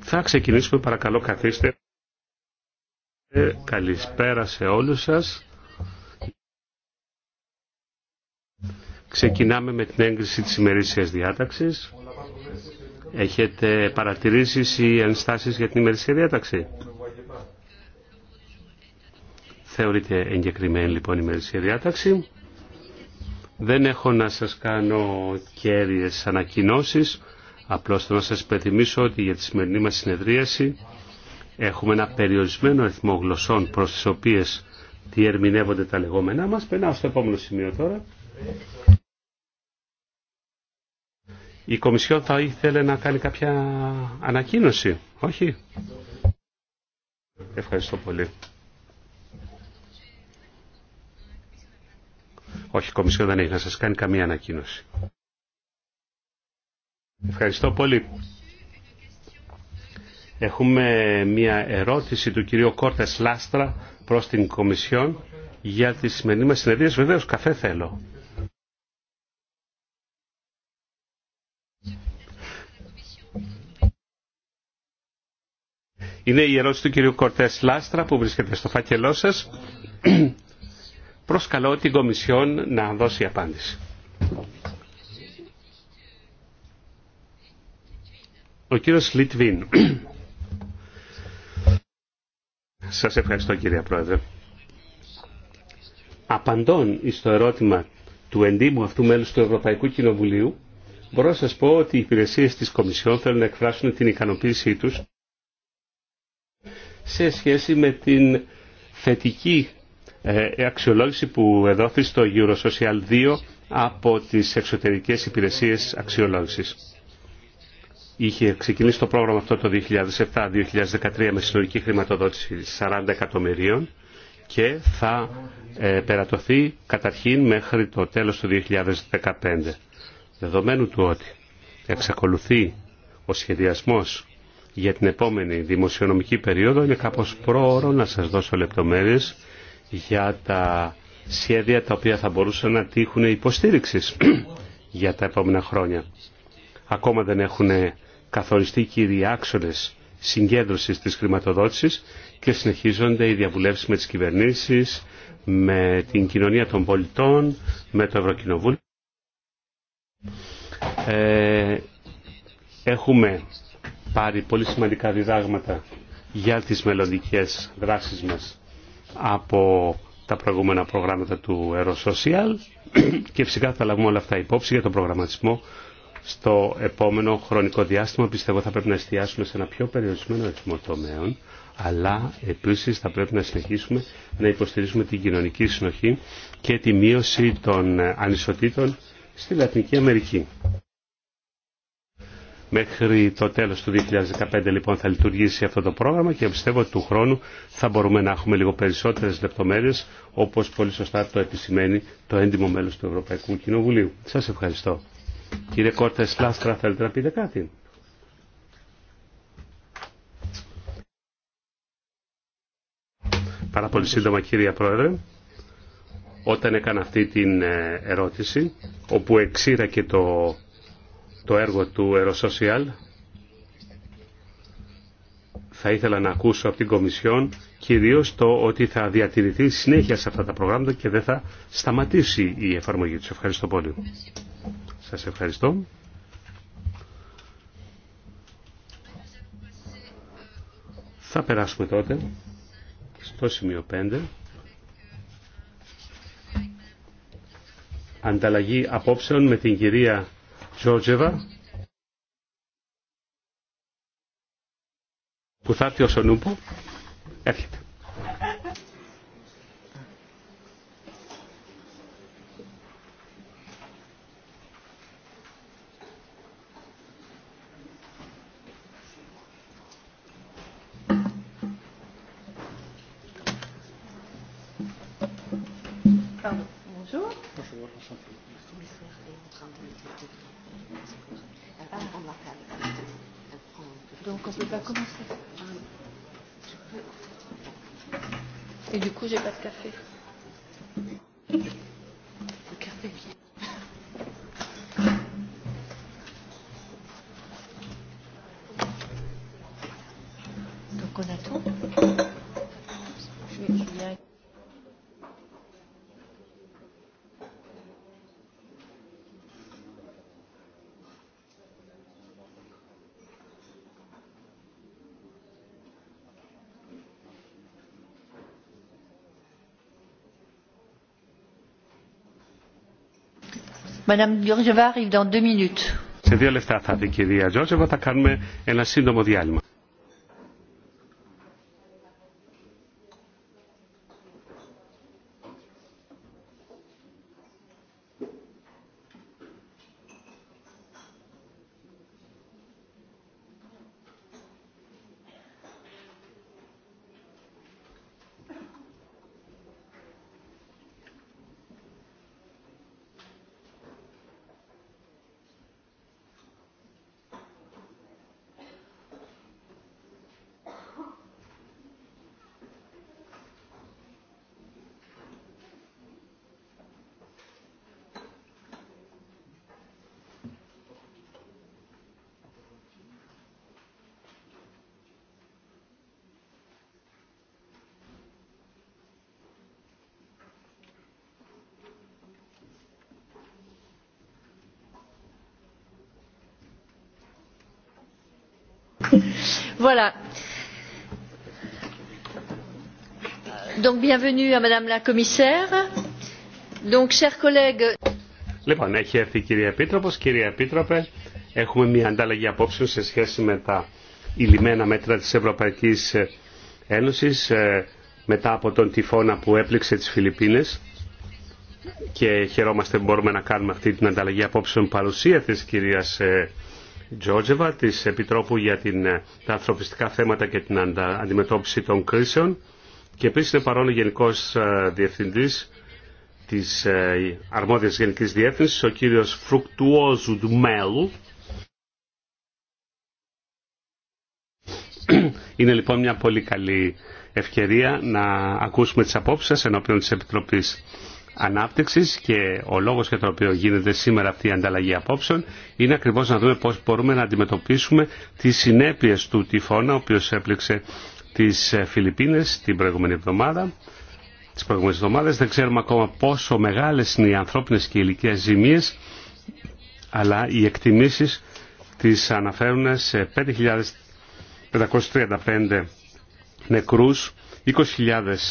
Θα ξεκινήσουμε, παρακαλώ καθίστε. Ε, καλησπέρα σε όλους σας. Ξεκινάμε με την έγκριση της ημερήσιας διάταξης. Έχετε παρατηρήσει ή ενστάσεις για την ημερήσια διάταξη. Θεωρείται εγκεκριμένη λοιπόν η ημερήσια διάταξη. Δεν έχω να σας κάνω κέρδιες ανακοινώσεις, απλώς θέλω να σας υπενθυμίσω ότι για τη σημερινή μας συνεδρίαση έχουμε ένα περιορισμένο αριθμό γλωσσών προς τις οποίες διερμηνεύονται τα λεγόμενά μας. Περνάω στο επόμενο σημείο τώρα. Η Κομισιόν θα ήθελε να κάνει κάποια ανακοίνωση, όχι. Ευχαριστώ πολύ. Όχι, η Κομισιόν δεν έχει να σας κάνει καμία ανακοίνωση. Ευχαριστώ πολύ. Έχουμε μια ερώτηση του κυρίου Κόρτες Λάστρα προς την Κομισιόν για τη σημερινή μα συνεδρία. Βεβαίω, καφέ θέλω. Είναι η ερώτηση του κυρίου Κορτές Λάστρα που βρίσκεται στο φάκελό σας προσκαλώ την Κομισιόν να δώσει απάντηση. Ο κύριος Λιτβίν. Σας ευχαριστώ κύριε Πρόεδρε. Απαντών στο ερώτημα του εντύμου αυτού μέλους του Ευρωπαϊκού Κοινοβουλίου, μπορώ να σας πω ότι οι υπηρεσίες της Κομισιόν θέλουν να εκφράσουν την ικανοποίησή τους σε σχέση με την θετική ε, αξιολόγηση που εδόθη στο Eurosocial 2 από τις εξωτερικές υπηρεσίες αξιολόγησης. Είχε ξεκινήσει το πρόγραμμα αυτό το 2007-2013 με συνολική χρηματοδότηση 40 εκατομμυρίων και θα ε, περατωθεί καταρχήν μέχρι το τέλος του 2015. Δεδομένου του ότι εξακολουθεί ο σχεδιασμός για την επόμενη δημοσιονομική περίοδο είναι κάπως πρόωρο να σας δώσω λεπτομέρειες για τα σχέδια τα οποία θα μπορούσαν να τύχουν υποστήριξης για τα επόμενα χρόνια. Ακόμα δεν έχουν καθοριστεί κύριοι άξονε συγκέντρωση της χρηματοδότηση και συνεχίζονται οι διαβουλεύσεις με τι κυβερνήσει, με την κοινωνία των πολιτών, με το Ευρωκοινοβούλιο. Ε, έχουμε πάρει πολύ σημαντικά διδάγματα για τις μελλοντικές δράσεις μας από τα προηγούμενα προγράμματα του Aerosocial και φυσικά θα λάβουμε όλα αυτά υπόψη για τον προγραμματισμό στο επόμενο χρονικό διάστημα. Πιστεύω θα πρέπει να εστιάσουμε σε ένα πιο περιορισμένο αριθμό τομέων, αλλά επίσης θα πρέπει να συνεχίσουμε να υποστηρίζουμε την κοινωνική συνοχή και τη μείωση των ανισοτήτων στη Λατινική Αμερική. Μέχρι το τέλος του 2015 λοιπόν θα λειτουργήσει αυτό το πρόγραμμα και πιστεύω ότι του χρόνου θα μπορούμε να έχουμε λίγο περισσότερες λεπτομέρειες όπως πολύ σωστά το επισημαίνει το έντιμο μέλος του Ευρωπαϊκού Κοινοβουλίου. Σας ευχαριστώ. Κύριε Κόρτες Λάστρα θέλετε να πείτε κάτι. Πάρα πολύ σύντομα κύριε Πρόεδρε όταν έκανα αυτή την ε, ερώτηση, όπου εξήρα και το το έργο του Εροσοσιαλ. Θα ήθελα να ακούσω από την Κομισιόν κυρίως το ότι θα διατηρηθεί συνέχεια σε αυτά τα προγράμματα και δεν θα σταματήσει η εφαρμογή του. Ευχαριστώ πολύ. Σας ευχαριστώ. Θα περάσουμε τότε στο σημείο 5. Ανταλλαγή απόψεων με την κυρία Τζόρτζεβα που θα έρθει ο Σονούπο. Έρχεται. du coup, j'ai pas de café. Σε δύο λεπτά θα δει η κυρία Τζόρτζεβα, θα κάνουμε ένα σύντομο διάλειμμα. Λοιπόν, έχει έρθει η κυρία Επίτροπο. Κυρία Επίτροπε, έχουμε μια αντάλλαγη απόψεων σε σχέση με τα ηλυμένα μέτρα τη Ευρωπαϊκή Ένωση ε, μετά από τον τυφώνα που έπληξε τι Φιλιππίνες και χαιρόμαστε που μπορούμε να κάνουμε αυτή την ανταλλαγή απόψεων παρουσία της κυρίας ε, Τη της Επιτρόπου για την, ε, τα ανθρωπιστικά θέματα και την αντιμετώπιση των κρίσεων και επίσης είναι παρόν ο Γενικός ε, Διευθυντής της ε, Αρμόδιας Γενικής Διεύθυνσης, ο κύριος Φρουκτουόζου Ντουμέλου. Είναι λοιπόν μια πολύ καλή ευκαιρία να ακούσουμε τις απόψεις σας ενώπιον της Επιτροπής ανάπτυξης και ο λόγος για τον οποίο γίνεται σήμερα αυτή η ανταλλαγή απόψεων είναι ακριβώς να δούμε πώς μπορούμε να αντιμετωπίσουμε τις συνέπειες του τυφώνα ο οποίος έπληξε τις Φιλιππίνες την προηγούμενη εβδομάδα. δεν ξέρουμε ακόμα πόσο μεγάλες είναι οι ανθρώπινες και ηλικίε ζημίες αλλά οι εκτιμήσεις τις αναφέρουν σε 5.535 νεκρούς, 20.000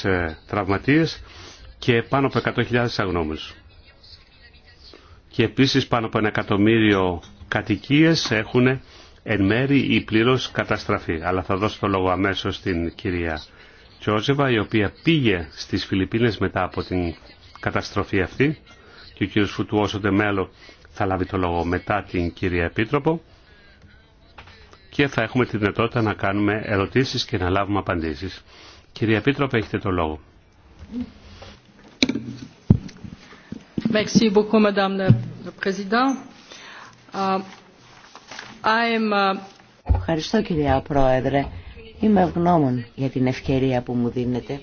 ε, τραυματίες και πάνω από 100.000 αγνώμους. Και επίσης πάνω από ένα εκατομμύριο κατοικίες έχουν εν μέρη ή πλήρως καταστραφεί. Αλλά θα δώσω το λόγο αμέσως στην κυρία Τσόζεβα, η οποία αμεσως στην κυρια τζοζεβα η οποια πηγε στις Φιλιππίνες μετά από την καταστροφή αυτή και ο κύριος Φουτουόσο Ντεμέλο θα λάβει το λόγο μετά την κυρία Επίτροπο και θα έχουμε τη δυνατότητα να κάνουμε ερωτήσεις και να λάβουμε απαντήσεις. Κυρία Επίτροπο, έχετε το λόγο. Euh, euh, Ευχαριστώ κυρία Πρόεδρε. Είμαι ευγνώμων για την ευκαιρία που μου δίνετε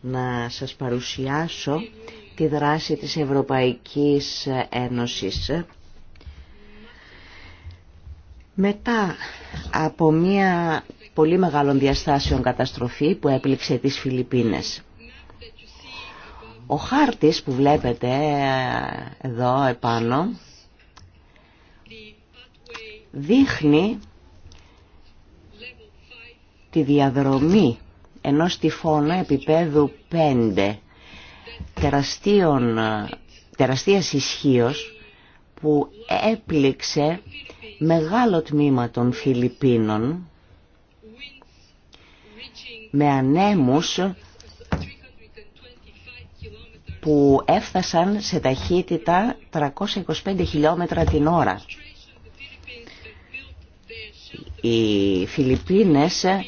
να σας παρουσιάσω τη δράση της Ευρωπαϊκής Ένωσης μετά από μια πολύ μεγάλων διαστάσεων καταστροφή που έπληξε τις Φιλιππίνες. Ο χάρτης που βλέπετε ε, εδώ επάνω δείχνει τη διαδρομή ενός τυφώνα επίπεδου 5 τεραστίων, τεραστίας ισχύος που έπληξε μεγάλο τμήμα των Φιλιππίνων με ανέμους που έφτασαν σε ταχύτητα 325 χιλιόμετρα την ώρα. Οι Φιλιππίνες ε,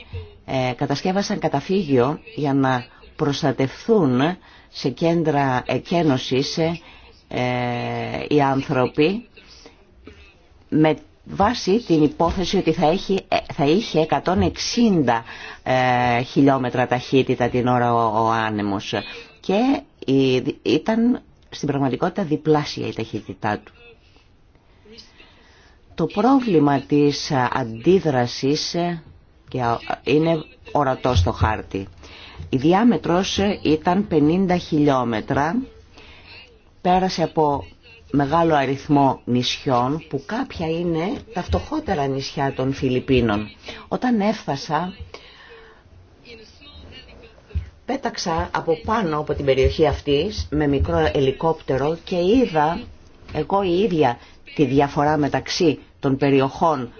κατασκεύασαν καταφύγιο για να προστατευθούν σε κέντρα εκένωσης ε, ε, οι άνθρωποι με βάση την υπόθεση ότι θα, έχει, θα είχε 160 χιλιόμετρα ταχύτητα την ώρα ο, ο άνεμος και ήταν στην πραγματικότητα διπλάσια η ταχύτητά του. Το πρόβλημα της αντίδρασης ε, είναι ορατό στο χάρτη. Η διάμετρος ήταν 50 χιλιόμετρα, πέρασε από μεγάλο αριθμό νησιών που κάποια είναι τα φτωχότερα νησιά των Φιλιππίνων. Όταν έφτασα πέταξα από πάνω από την περιοχή αυτή με μικρό ελικόπτερο και είδα εγώ η ίδια τη διαφορά μεταξύ των περιοχών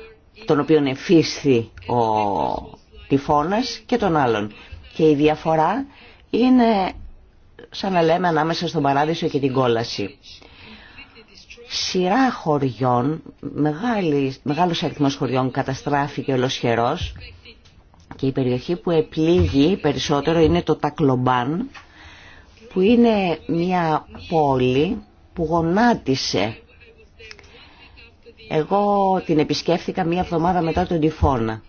των οποίων εφίσθη ο τυφώνας και των άλλων. Και η διαφορά είναι σαν να λέμε ανάμεσα στον παράδεισο και την κόλαση. Σειρά χωριών, μεγάλη, μεγάλος αριθμός χωριών καταστράφηκε ολοσχερός και η περιοχή που επλήγει περισσότερο είναι το Τακλομπάν, που είναι μια πόλη που γονάτισε. Εγώ την επισκέφθηκα μία εβδομάδα μετά τον τυφώνα.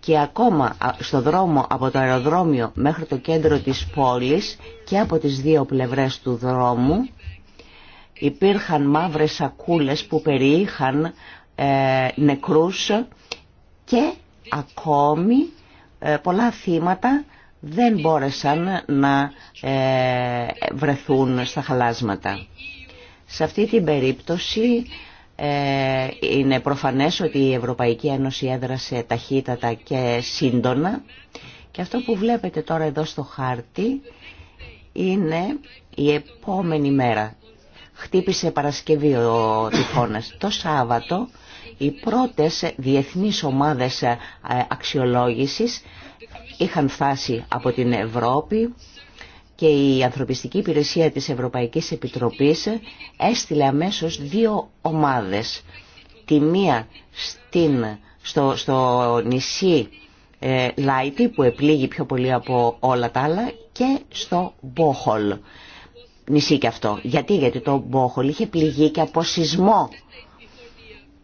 Και ακόμα στο δρόμο από το αεροδρόμιο μέχρι το κέντρο της πόλης και από τις δύο πλευρές του δρόμου υπήρχαν μαύρες σακούλες που περιείχαν ε, νεκρούς και Ακόμη ε, πολλά θύματα δεν μπόρεσαν να ε, βρεθούν στα χαλάσματα. Σε αυτή την περίπτωση ε, είναι προφανές ότι η Ευρωπαϊκή Ένωση έδρασε ταχύτατα και σύντονα και αυτό που βλέπετε τώρα εδώ στο χάρτη είναι η επόμενη μέρα. Χτύπησε Παρασκευή ο τυφώνας. Το Σάββατο οι πρώτες διεθνείς ομάδες ε, αξιολόγησης είχαν φτάσει από την Ευρώπη και η Ανθρωπιστική Υπηρεσία της Ευρωπαϊκής Επιτροπής έστειλε αμέσως δύο ομάδες. Τη μία στην, στο, στο νησί ε, Λάιτι που επλήγει πιο πολύ από όλα τα άλλα και στο Μπόχολ. Νησί και αυτό. Γιατί, γιατί το Μπόχολ είχε πληγεί και από σεισμό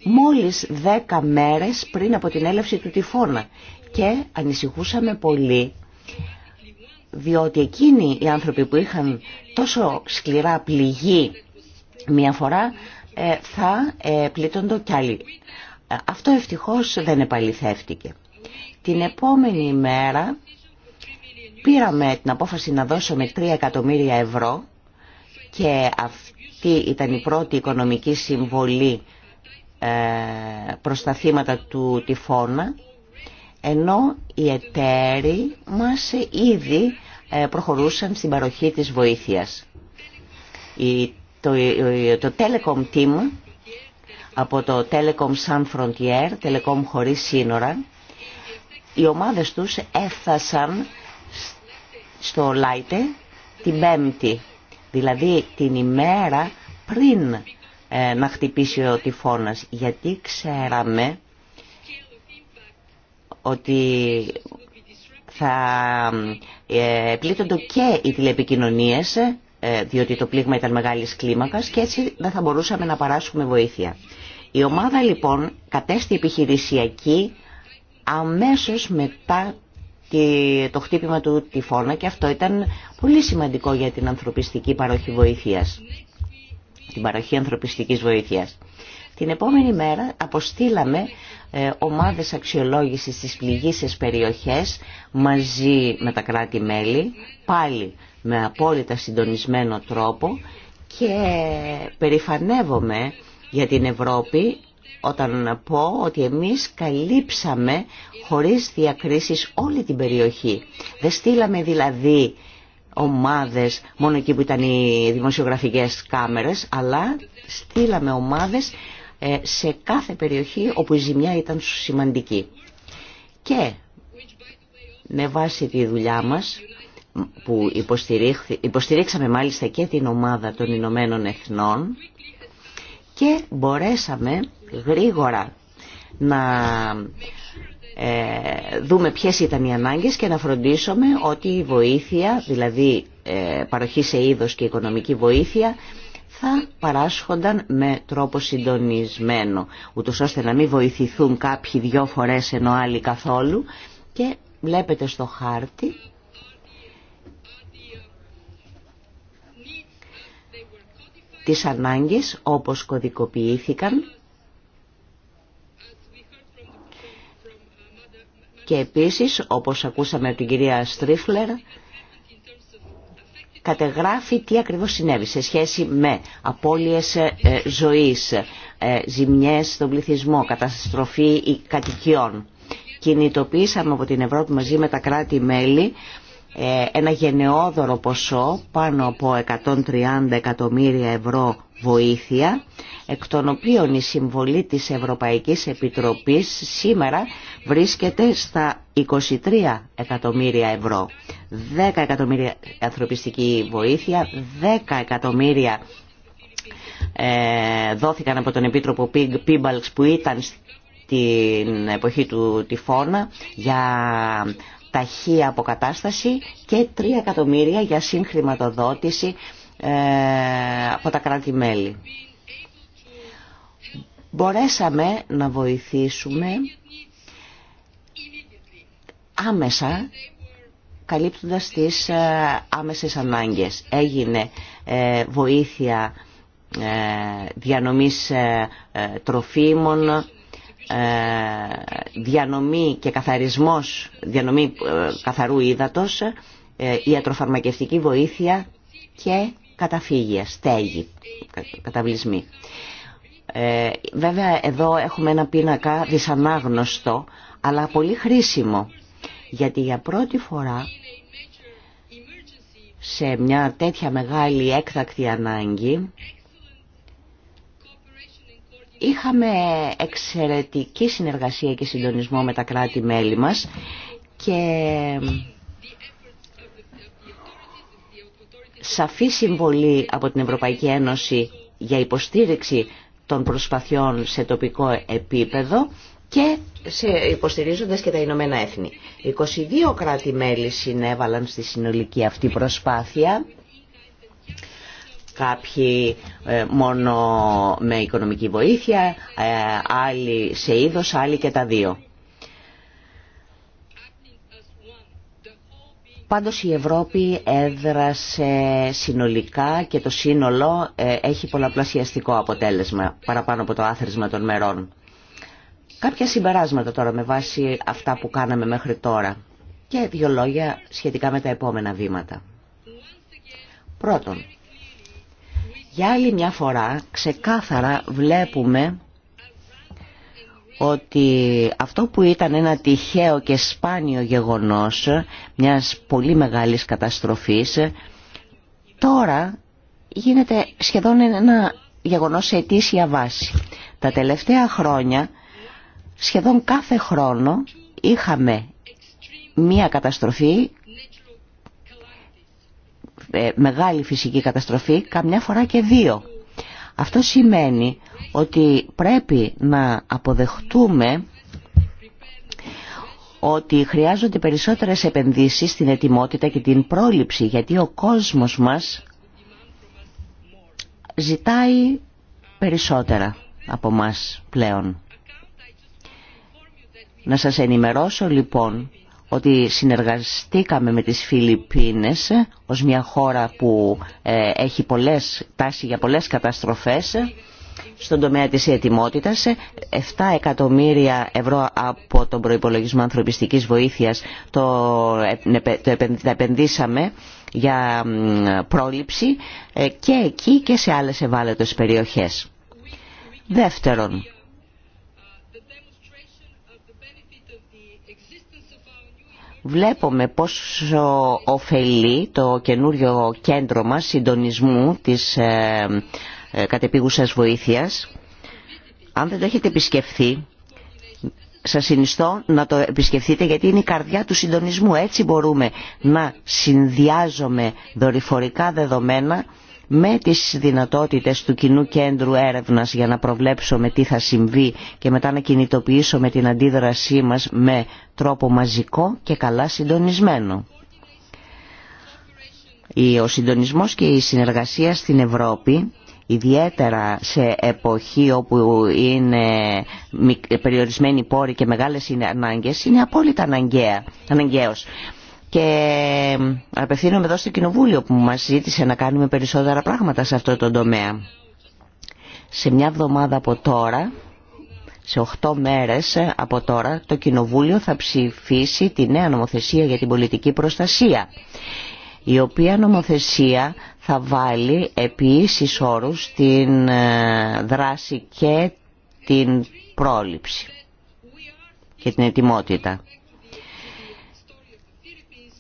μόλις δέκα μέρες πριν από την έλευση του τυφώνα και ανησυχούσαμε πολύ διότι εκείνοι οι άνθρωποι που είχαν τόσο σκληρά πληγή μία φορά ε, θα ε, πλήττοντο κι άλλοι. Ε, αυτό ευτυχώς δεν επαληθεύτηκε. Την επόμενη μέρα πήραμε την απόφαση να δώσουμε 3 εκατομμύρια ευρώ και αυτή ήταν η πρώτη οικονομική συμβολή ε, προς τα θύματα του τυφώνα ενώ οι εταίροι μας ήδη ε, προχωρούσαν στην παροχή της βοήθειας. Το, το Telecom Team από το Telecom San Frontier, Telecom χωρίς σύνορα, οι ομάδες τους έφτασαν στο Λάιτε την Πέμπτη, δηλαδή την ημέρα πριν ε, να χτυπήσει ο τυφώνας. Γιατί ξέραμε ότι θα ε, πλήττονται και οι τηλεπικοινωνίες ε, διότι το πλήγμα ήταν μεγάλης κλίμακας και έτσι δεν θα μπορούσαμε να παράσχουμε βοήθεια. Η ομάδα λοιπόν κατέστη επιχειρησιακή αμέσως μετά το χτύπημα του τυφώνα και αυτό ήταν πολύ σημαντικό για την ανθρωπιστική παροχή βοήθειας την παροχή ανθρωπιστικής βοήθειας. Την επόμενη μέρα αποστήλαμε ε, ομάδες αξιολόγησης στις πληγήσεις περιοχές μαζί με τα κράτη-μέλη, πάλι με απόλυτα συντονισμένο τρόπο και περηφανεύομαι για την Ευρώπη όταν πω ότι εμείς καλύψαμε χωρίς διακρίσεις όλη την περιοχή. Δεν στείλαμε δηλαδή ομάδες μόνο εκεί που ήταν οι δημοσιογραφικές κάμερες αλλά στείλαμε ομάδες ε, σε κάθε περιοχή όπου η ζημιά ήταν σημαντική. Και με βάση τη δουλειά μας που υποστηρίξαμε μάλιστα και την ομάδα των Ηνωμένων Εθνών και μπορέσαμε γρήγορα να ε, δούμε ποιες ήταν οι ανάγκες και να φροντίσουμε ότι η βοήθεια, δηλαδή ε, παροχή σε είδος και οικονομική βοήθεια, θα παράσχονταν με τρόπο συντονισμένο, ούτως ώστε να μην βοηθηθούν κάποιοι δυο φορές ενώ άλλοι καθόλου και βλέπετε στο χάρτη τις ανάγκες όπως κωδικοποιήθηκαν Και επίσης, όπως ακούσαμε από την κυρία Στρίφλερ, κατεγράφει τι ακριβώς συνέβη σε σχέση με απώλειες ε, ζωής, ε, ζημιές στον πληθυσμό, καταστροφή κατοικιών. Κινητοποίησαμε από την Ευρώπη μαζί με τα κράτη-μέλη ε, ένα γενναιόδωρο ποσό πάνω από 130 εκατομμύρια ευρώ βοήθεια, εκ των οποίων η συμβολή της Ευρωπαϊκής Επιτροπής σήμερα βρίσκεται στα 23 εκατομμύρια ευρώ. 10 εκατομμύρια ανθρωπιστική βοήθεια, 10 εκατομμύρια ε, δόθηκαν από τον Επίτροπο Πίμπαλξ που ήταν την εποχή του τυφώνα για ταχεία αποκατάσταση και 3 εκατομμύρια για συγχρηματοδότηση ε, από τα κράτη-μέλη. Μπορέσαμε να βοηθήσουμε άμεσα καλύπτοντας τις ε, άμεσες ανάγκες. Έγινε ε, βοήθεια διανομής τροφίμων, ε, διανομή και καθαρισμός, διανομή ε, καθαρού ύδατος, ε, ιατροφαρμακευτική βοήθεια και καταφύγια, στέγη, καταβλισμοί. βέβαια εδώ έχουμε ένα πίνακα δυσανάγνωστο, αλλά πολύ χρήσιμο, γιατί για πρώτη φορά σε μια τέτοια μεγάλη έκτακτη ανάγκη Είχαμε εξαιρετική συνεργασία και συντονισμό με τα κράτη-μέλη μας και σαφή συμβολή από την Ευρωπαϊκή Ένωση για υποστήριξη των προσπαθειών σε τοπικό επίπεδο και σε, υποστηρίζοντας και τα Ηνωμένα Έθνη. 22 κράτη-μέλη συνέβαλαν στη συνολική αυτή προσπάθεια κάποιοι ε, μόνο με οικονομική βοήθεια, ε, άλλοι σε είδος, άλλοι και τα δύο. Πάντως η Ευρώπη έδρασε συνολικά και το σύνολο ε, έχει πολλαπλασιαστικό αποτέλεσμα παραπάνω από το άθροισμα των μερών. Κάποια συμπεράσματα τώρα με βάση αυτά που κάναμε μέχρι τώρα και δύο λόγια σχετικά με τα επόμενα βήματα. Πρώτον, για άλλη μια φορά ξεκάθαρα βλέπουμε ότι αυτό που ήταν ένα τυχαίο και σπάνιο γεγονός μιας πολύ μεγάλης καταστροφής τώρα γίνεται σχεδόν ένα γεγονός σε αιτήσια βάση. Τα τελευταία χρόνια σχεδόν κάθε χρόνο είχαμε μία καταστροφή ε, μεγάλη φυσική καταστροφή, καμιά φορά και δύο. Αυτό σημαίνει ότι πρέπει να αποδεχτούμε ότι χρειάζονται περισσότερες επενδύσεις στην ετοιμότητα και την πρόληψη, γιατί ο κόσμος μας ζητάει περισσότερα από μας πλέον. Να σας ενημερώσω λοιπόν ότι συνεργαστήκαμε με τις Φιλιππίνες ως μια χώρα που ε, έχει πολλές, τάση για πολλές καταστροφές στον τομέα της ετοιμότητας 7 εκατομμύρια ευρώ από τον προϋπολογισμό ανθρωπιστικής βοήθειας το, ε, το επενδύσαμε για πρόληψη ε, και εκεί και σε άλλες ευάλωτες περιοχές. Δεύτερον, Βλέπουμε πόσο ωφελεί το καινούριο κέντρο μας συντονισμού της ε, ε, κατεπίγουσας βοήθειας. Αν δεν το έχετε επισκεφθεί, σας συνιστώ να το επισκεφθείτε γιατί είναι η καρδιά του συντονισμού. Έτσι μπορούμε να συνδυάζουμε δορυφορικά δεδομένα με τις δυνατότητες του κοινού κέντρου έρευνας για να προβλέψουμε τι θα συμβεί και μετά να κινητοποιήσουμε την αντίδρασή μας με τρόπο μαζικό και καλά συντονισμένο. Ο συντονισμός και η συνεργασία στην Ευρώπη ιδιαίτερα σε εποχή όπου είναι περιορισμένοι πόροι και μεγάλες είναι ανάγκες, είναι απόλυτα αναγκαία, αναγκαίος. Και απευθύνομαι εδώ στο Κοινοβούλιο που μας ζήτησε να κάνουμε περισσότερα πράγματα σε αυτό το τομέα. Σε μια εβδομάδα από τώρα, σε 8 μέρες από τώρα, το Κοινοβούλιο θα ψηφίσει τη νέα νομοθεσία για την πολιτική προστασία η οποία νομοθεσία θα βάλει επίσης όρους την ε, δράση και την πρόληψη και την ετοιμότητα.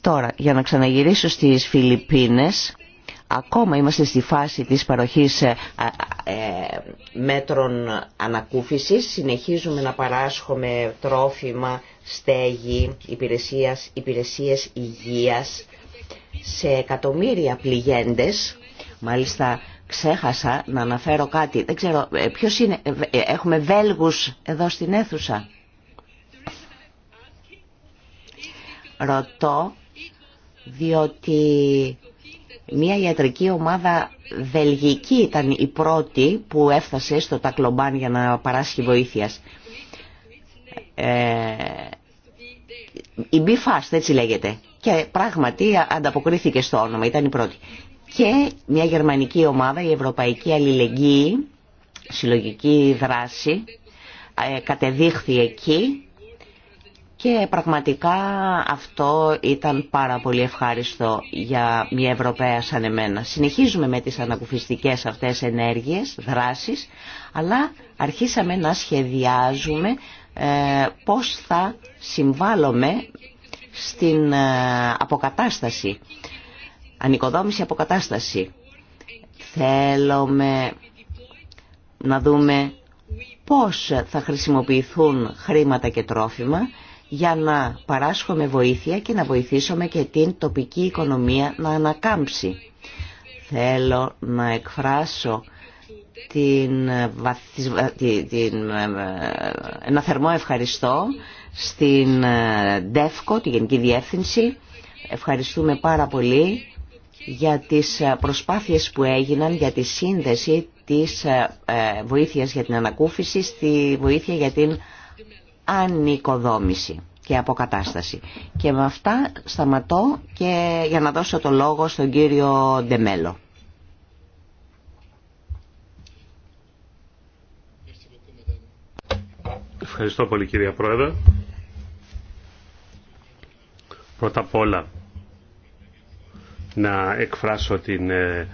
Τώρα, για να ξαναγυρίσω στις Φιλιππίνες, ακόμα είμαστε στη φάση της παροχής ε, ε, μέτρων ανακούφισης. Συνεχίζουμε να παράσχουμε τρόφιμα, στέγη, υπηρεσίες, υπηρεσίες υγείας σε εκατομμύρια πληγέντες. Μάλιστα ξέχασα να αναφέρω κάτι. Δεν ξέρω ε, ποιος είναι. Έχουμε Βέλγους εδώ στην αίθουσα. Ρωτώ διότι μια ιατρική ομάδα βελγική ήταν η πρώτη που έφτασε στο Τακλομπάν για να παράσχει βοήθειας. Ε, η fast έτσι λέγεται και πράγματι ανταποκρίθηκε στο όνομα, ήταν η πρώτη. Και μια γερμανική ομάδα, η Ευρωπαϊκή Αλληλεγγύη, συλλογική δράση, ε, κατεδείχθη εκεί και πραγματικά αυτό ήταν πάρα πολύ ευχάριστο για μια Ευρωπαία σαν εμένα. Συνεχίζουμε με τις ανακουφιστικές αυτές ενέργειες, δράσεις, αλλά αρχίσαμε να σχεδιάζουμε ε, πώς θα συμβάλλουμε στην ε, αποκατάσταση, ανοικοδόμηση αποκατάσταση. Θέλουμε να δούμε πώς θα χρησιμοποιηθούν χρήματα και τρόφιμα για να παράσχουμε βοήθεια και να βοηθήσουμε και την τοπική οικονομία να ανακάμψει. Θέλω να εκφράσω την, την, ε, ένα θερμό ευχαριστώ στην ΔΕΦΚΟ, τη Γενική Διεύθυνση. Ευχαριστούμε πάρα πολύ για τις ε, προσπάθειες που έγιναν για τη σύνδεση της ε, βοήθειας για την ανακούφιση στη βοήθεια για την ανοικοδόμηση και αποκατάσταση. Και με αυτά σταματώ και για να δώσω το λόγο στον κύριο Ντεμέλο. Ευχαριστώ πολύ κυρία Πρόεδρε. Πρώτα απ' όλα να εκφράσω την ε,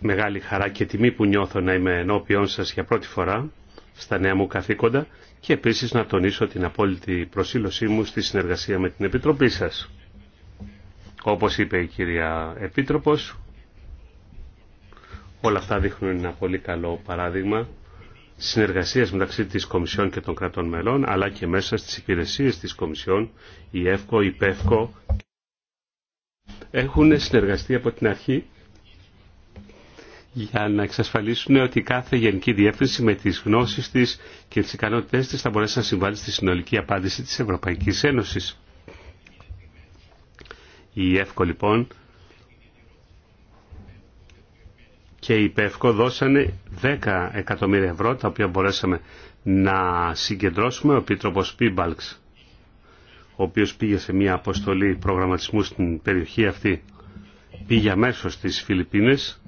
μεγάλη χαρά και τιμή που νιώθω να είμαι ενώπιόν σας για πρώτη φορά στα νέα μου καθήκοντα και επίσης να τονίσω την απόλυτη προσήλωσή μου στη συνεργασία με την Επιτροπή σας. Όπως είπε η κυρία Επίτροπος, όλα αυτά δείχνουν ένα πολύ καλό παράδειγμα συνεργασίας μεταξύ της Κομισιόν και των κρατών μελών, αλλά και μέσα στις υπηρεσίες της Κομισιόν, η ΕΦΚΟ, η ΠΕΦΚΟ, έχουν συνεργαστεί από την αρχή για να εξασφαλίσουν ότι κάθε γενική διεύθυνση με τις γνώσεις της και τις ικανότητές της θα μπορέσει να συμβάλλει στη συνολική απάντηση της Ευρωπαϊκής Ένωσης. Η ΕΦΚΟ λοιπόν και η ΠΕΦΚΟ δώσανε 10 εκατομμύρια ευρώ τα οποία μπορέσαμε να συγκεντρώσουμε ο Επίτροπος Πίμπαλξ ο οποίος πήγε σε μια αποστολή προγραμματισμού στην περιοχή αυτή πήγε αμέσως στις Φιλιππίνες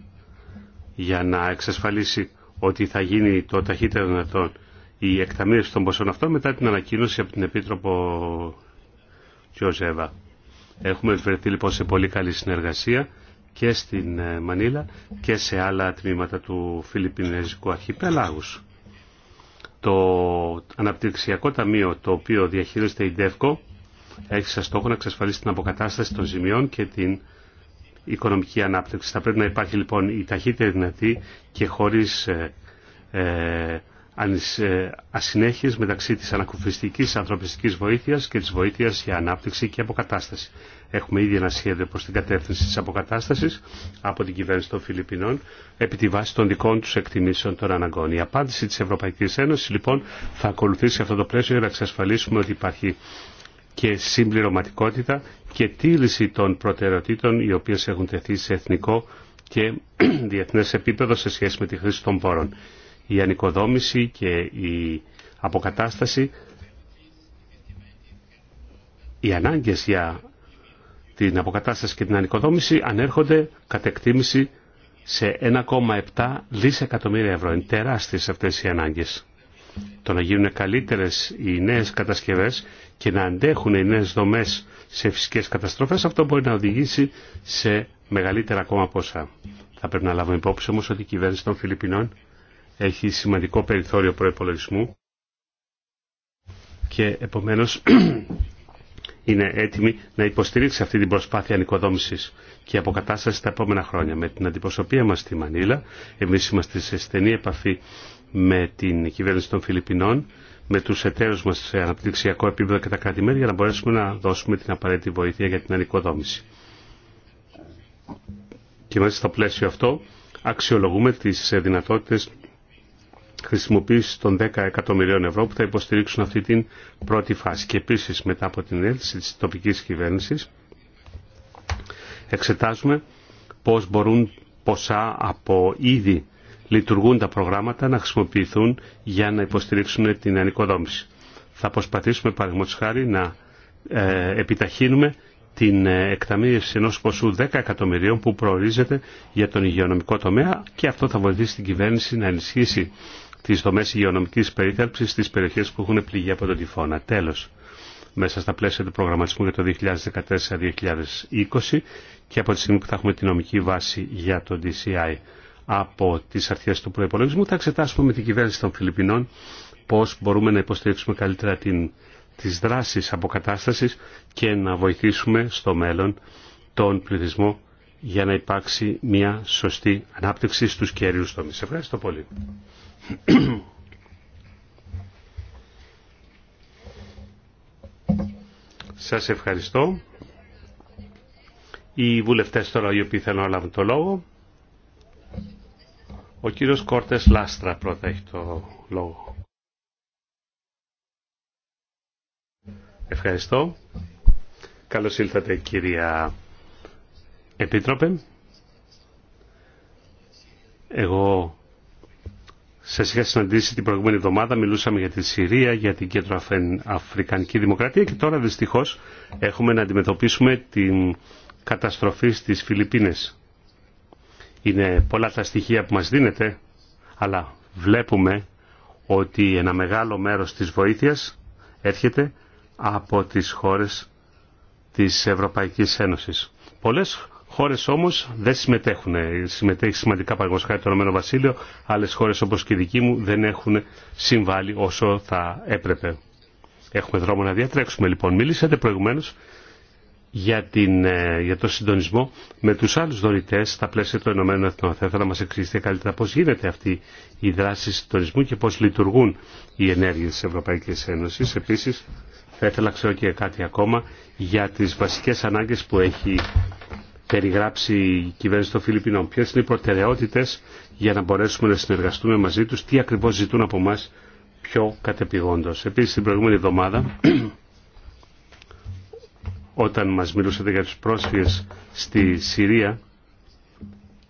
για να εξασφαλίσει ότι θα γίνει το ταχύτερο δυνατόν η εκταμείευση των ποσών αυτών μετά την ανακοίνωση από την Επίτροπο Τζοζέβα. Έχουμε βρεθεί λοιπόν σε πολύ καλή συνεργασία και στην ε, Μανίλα και σε άλλα τμήματα του Φιλιππινέζικου Αρχιπελάγους. Το αναπτυξιακό ταμείο το οποίο διαχείριζεται η ΔΕΦΚΟ έχει σαν στόχο να εξασφαλίσει την αποκατάσταση των ζημιών και την οικονομική ανάπτυξη. Θα πρέπει να υπάρχει λοιπόν η ταχύτερη δυνατή και χωρίς ε, ε, ε, ασυνέχειες μεταξύ της ανακουφιστικής ανθρωπιστικής βοήθειας και της βοήθειας για ανάπτυξη και αποκατάσταση. Έχουμε ήδη ένα σχέδιο προς την κατεύθυνση της αποκατάστασης από την κυβέρνηση των Φιλιππινών επί τη βάση των δικών του εκτιμήσεων των αναγκών. Η απάντηση της Ευρωπαϊκής Ένωσης λοιπόν θα ακολουθήσει αυτό το πλαίσιο για να εξασφαλίσουμε ότι υπάρχει και συμπληρωματικότητα και τήρηση των προτεραιοτήτων οι οποίες έχουν τεθεί σε εθνικό και διεθνές επίπεδο σε σχέση με τη χρήση των πόρων. Η ανικοδόμηση και η αποκατάσταση, οι ανάγκες για την αποκατάσταση και την ανικοδόμηση ανέρχονται κατ' εκτίμηση σε 1,7 δισεκατομμύρια ευρώ. Είναι τεράστιες αυτές οι ανάγκες. Το να γίνουν καλύτερες οι νέες κατασκευές και να αντέχουν οι νέες δομές σε φυσικές καταστροφές, αυτό μπορεί να οδηγήσει σε μεγαλύτερα ακόμα ποσά. Θα πρέπει να λάβουμε υπόψη όμως ότι η κυβέρνηση των Φιλιππινών έχει σημαντικό περιθώριο προϋπολογισμού και επομένως είναι έτοιμη να υποστηρίξει αυτή την προσπάθεια ανοικοδόμησης και αποκατάσταση τα επόμενα χρόνια. Με την αντιπροσωπεία μας στη Μανίλα, εμείς είμαστε σε στενή επαφή με την κυβέρνηση των Φιλιππινών με τους εταίρους μας σε αναπτυξιακό επίπεδο και τα κρατη για να μπορέσουμε να δώσουμε την απαραίτητη βοήθεια για την ανοικοδόμηση. Και μέσα στο πλαίσιο αυτό αξιολογούμε τις δυνατότητες χρησιμοποίηση των 10 εκατομμυρίων ευρώ που θα υποστηρίξουν αυτή την πρώτη φάση. Και επίσης μετά από την έλυση της τοπικής κυβέρνησης εξετάζουμε πώς μπορούν ποσά από ήδη λειτουργούν τα προγράμματα να χρησιμοποιηθούν για να υποστηρίξουν την ανοικοδόμηση. Θα προσπαθήσουμε παραδείγματος χάρη να ε, επιταχύνουμε την ε, εκταμείευση ενός ποσού 10 εκατομμυρίων που προορίζεται για τον υγειονομικό τομέα και αυτό θα βοηθήσει την κυβέρνηση να ενισχύσει τις δομές υγειονομικής περίθαλψης στις περιοχές που έχουν πληγεί από τον τυφώνα. Τέλος, μέσα στα πλαίσια του προγραμματισμού για το 2014-2020 και από τη στιγμή που θα έχουμε τη νομική βάση για το DCI από τις αρχέ του προπολογισμού. Θα εξετάσουμε με την κυβέρνηση των Φιλιππινών πώς μπορούμε να υποστηρίξουμε καλύτερα την, τις δράσεις αποκατάστασης και να βοηθήσουμε στο μέλλον τον πληθυσμό για να υπάρξει μια σωστή ανάπτυξη στους κέριους τομείς. Ευχαριστώ πολύ. Σας ευχαριστώ. Οι βουλευτές τώρα οι οποίοι θέλουν να λάβουν το λόγο. Ο κύριος Κόρτες Λάστρα πρώτα έχει το λόγο. Ευχαριστώ. Καλώς ήλθατε κυρία Επίτροπε. Εγώ σας είχα συναντήσει την προηγούμενη εβδομάδα, μιλούσαμε για τη Συρία, για την Κέντρο Αφρικανική Δημοκρατία και τώρα δυστυχώς έχουμε να αντιμετωπίσουμε την καταστροφή στις Φιλιππίνες. Είναι πολλά τα στοιχεία που μας δίνεται, αλλά βλέπουμε ότι ένα μεγάλο μέρος της βοήθειας έρχεται από τις χώρες της Ευρωπαϊκής Ένωσης. Πολλές χώρες όμως δεν συμμετέχουν. Συμμετέχει σημαντικά παραγωγικά το Ρωμένο Βασίλειο, άλλες χώρες όπως και η δική μου δεν έχουν συμβάλει όσο θα έπρεπε. Έχουμε δρόμο να διατρέξουμε λοιπόν. Μίλησατε προηγουμένως για, την, ε, για το συντονισμό με τους άλλους δωρητές στα πλαίσια των Ηνωμένων Εθνών. Θα ήθελα να μας εξηγήσετε καλύτερα πώς γίνεται αυτή η δράση συντονισμού και πώς λειτουργούν οι ενέργειες της Ευρωπαϊκής Ένωσης. Επίσης, θα ήθελα να ξέρω και κάτι ακόμα για τις βασικές ανάγκες που έχει περιγράψει η κυβέρνηση των Φιλιππινών. Ποιες είναι οι προτεραιότητες για να μπορέσουμε να συνεργαστούμε μαζί τους, τι ακριβώς ζητούν από εμά πιο κατεπηγόντως. Επίσης, την προηγούμενη εβδομάδα όταν μας μιλούσατε για τους πρόσφυγες στη Συρία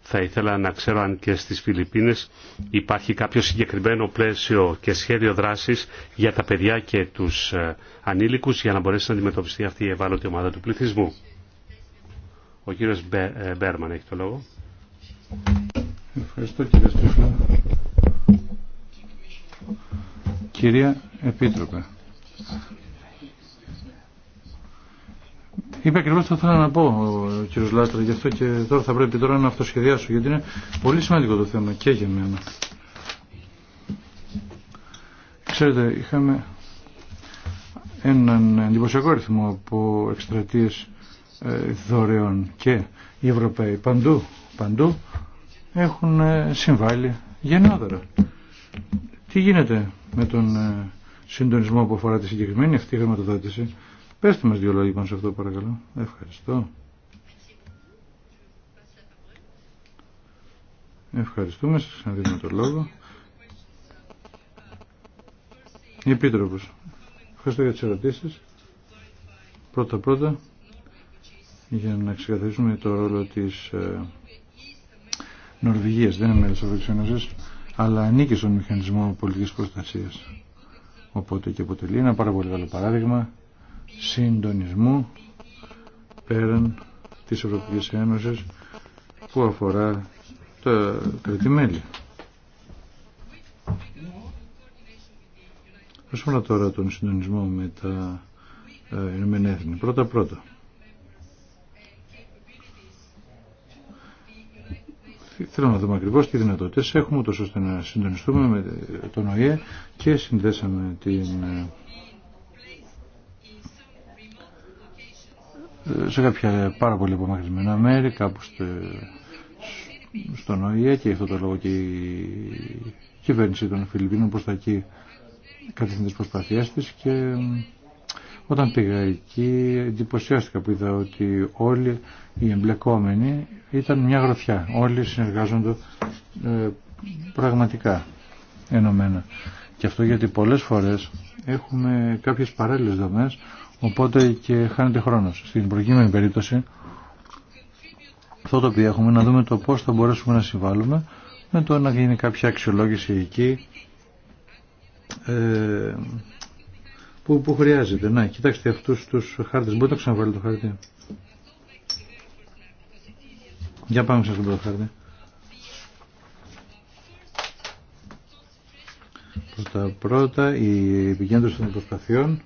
θα ήθελα να ξέρω αν και στις Φιλιππίνες υπάρχει κάποιο συγκεκριμένο πλαίσιο και σχέδιο δράσης για τα παιδιά και τους ε, ανήλικους για να μπορέσει να αντιμετωπιστεί αυτή η ευάλωτη ομάδα του πληθυσμού. Ο κύριος ε, Μπέρμαν έχει το λόγο. Ευχαριστώ κύριε Στρίφλα. Κυρία Επίτροπε, Είπε ακριβώ το θέλω να πω ο κύριο Λάστρα, γι' αυτό και τώρα θα πρέπει τώρα να αυτοσχεδιάσω, γιατί είναι πολύ σημαντικό το θέμα και για μένα. Ξέρετε, είχαμε έναν εντυπωσιακό αριθμό από εκστρατείε ε, δωρεών και οι Ευρωπαίοι παντού, παντού έχουν ε, συμβάλει γενναιόδωρα. Τι γίνεται με τον ε, συντονισμό που αφορά τη συγκεκριμένη αυτή χρηματοδότηση Πεςτε μας δύο λόγια σε αυτό παρακαλώ. Ευχαριστώ. Ευχαριστούμε, σας ξαναδίνουμε το λόγο. Επίτροπος. Ευχαριστώ για τις ερωτήσεις. Πρώτα πρώτα, για να ξεκαθαρίσουμε το ρόλο της ε, Νορβηγίας, δεν είναι μέλος Ευρωπαϊκής αλλά ανήκει στον μηχανισμό πολιτικής προστασίας. Οπότε και αποτελεί ένα πάρα πολύ καλό παράδειγμα συντονισμού πέραν της Ευρωπαϊκής Ένωσης που αφορά τα κρατημέλη. Ας φορά τώρα τον συντονισμό με τα ε, Ηνωμένα Έθνη, πρώτα πρώτα. Θέλω να δούμε ακριβώ τι δυνατότητε έχουμε, τόσο ώστε να συντονιστούμε με τον ΟΗΕ και συνδέσαμε την ε, σε κάποια πάρα πολύ απομακρυσμένα μέρη, κάπου στο, στον ΟΗΕ και αυτό το λόγο και η κυβέρνηση των Φιλιππίνων προς τα εκεί κατευθύνει τις της και όταν πήγα εκεί εντυπωσιάστηκα που είδα ότι όλοι οι εμπλεκόμενοι ήταν μια γροθιά. Όλοι συνεργάζονται ε, πραγματικά ενωμένα. Και αυτό γιατί πολλές φορές έχουμε κάποιες παράλληλες δομές Οπότε και χάνεται χρόνος. Στην προηγούμενη περίπτωση αυτό το οποίο έχουμε να δούμε το πώς θα μπορέσουμε να συμβάλλουμε με το να γίνει κάποια αξιολόγηση εκεί ε, που, χρειάζεται. Να, κοιτάξτε αυτούς τους χάρτες. Μπορείτε να ξαναβάλει το χάρτη. Για πάμε σε αυτό το χάρτη. Πρώτα πρώτα η επικέντρωση των προσπαθειών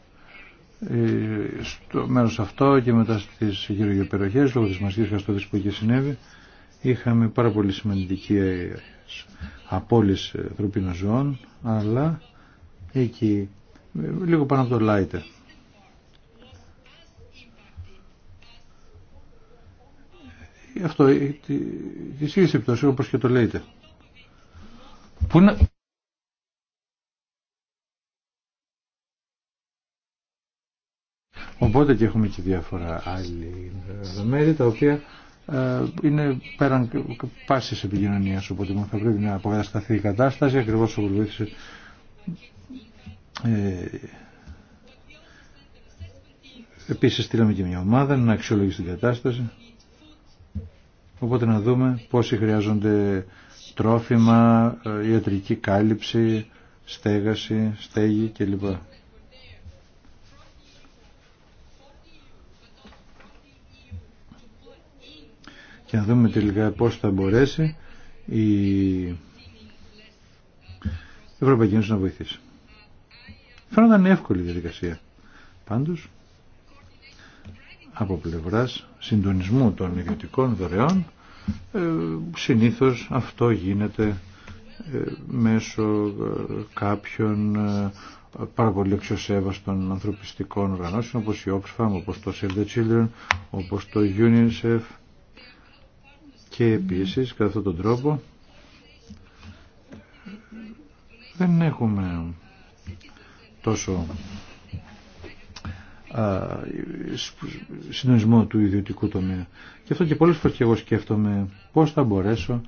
ε, στο μέρος αυτό και μετά στις γύρω περιοχέ, λόγω της μασικής χαστοδής που εκεί συνέβη είχαμε πάρα πολύ σημαντική ε, απόλυση ε, ανθρωπίνων ζωών αλλά εκεί λίγο πάνω από το Λάιτε αυτό τη, τη, πτώση όπως και το λέτε Οπότε και έχουμε και διάφορα άλλη ε, μέρη τα οποία ε, είναι πέραν πάση επικοινωνία οπότε θα πρέπει να αποκατασταθεί η κατάσταση ακριβώ όπω βοήθησε ε, επίσης στείλαμε και μια ομάδα να αξιολογήσει την κατάσταση οπότε να δούμε πόσοι χρειάζονται τρόφιμα, ε, ιατρική κάλυψη, στέγαση, στέγη κλπ. να δούμε τελικά πώς θα μπορέσει η Ευρωπαϊκή Ένωση να βοηθήσει. Φαίνονταν εύκολη η διαδικασία. Πάντως, από πλευράς συντονισμού των ιδιωτικών δωρεών, ε, συνήθως αυτό γίνεται ε, μέσω ε, κάποιων ε, πάρα πολύ αξιοσέβαστων ανθρωπιστικών οργανώσεων όπως η Oxfam, όπως το Save the Children, όπως το UNICEF και επίσης κατά αυτόν τον τρόπο δεν έχουμε τόσο α, του ιδιωτικού τομέα. Και αυτό και πολλές φορές και εγώ σκέφτομαι πώς θα μπορέσω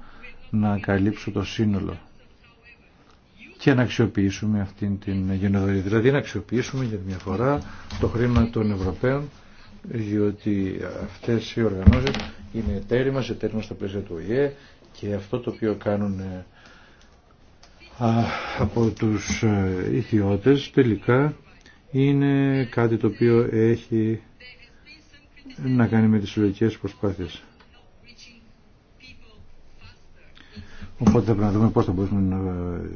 να καλύψω το σύνολο και να αξιοποιήσουμε αυτήν την γενοδορία. Δηλαδή να αξιοποιήσουμε για μια φορά το χρήμα των Ευρωπαίων διότι αυτές οι οργανώσεις είναι εταίροι μας, εταίροι μας στα πλαίσια του ΟΗΕ και αυτό το οποίο κάνουν ε, από τους ε, ηθιώτες τελικά είναι κάτι το οποίο έχει να κάνει με τις συλλογικές προσπάθειες. Οπότε θα πρέπει να δούμε πώς θα μπορούμε να, ε,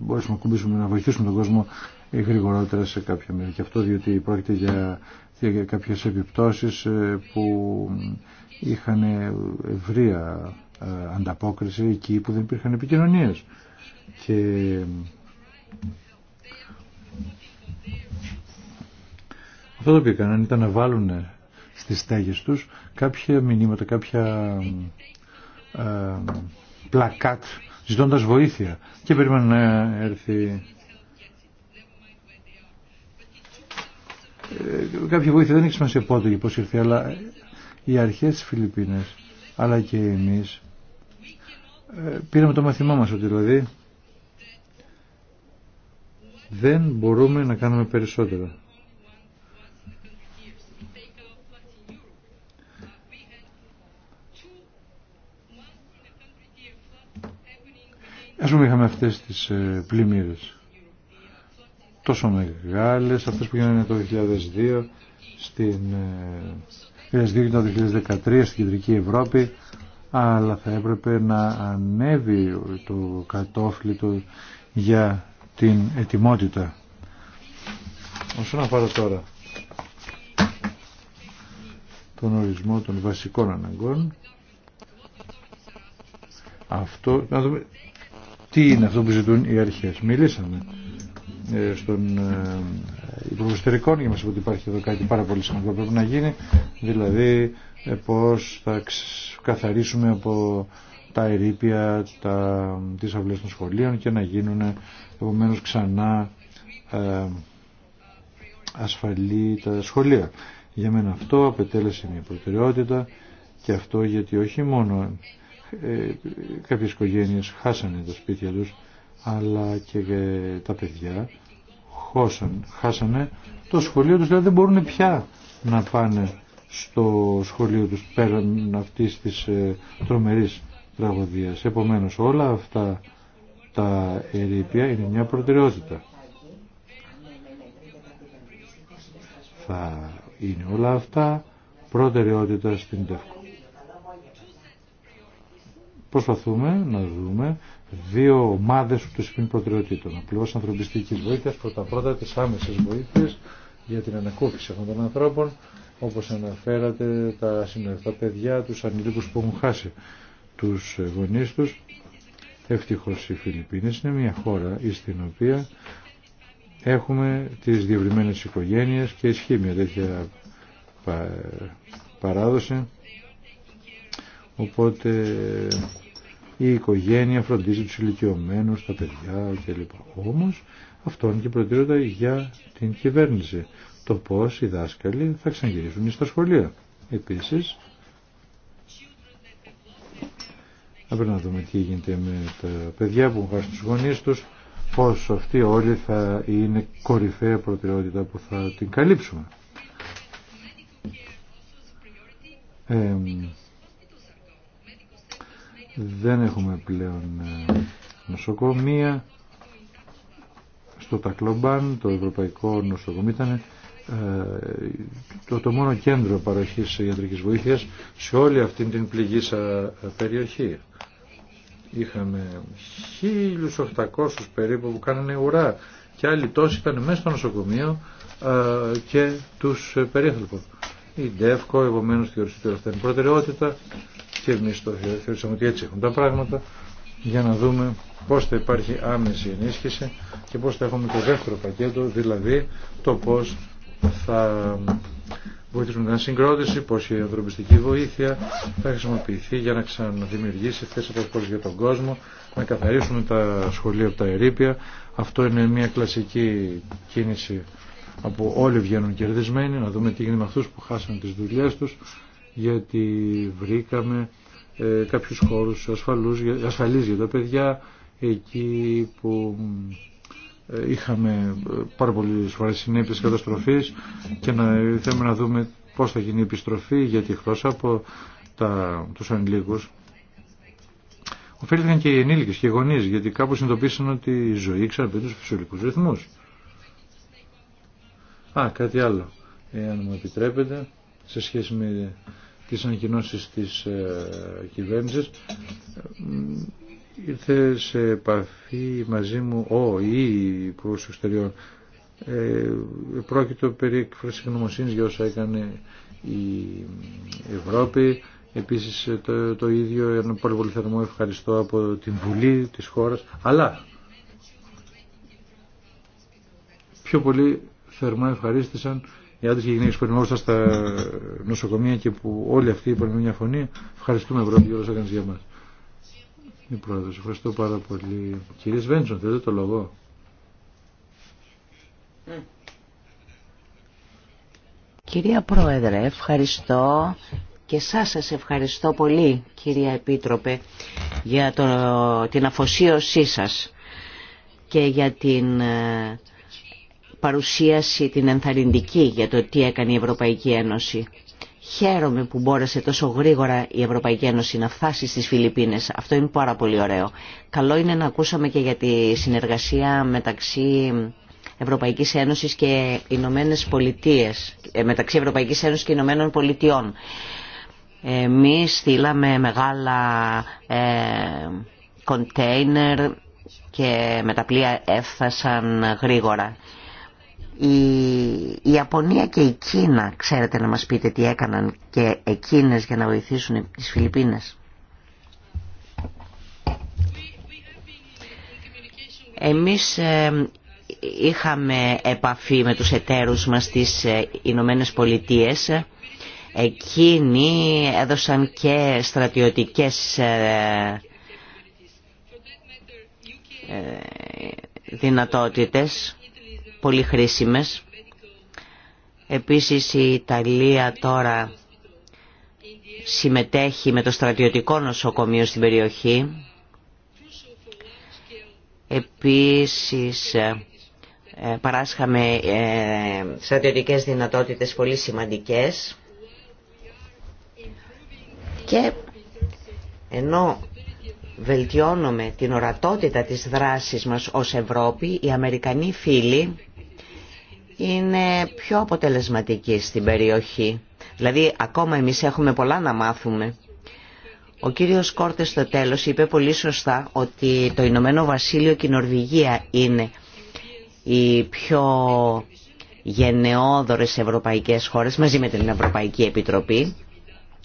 μπορέσουμε να βοηθήσουμε τον κόσμο γρηγορότερα σε κάποια μέρη. Και αυτό διότι πρόκειται για, για κάποιες επιπτώσεις που είχαν ευρεία ε, ανταπόκριση εκεί που δεν υπήρχαν επικοινωνίες. Και αυτό το οποίο έκαναν ήταν να βάλουν στις στέγες τους κάποια μηνύματα, κάποια ε, πλακάτ ζητώντας βοήθεια και περίμεναν να έρθει ε, κάποια βοήθεια δεν έχει σημασία πότε και ήρθε αλλά οι αρχές της Φιλιππίνες αλλά και εμείς ε, πήραμε το μαθημά μας ότι δηλαδή δεν μπορούμε να κάνουμε περισσότερα. Ας πούμε είχαμε αυτές τις ε, πλημμύρες τόσο μεγάλες, αυτές που γίνανε το 2002 στην ε, το 2013 στην Κεντρική Ευρώπη αλλά θα έπρεπε να ανέβει το κατόφλι του για την ετοιμότητα. Όσον αφορά τώρα τον ορισμό των βασικών αναγκών αυτό, να δούμε τι είναι αυτό που ζητούν οι αρχές. Μιλήσαμε ε, στον ε, Υπουργό Εσωτερικών για μας ότι υπάρχει εδώ κάτι πάρα πολύ σημαντικό πρέπει να γίνει, δηλαδή ε, πώς θα καθαρίσουμε από τα ερήπια, τα, τις αυλές των σχολείων και να γίνουν επομένω ξανά ασφαλή τα σχολεία. Για μένα αυτό απετέλεσε μια προτεραιότητα και αυτό γιατί όχι μόνο ε, κάποιες οικογένειες χάσανε τα σπίτια τους αλλά και τα παιδιά χώσαν, χάσανε το σχολείο τους, δηλαδή δεν μπορούν πια να πάνε στο σχολείο τους πέραν αυτής της ε, τρομερής τραγωδίας. Επομένως όλα αυτά τα ερήπια είναι μια προτεραιότητα. Θα είναι όλα αυτά προτεραιότητα στην ΤΕΦΚΟ. Προσπαθούμε να δούμε δύο ομάδες του είπαν προτεραιοτήτων. Απλώ ανθρωπιστική βοήθεια, πρώτα πρώτα τις άμεσες βοήθειες για την ανακούφιση αυτών των ανθρώπων, όπως αναφέρατε τα συνεργατά παιδιά, τους ανηλίκους που έχουν χάσει τους γονεί του. Ευτυχώ οι Φιλιππίνες είναι μια χώρα στην οποία έχουμε τις διευρυμένε οικογένειε και ισχύει μια τέτοια παράδοση. Οπότε η οικογένεια φροντίζει τους ηλικιωμένους, τα παιδιά κλπ. Όμως αυτό είναι και προτεραιότητα για την κυβέρνηση. Το πώς οι δάσκαλοι θα ξαναγυρίσουν στα σχολεία. Επίσης, να πρέπει να δούμε τι γίνεται με τα παιδιά που έχουν χάσει τους γονείς τους, πώς αυτοί όλοι θα είναι κορυφαία προτεραιότητα που θα την καλύψουμε. Δεν έχουμε πλέον ε, νοσοκομεία. Στο Τακλομπάν το Ευρωπαϊκό Νοσοκομείο ήταν ε, το, το μόνο κέντρο παροχής ιατρικής βοήθειας σε όλη αυτή την πληγήσα ε, περιοχή. Είχαμε 1.800 περίπου που κάνανε ουρά και άλλοι τόσοι ήταν μέσα στο νοσοκομείο και τους περίθαλπους η ΔΕΦΚΟ επομένω θεωρήσε ότι αυτά είναι προτεραιότητα και εμεί το θεωρήσαμε ότι έτσι έχουν τα πράγματα για να δούμε πώ θα υπάρχει άμεση ενίσχυση και πώ θα έχουμε το δεύτερο πακέτο, δηλαδή το πώ θα βοηθήσουμε την συγκρότηση, πώ η ανθρωπιστική βοήθεια θα χρησιμοποιηθεί για να ξαναδημιουργήσει θέσει από για τον κόσμο, να καθαρίσουμε τα σχολεία από τα ερήπια. Αυτό είναι μια κλασική κίνηση από όλοι βγαίνουν κερδισμένοι, να δούμε τι γίνεται με αυτούς που χάσαν τις δουλειές τους, γιατί βρήκαμε ε, κάποιους χώρους ασφαλείς για τα παιδιά, εκεί που ε, είχαμε ε, πάρα πολλές φορές συνέπειες καταστροφής και να, θέλουμε να δούμε πώς θα γίνει η επιστροφή, γιατί εκτός από του τους ανηλίκους Οφείλθηκαν και οι ενήλικες και οι γονείς, γιατί κάπου συνειδητοποίησαν ότι η ζωή ξαναπεί τους φυσιολογικούς ρυθμούς. Α, κάτι άλλο, εάν μου επιτρέπετε, σε σχέση με τις ανακοινώσεις της ε, κυβέρνησης, ε, ήρθε σε επαφή μαζί μου ο ή υπουργός εξωτεριών. Ε, πρόκειτο περί εκφράσης γνωμοσύνης για όσα έκανε η Ευρώπη. Επίσης ε, το, ίδιο ένα πολύ πολύ θερμό ευχαριστώ από την Βουλή της χώρας. Αλλά πιο πολύ θερμά ευχαρίστησαν οι άντρε και οι γυναίκε που στα νοσοκομεία και που όλοι αυτοί είπαν μια φωνή. Ευχαριστούμε πρώτα για όσα έκανε για μα. Η πρόεδρο, ευχαριστώ πάρα πολύ. Κύριε Σβέντσον, θέλετε το λόγο. Κυρία Πρόεδρε, ευχαριστώ και σας σας ευχαριστώ πολύ κυρία Επίτροπε για την αφοσίωσή σας και για την ε, παρουσίαση την ενθαρρυντική για το τι έκανε η Ευρωπαϊκή Ένωση. Χαίρομαι που μπόρεσε τόσο γρήγορα η Ευρωπαϊκή Ένωση να φτάσει στις Φιλιππίνες. Αυτό είναι πάρα πολύ ωραίο. Καλό είναι να ακούσαμε και για τη συνεργασία μεταξύ Ευρωπαϊκής Ένωσης και Ηνωμένες Πολιτείες, ε, μεταξύ Ευρωπαϊκής Ένωσης και Ηνωμένων Πολιτειών. Εμείς στείλαμε μεγάλα ε, κοντέινερ και με τα πλοία έφτασαν γρήγορα. Η Ιαπωνία και η Κίνα, ξέρετε να μας πείτε τι έκαναν και εκείνες για να βοηθήσουν τις Φιλιππίνες. Εμείς ε, είχαμε επαφή με τους εταίρους μας στις ε, Ηνωμένε Πολιτείες. Εκείνοι έδωσαν και στρατιωτικές ε, δυνατότητες πολύ χρήσιμες. Επίσης η Ιταλία τώρα συμμετέχει με το στρατιωτικό νοσοκομείο στην περιοχή. Επίσης ε, παράσχαμε ε, στρατιωτικές δυνατότητες πολύ σημαντικές και ενώ βελτιώνουμε την ορατότητα της δράσης μας ως Ευρώπη, οι Αμερικανοί φίλοι είναι πιο αποτελεσματική στην περιοχή. Δηλαδή ακόμα εμείς έχουμε πολλά να μάθουμε. Ο κύριος Κόρτες στο τέλος είπε πολύ σωστά ότι το Ηνωμένο Βασίλειο και η Νορβηγία είναι οι πιο γενναιόδορες ευρωπαϊκές χώρες μαζί με την Ευρωπαϊκή Επιτροπή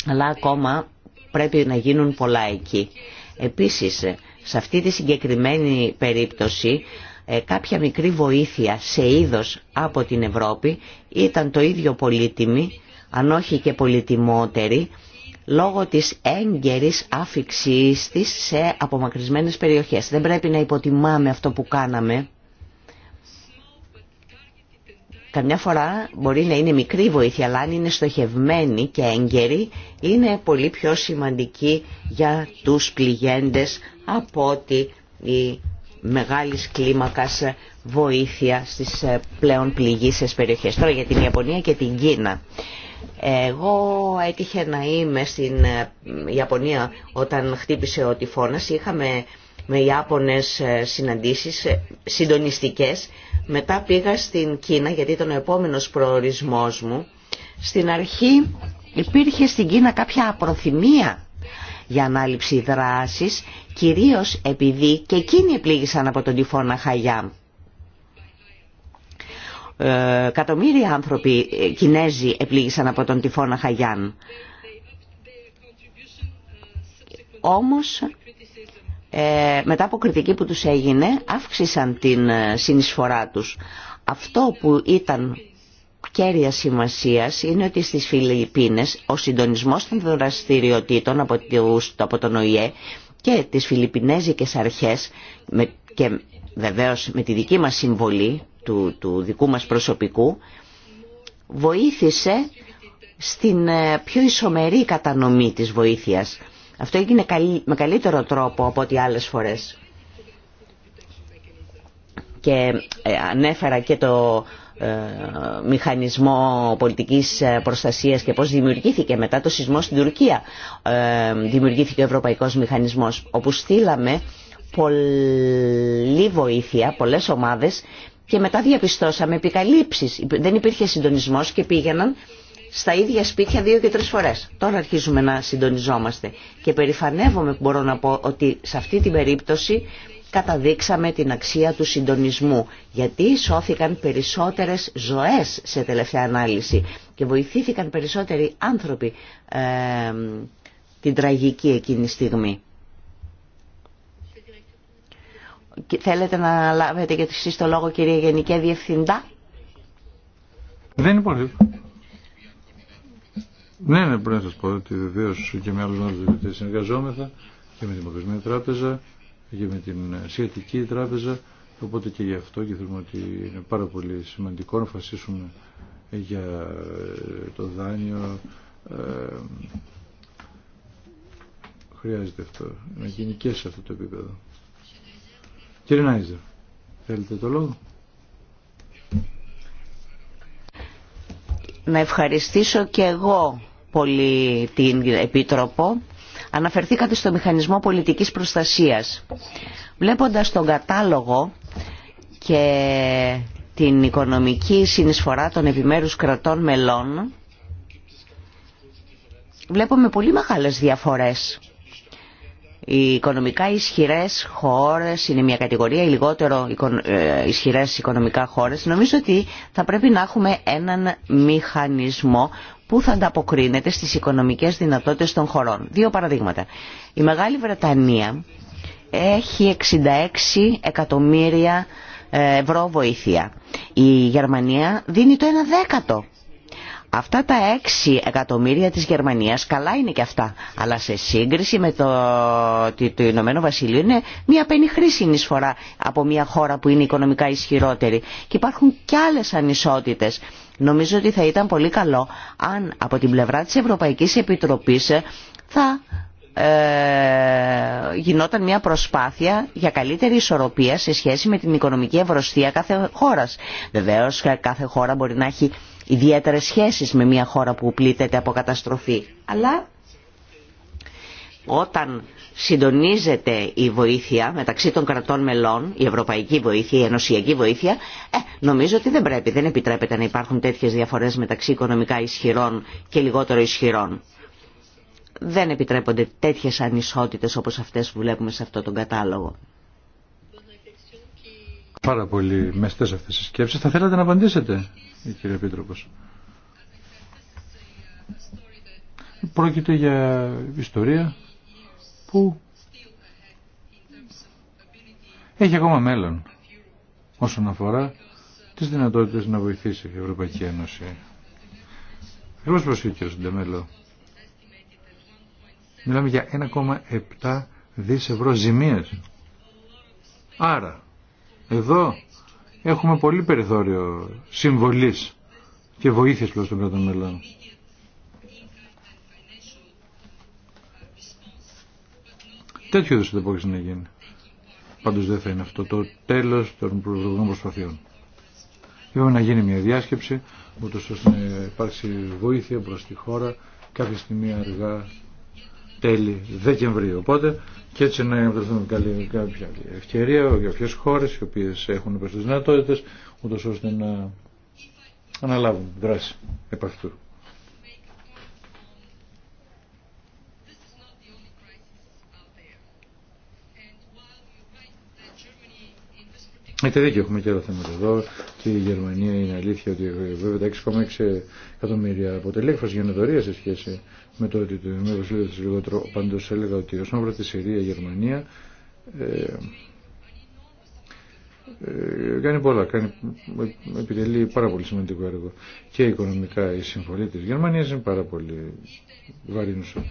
αλλά ακόμα πρέπει να γίνουν πολλά εκεί. Επίσης, σε αυτή τη συγκεκριμένη περίπτωση ε, κάποια μικρή βοήθεια σε είδος από την Ευρώπη ήταν το ίδιο πολύτιμη, αν όχι και πολύτιμότερη, λόγω της έγκαιρης άφηξής της σε απομακρυσμένες περιοχές. Δεν πρέπει να υποτιμάμε αυτό που κάναμε. Καμιά φορά μπορεί να είναι μικρή βοήθεια, αλλά αν είναι στοχευμένη και έγκαιρη, είναι πολύ πιο σημαντική για τους πληγέντες από ότι η μεγάλης κλίμακας βοήθεια στις ε, πλέον πληγήσεις περιοχές. Τώρα για την Ιαπωνία και την Κίνα. Εγώ έτυχε να είμαι στην ε, Ιαπωνία όταν χτύπησε ο τυφώνας. Είχαμε με Ιάπωνες ε, συναντήσεις συντονιστικές. Μετά πήγα στην Κίνα γιατί ήταν ο επόμενος προορισμός μου. Στην αρχή υπήρχε στην Κίνα κάποια απροθυμία για ανάληψη δράσης, κυρίως επειδή και εκείνοι επλήγησαν από τον τυφώνα Χαγιάν. Ε, Κατομμύρια άνθρωποι ε, Κινέζοι επλήγησαν από τον τυφώνα Χαγιάν. Όμως ε, μετά από κριτική που τους έγινε αύξησαν την συνεισφορά τους. Αυτό που ήταν κέρια σημασία είναι ότι στις Φιλιππίνες ο συντονισμός των δραστηριοτήτων από, από τον ΟΗΕ και τις Φιλιππινέζικες αρχές και βεβαίως με τη δική μας συμβολή του, του δικού μας προσωπικού βοήθησε στην ε, πιο ισομερή κατανομή της βοήθειας. Αυτό έγινε με καλύτερο τρόπο από ό,τι άλλες φορές. Και ε, ανέφερα και το ε, μηχανισμό πολιτικής ε, προστασίας και πώς δημιουργήθηκε μετά το σεισμό στην Τουρκία ε, δημιουργήθηκε ο Ευρωπαϊκός Μηχανισμός όπου στείλαμε πολλή βοήθεια, πολλές ομάδες και μετά διαπιστώσαμε επικαλύψεις δεν υπήρχε συντονισμός και πήγαιναν στα ίδια σπίτια δύο και τρεις φορές. Τώρα αρχίζουμε να συντονιζόμαστε και περηφανεύομαι που μπορώ να πω ότι σε αυτή την περίπτωση καταδείξαμε την αξία του συντονισμού, γιατί σώθηκαν περισσότερες ζωές σε τελευταία ανάλυση και βοηθήθηκαν περισσότεροι άνθρωποι ε, την τραγική εκείνη στιγμή. Θέλετε να λάβετε και εσείς το λόγο κυρία Γενική Διευθυντά. Δεν είναι πολύ. Ναι, ναι, πρέπει να σας πω ότι βεβαίω και με άλλους νόμους συνεργαζόμεθα και με την Παγκοσμία Τράπεζα και με την Ασιατική Τράπεζα. Οπότε και γι' αυτό και θέλουμε ότι είναι πάρα πολύ σημαντικό να φασίσουμε για ε, το δάνειο. Ε, χρειάζεται αυτό να γίνει και σε αυτό το επίπεδο. Κύριε Νάιζερ, θέλετε το λόγο. Να ευχαριστήσω και εγώ πολύ την Επίτροπο Αναφερθήκατε στο μηχανισμό πολιτικής προστασίας. Βλέποντας τον κατάλογο και την οικονομική συνεισφορά των επιμέρους κρατών μελών, βλέπουμε πολύ μεγάλες διαφορές. Οι οικονομικά ισχυρές χώρες είναι μια κατηγορία, οι λιγότερο ε, ισχυρές οικονομικά χώρες. Νομίζω ότι θα πρέπει να έχουμε έναν μηχανισμό που θα ανταποκρίνεται στις οικονομικές δυνατότητες των χωρών. Δύο παραδείγματα. Η Μεγάλη Βρετανία έχει 66 εκατομμύρια ε, ευρώ βοήθεια. Η Γερμανία δίνει το 1 δέκατο. Αυτά τα 6 εκατομμύρια της Γερμανίας καλά είναι και αυτά. Αλλά σε σύγκριση με το, ότι το Ηνωμένο Βασιλείο είναι μια πενιχρή συνεισφορά από μια χώρα που είναι οικονομικά ισχυρότερη. Και υπάρχουν και άλλες ανισότητες. Νομίζω ότι θα ήταν πολύ καλό αν από την πλευρά της Ευρωπαϊκής Επιτροπής ε, θα ε, γινόταν μια προσπάθεια για καλύτερη ισορροπία σε σχέση με την οικονομική ευρωστία κάθε χώρας. Βεβαίως ε, κάθε χώρα μπορεί να έχει ιδιαίτερες σχέσεις με μια χώρα που πλήττεται από καταστροφή. Αλλά όταν συντονίζεται η βοήθεια μεταξύ των κρατών μελών, η ευρωπαϊκή βοήθεια, η ενωσιακή βοήθεια, ε, νομίζω ότι δεν πρέπει, δεν επιτρέπεται να υπάρχουν τέτοιες διαφορές μεταξύ οικονομικά ισχυρών και λιγότερο ισχυρών. Δεν επιτρέπονται τέτοιες ανισότητες όπως αυτές που βλέπουμε σε αυτό τον κατάλογο πάρα πολύ μεστές αυτές οι σκέψεις. Θα θέλατε να απαντήσετε, κύριε Επίτροπος. Πρόκειται για ιστορία που έχει ακόμα μέλλον όσον αφορά τις δυνατότητες να βοηθήσει η Ευρωπαϊκή Ένωση. Εγώ προσοχή κύριε μέλλον; Μιλάμε για 1,7 δις ευρώ ζημίες. Άρα, εδώ έχουμε πολύ περιθώριο συμβολής και βοήθειας προς τον πρώτο μελών. Τέτοιο είδους δεν μπορεί να γίνει. Πάντως δεν θα είναι αυτό το τέλος των προηγούμενων προσπαθειών. Είπαμε να γίνει μια διάσκεψη, ούτω ώστε να υπάρξει βοήθεια προς τη χώρα κάποια στιγμή αργά τέλη Δεκεμβρίου. Οπότε και έτσι να βρεθούν κάποια ευκαιρία για ποιε χώρε οι οποίε έχουν περισσότερε δυνατότητε, ούτω ώστε να αναλάβουν δράση επ' αυτού. Έχετε δίκιο, έχουμε και άλλα θέματα εδώ και η Γερμανία είναι αλήθεια ότι ε, βέβαια τα 6,6 εκατομμύρια αποτελεί έκφραση γενετορία σε σχέση με το ότι το Ηνωμένο λιγότερο. Πάντω έλεγα ότι όσον αφορά τη Συρία, η Γερμανία ε, ε, κάνει πολλά, κάνει, επιτελεί πάρα πολύ σημαντικό έργο και οικονομικά η συμφωνία της Γερμανίας είναι πάρα πολύ βαρύνουσα.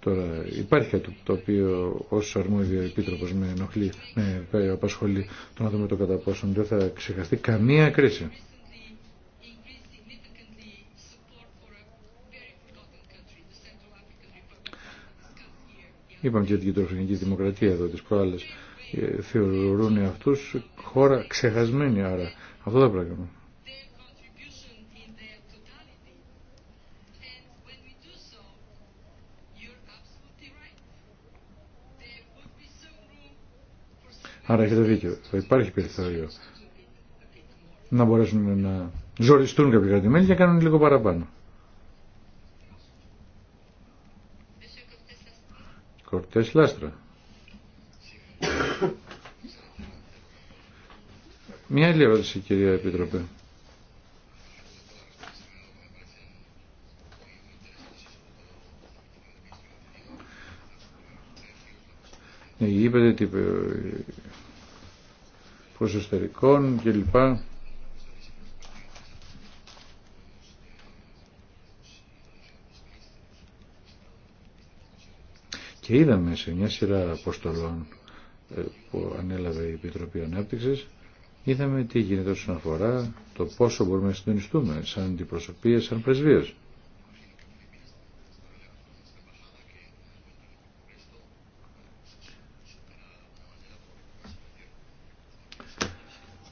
Τώρα υπάρχει κάτι το οποίο ω αρμόδιο επίτροπος με ενοχλεί, με απασχολεί το να δούμε το κατά δεν θα ξεχαστεί καμία κρίση. Είπαμε και την κεντροφυγική δημοκρατία εδώ τις προάλλες. Ε, θεωρούν αυτούς χώρα ξεχασμένη άρα. Αυτό θα πράγμα. Άρα έχετε δίκιο. Θα υπάρχει περιθώριο να μπορέσουν να ζοριστούν κάποιοι κρατημένοι και να κάνουν λίγο παραπάνω. Κορτές Λάστρα. Μια άλλη ερώτηση κυρία Επιτροπέ. Ναι, είπατε ότι προσωστερικών κλπ. Και είδαμε σε μια σειρά αποστολών ε, που ανέλαβε η Επιτροπή Ανάπτυξης, είδαμε τι γίνεται όσον αφορά το πόσο μπορούμε να συντονιστούμε σαν αντιπροσωπείε, σαν πρεσβείες.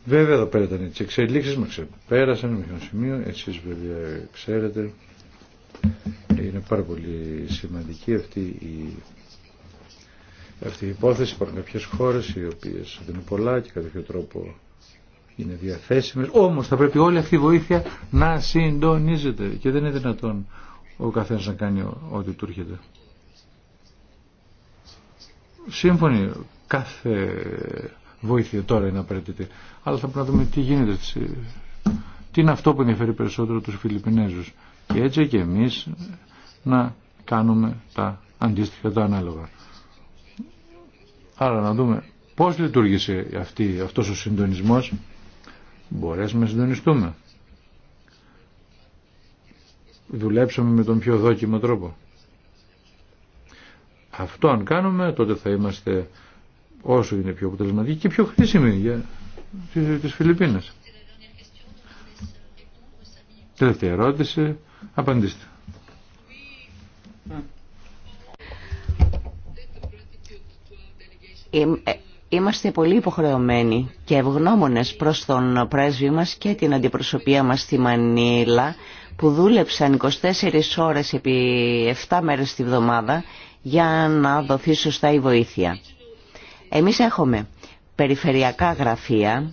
Βέβαια εδώ πέρα ήταν τι εξελίξεις, με ξεπέρασαν με ένα σημείο, εσείς βέβαια ξέρετε. Είναι πάρα πολύ σημαντική αυτή η αυτή η υπόθεση. Υπάρχουν κάποιε χώρε οι οποίε δεν είναι πολλά και κατά κάποιο τρόπο είναι διαθέσιμε. Όμω θα πρέπει όλη αυτή η βοήθεια να συντονίζεται και δεν είναι δυνατόν ο καθένα να κάνει ό,τι του έρχεται. Σύμφωνοι, κάθε βοήθεια τώρα είναι απαραίτητη. Αλλά θα πρέπει να δούμε τι γίνεται. Τι είναι αυτό που ενδιαφέρει περισσότερο του Φιλιππινέζου. Και έτσι και εμεί να κάνουμε τα αντίστοιχα, τα ανάλογα. Άρα να δούμε πώς λειτουργήσε αυτή, αυτός ο συντονισμός. Μπορέσουμε να συντονιστούμε. Δουλέψαμε με τον πιο δόκιμο τρόπο. Αυτό αν κάνουμε τότε θα είμαστε όσο είναι πιο αποτελεσματικοί και πιο χρήσιμοι για τις Φιλιππίνες. Τελευταία ερώτηση. Απαντήστε. Ε, είμαστε πολύ υποχρεωμένοι και ευγνώμονες προς τον πρέσβη μας και την αντιπροσωπεία μας στη Μανίλα που δούλεψαν 24 ώρες επί 7 μέρες τη βδομάδα για να δοθεί σωστά η βοήθεια. Εμείς έχουμε περιφερειακά γραφεία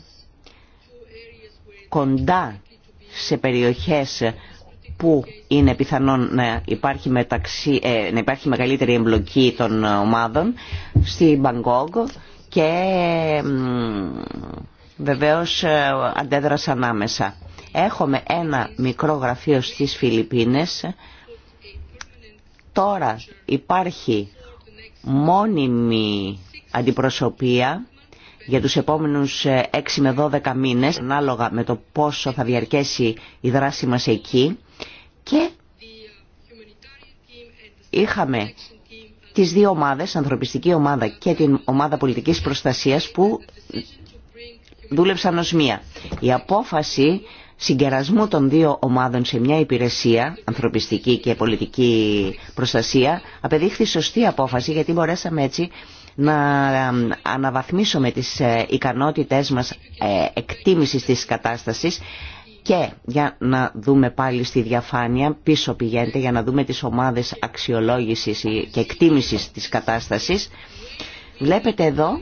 κοντά σε περιοχές που είναι πιθανόν να υπάρχει, ε, να υπάρχει μεγαλύτερη εμπλοκή των ομάδων στη Μπαγκόγκ και βεβαίως ε, αντέδρασαν ανάμεσα. Έχουμε ένα μικρό γραφείο στις Φιλιππίνες. Τώρα υπάρχει μόνιμη αντιπροσωπεία για τους επόμενους 6 ε, με 12 μήνες, ανάλογα με το πόσο θα διαρκέσει η δράση μας εκεί. Και είχαμε τις δύο ομάδες, ανθρωπιστική ομάδα και την ομάδα πολιτικής προστασίας που δούλεψαν ως μία. Η απόφαση συγκερασμού των δύο ομάδων σε μια υπηρεσία, ανθρωπιστική και πολιτική προστασία, απεδείχθη σωστή απόφαση γιατί μπορέσαμε έτσι να αναβαθμίσουμε τις ε, ικανότητές μας ε, εκτίμησης της κατάστασης και για να δούμε πάλι στη διαφάνεια, πίσω πηγαίνετε για να δούμε τις ομάδες αξιολόγησης και εκτίμησης της κατάστασης. Βλέπετε εδώ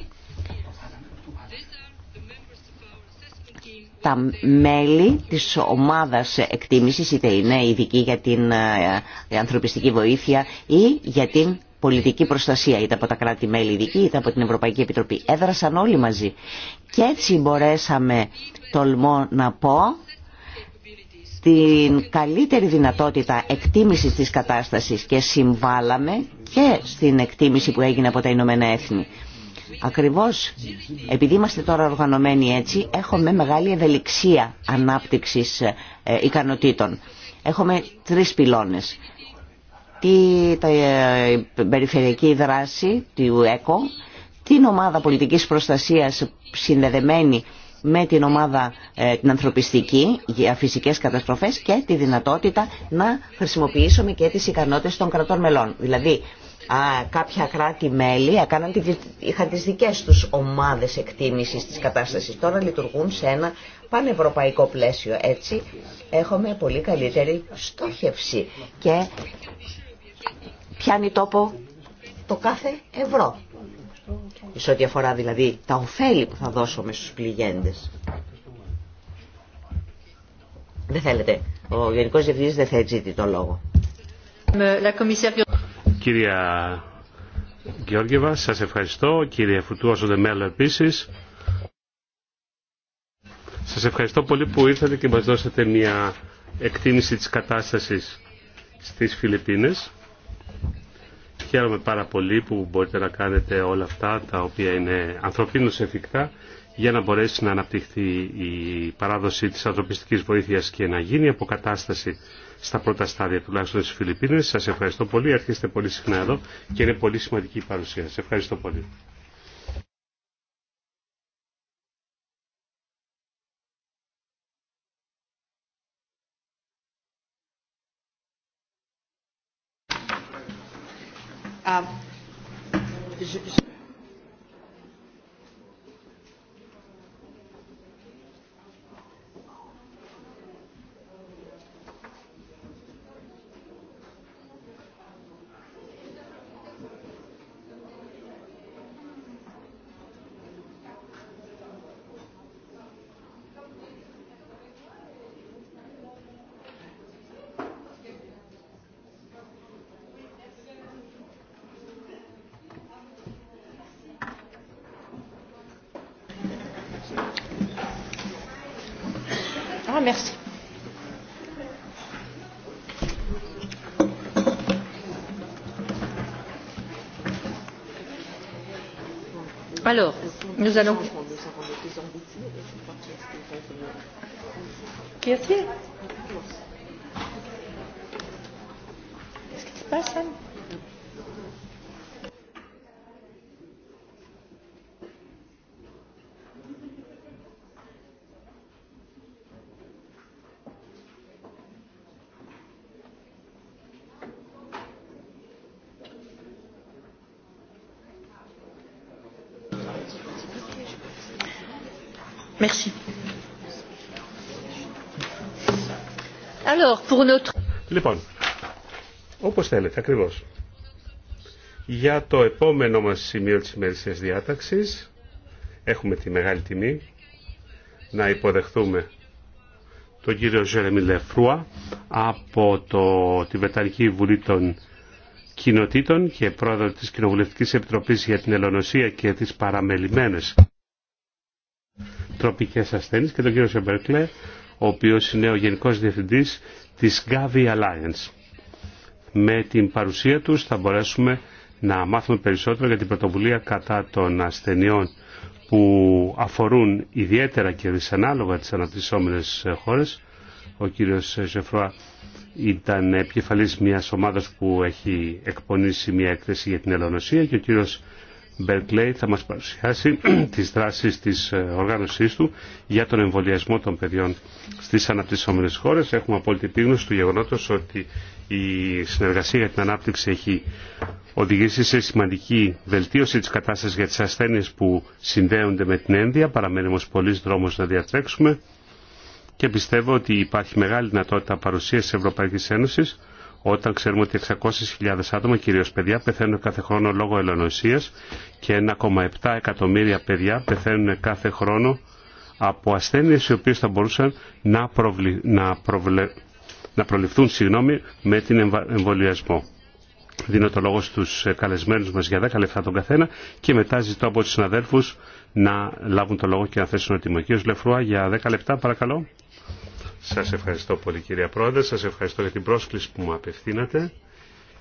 τα μέλη της ομάδας εκτίμησης, είτε είναι ειδικοί για την ε, ε, ανθρωπιστική βοήθεια ή για την πολιτική προστασία, είτε από τα κράτη-μέλη ειδικοί, είτε από την Ευρωπαϊκή Επιτροπή. Έδρασαν όλοι μαζί. Και έτσι μπορέσαμε, τολμώ να πω, στην καλύτερη δυνατότητα εκτίμησης της κατάστασης και συμβάλαμε και στην εκτίμηση που έγινε από τα Ηνωμένα Έθνη. Ακριβώς επειδή είμαστε τώρα οργανωμένοι έτσι, έχουμε μεγάλη ευελιξία ανάπτυξης ε, ικανοτήτων. Έχουμε τρεις πυλώνες. Τη ε, περιφερειακή δράση του ΕΚΟ, την ομάδα πολιτικής προστασίας συνδεδεμένη με την ομάδα ε, την ανθρωπιστική για φυσικές καταστροφές και τη δυνατότητα να χρησιμοποιήσουμε και τις ικανότητες των κρατών μελών. Δηλαδή, κάποια κράτη-μέλη είχαν τις δικές τους ομάδες εκτίμησης της κατάστασης. Τώρα λειτουργούν σε ένα πανευρωπαϊκό πλαίσιο. Έτσι έχουμε πολύ καλύτερη στόχευση και πιάνει τόπο το κάθε ευρώ σε ό,τι αφορά δηλαδή τα ωφέλη που θα δώσουμε στους πληγέντες. Δεν θέλετε. Ο Γενικός Διευθυντής δεν θα ζήτη το λόγο. Κυρία Γεώργιεβα, σας ευχαριστώ. Κύριε Φουτού, όσο δεν μέλλον επίσης. Σας ευχαριστώ πολύ που ήρθατε και μας δώσατε μια εκτίμηση της κατάστασης στις Φιλιππίνες χαίρομαι πάρα πολύ που μπορείτε να κάνετε όλα αυτά τα οποία είναι ανθρωπίνως εφικτά για να μπορέσει να αναπτυχθεί η παράδοση της ανθρωπιστικής βοήθειας και να γίνει αποκατάσταση στα πρώτα στάδια τουλάχιστον στις Φιλιππίνες. Σας ευχαριστώ πολύ, έρχεστε πολύ συχνά εδώ και είναι πολύ σημαντική η παρουσία σας. Ευχαριστώ πολύ. Ευχαριστώ, Πρόεδρε. Alors, nous allons. Qui est-ce Λοιπόν, όπως θέλετε ακριβώς. Για το επόμενο μας σημείο της ημερησίας διάταξης έχουμε τη μεγάλη τιμή να υποδεχθούμε τον κύριο Ζερεμι Λεφρούα από το, τη Βρετανική Βουλή των Κοινοτήτων και πρόεδρο της Κοινοβουλευτικής Επιτροπής για την Ελλονοσία και τις παραμελημένες τροπικές ασθένειες και τον κύριο Σεμπερκλέ, ο οποίος είναι ο Γενικός Διευθυντής της Gavi Alliance. Με την παρουσία τους θα μπορέσουμε να μάθουμε περισσότερο για την πρωτοβουλία κατά των ασθενειών που αφορούν ιδιαίτερα και δυσανάλογα τις αναπτυσσόμενες χώρες. Ο κύριος Ζεφρόα ήταν επικεφαλής μια ομάδα που έχει εκπονήσει μια έκθεση για την Ελλονοσία και ο κύριος Μπερκλέη θα μας παρουσιάσει τις δράσεις της ε, οργάνωσής του για τον εμβολιασμό των παιδιών στις αναπτυσσόμενες χώρες. Έχουμε απόλυτη επίγνωση του γεγονότος ότι η συνεργασία για την ανάπτυξη έχει οδηγήσει σε σημαντική βελτίωση της κατάστασης για τις ασθένειες που συνδέονται με την ένδια. Παραμένει όμως πολλής δρόμος να διατρέξουμε και πιστεύω ότι υπάρχει μεγάλη δυνατότητα παρουσίας της Ευρωπαϊκής Ένωσης όταν ξέρουμε ότι 600.000 άτομα, κυρίω παιδιά, πεθαίνουν κάθε χρόνο λόγω ελανοησίας και 1,7 εκατομμύρια παιδιά πεθαίνουν κάθε χρόνο από ασθένειε, οι οποίε θα μπορούσαν να, να, προληφθούν συγγνώμη, με την εμβολιασμό. Δίνω το λόγο στου ε, καλεσμένου μα για 10 λεπτά τον καθένα και μετά ζητώ από του συναδέλφου να λάβουν το λόγο και να θέσουν κ. Λεφρουά για 10 λεπτά παρακαλώ. Σας ευχαριστώ πολύ κυρία Πρόεδρε, σας ευχαριστώ για την πρόσκληση που μου απευθύνατε.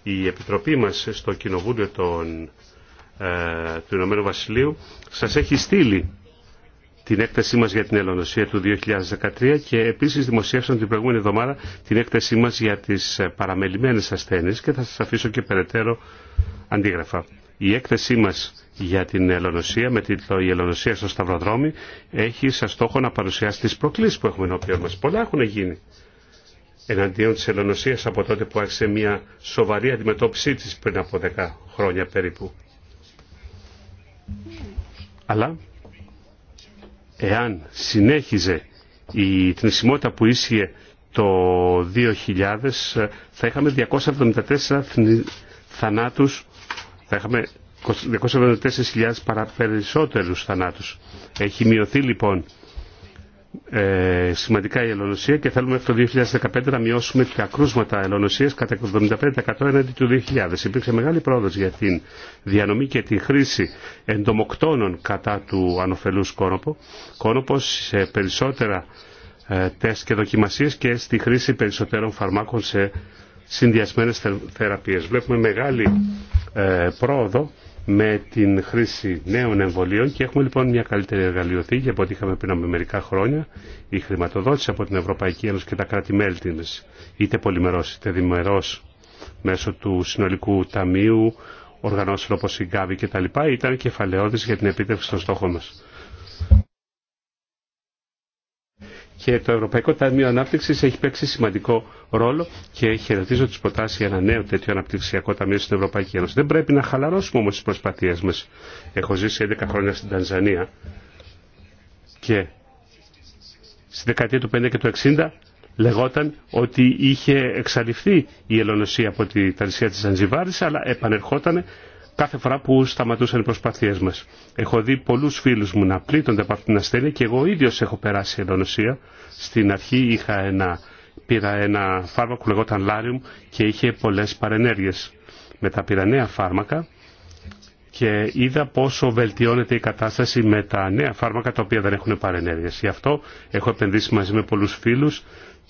Η Επιτροπή μας στο Κοινοβούλιο ε, του Ηνωμένου Βασιλείου σας έχει στείλει την έκθεσή μας για την Ελλονοσία του 2013 και επίσης δημοσίευσαν την προηγούμενη εβδομάδα την έκθεσή μας για τις ε, παραμελημένες ασθένειες και θα σας αφήσω και περαιτέρω αντίγραφα. Η έκθεσή μας για την Ελλονοσία με τίτλο «Η Ελλονοσία στο Σταυροδρόμι» έχει σαν στόχο να παρουσιάσει τις προκλήσεις που έχουμε ενώπιον μας. Πολλά έχουν γίνει εναντίον της Ελλονοσίας από τότε που άρχισε μια σοβαρή αντιμετώπιση της πριν από 10 χρόνια περίπου. Αλλά εάν συνέχιζε η θνησιμότητα που ίσχυε το 2000 θα είχαμε 274 θανάτους θα είχαμε 274.000 παραπερισσότερους θανάτους. Έχει μειωθεί λοιπόν ε, σημαντικά η ελονοσία και θέλουμε μέχρι το 2015 να μειώσουμε τα κρούσματα ελονοσίας κατά 75% έναντι του 2000. Υπήρξε μεγάλη πρόοδος για την διανομή και τη χρήση εντομοκτώνων κατά του ανοφελούς κόνοπο, κόνοπος σε περισσότερα ε, τεστ και δοκιμασίες και στη χρήση περισσότερων φαρμάκων σε συνδυασμένες θεραπείες. Βλέπουμε μεγάλη ε, πρόοδο με την χρήση νέων εμβολίων και έχουμε λοιπόν μια καλύτερη εργαλειοθήκη από ό,τι είχαμε πριν από μερικά χρόνια. Η χρηματοδότηση από την Ευρωπαϊκή Ένωση και τα κράτη-μέλη τη, είτε πολυμερό είτε διμερό, μέσω του συνολικού ταμείου, οργανώσεων όπω η Γάβη κτλ., ήταν κεφαλαιώδη για την επίτευξη των στόχων μα και το Ευρωπαϊκό Ταμείο Ανάπτυξη έχει παίξει σημαντικό ρόλο και χαιρετίζω τι προτάσει για ένα νέο τέτοιο αναπτυξιακό ταμείο στην Ευρωπαϊκή Ένωση. Δεν πρέπει να χαλαρώσουμε όμω τι προσπαθίε μα. Έχω ζήσει 11 χρόνια στην Τανζανία και στη δεκαετία του 50 και του 60 λεγόταν ότι είχε εξαλειφθεί η ελονοσία από τη Ταρσία τη Ανζιβάρης αλλά επανερχόταν κάθε φορά που σταματούσαν οι προσπαθίες μα. Έχω δει πολλού φίλου μου να πλήττονται από αυτήν την ασθένεια και εγώ ίδιο έχω περάσει ελονοσία. Στην αρχή είχα ένα, πήρα ένα φάρμακο που λεγόταν Λάριουμ και είχε πολλές παρενέργειες. Μετά πήρα νέα φάρμακα και είδα πόσο βελτιώνεται η κατάσταση με τα νέα φάρμακα τα οποία δεν έχουν παρενέργειες. Γι' αυτό έχω επενδύσει μαζί με πολλούς φίλους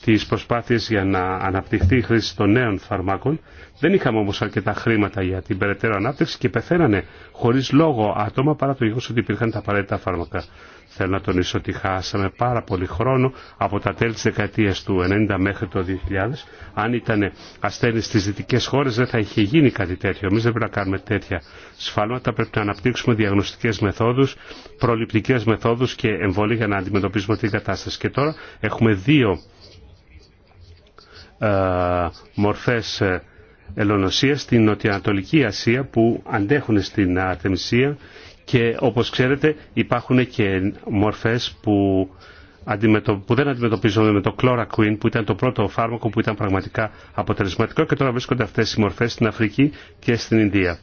τις προσπάθειες για να αναπτυχθεί η χρήση των νέων φαρμάκων. Δεν είχαμε όμως αρκετά χρήματα για την περαιτέρω ανάπτυξη και πεθαίνανε χωρίς λόγο άτομα παρά το γεγονός ότι υπήρχαν τα απαραίτητα φάρμακα. Θέλω να τονίσω ότι χάσαμε πάρα πολύ χρόνο από τα τέλη της δεκαετίας του 90 μέχρι το 2000. Αν ήταν ασθένειες στις δυτικές χώρες δεν θα είχε γίνει κάτι τέτοιο. Εμείς δεν πρέπει να κάνουμε τέτοια σφάλματα. Πρέπει να αναπτύξουμε διαγνωστικές μεθόδους, προληπτικές μεθόδους και εμβόλια για να αντιμετωπίσουμε την κατάσταση. Και τώρα έχουμε δύο ε, μορφές ε, ελονοσίας στην Νοτιοανατολική Ασία που αντέχουν στην Αρτεμισία και όπως ξέρετε υπάρχουν και μορφές που, που δεν αντιμετωπίζονται με το Chloroquine που ήταν το πρώτο φάρμακο που ήταν πραγματικά αποτελεσματικό και τώρα βρίσκονται αυτές οι μορφές στην Αφρική και στην Ινδία.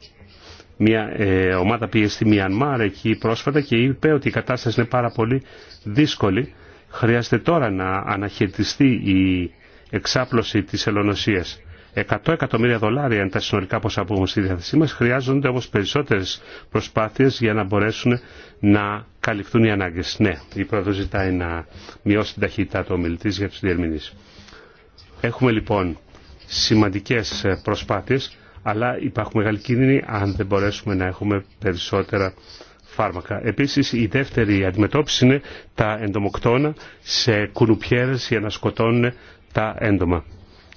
Μια ε, ομάδα πήγε στη Μιανμάρ εκεί πρόσφατα και είπε ότι η κατάσταση είναι πάρα πολύ δύσκολη. Χρειάζεται τώρα να αναχαιριστεί η εξάπλωση της ελονοσίας. 100 εκατομμύρια δολάρια είναι τα συνολικά ποσά που έχουμε στη διάθεσή μας, χρειάζονται όμως περισσότερες προσπάθειες για να μπορέσουν να καλυφθούν οι ανάγκες. Ναι, η πρόεδρο ζητάει να μειώσει την ταχύτητα του ομιλητή για του διερμηνείς. Έχουμε λοιπόν σημαντικές ε, προσπάθειες, αλλά υπάρχουν μεγάλοι κίνδυνοι αν δεν μπορέσουμε να έχουμε περισσότερα φάρμακα. Επίσης η δεύτερη αντιμετώπιση είναι τα εντομοκτώνα σε κουνουπιέρες για να σκοτώνουν τα έντομα.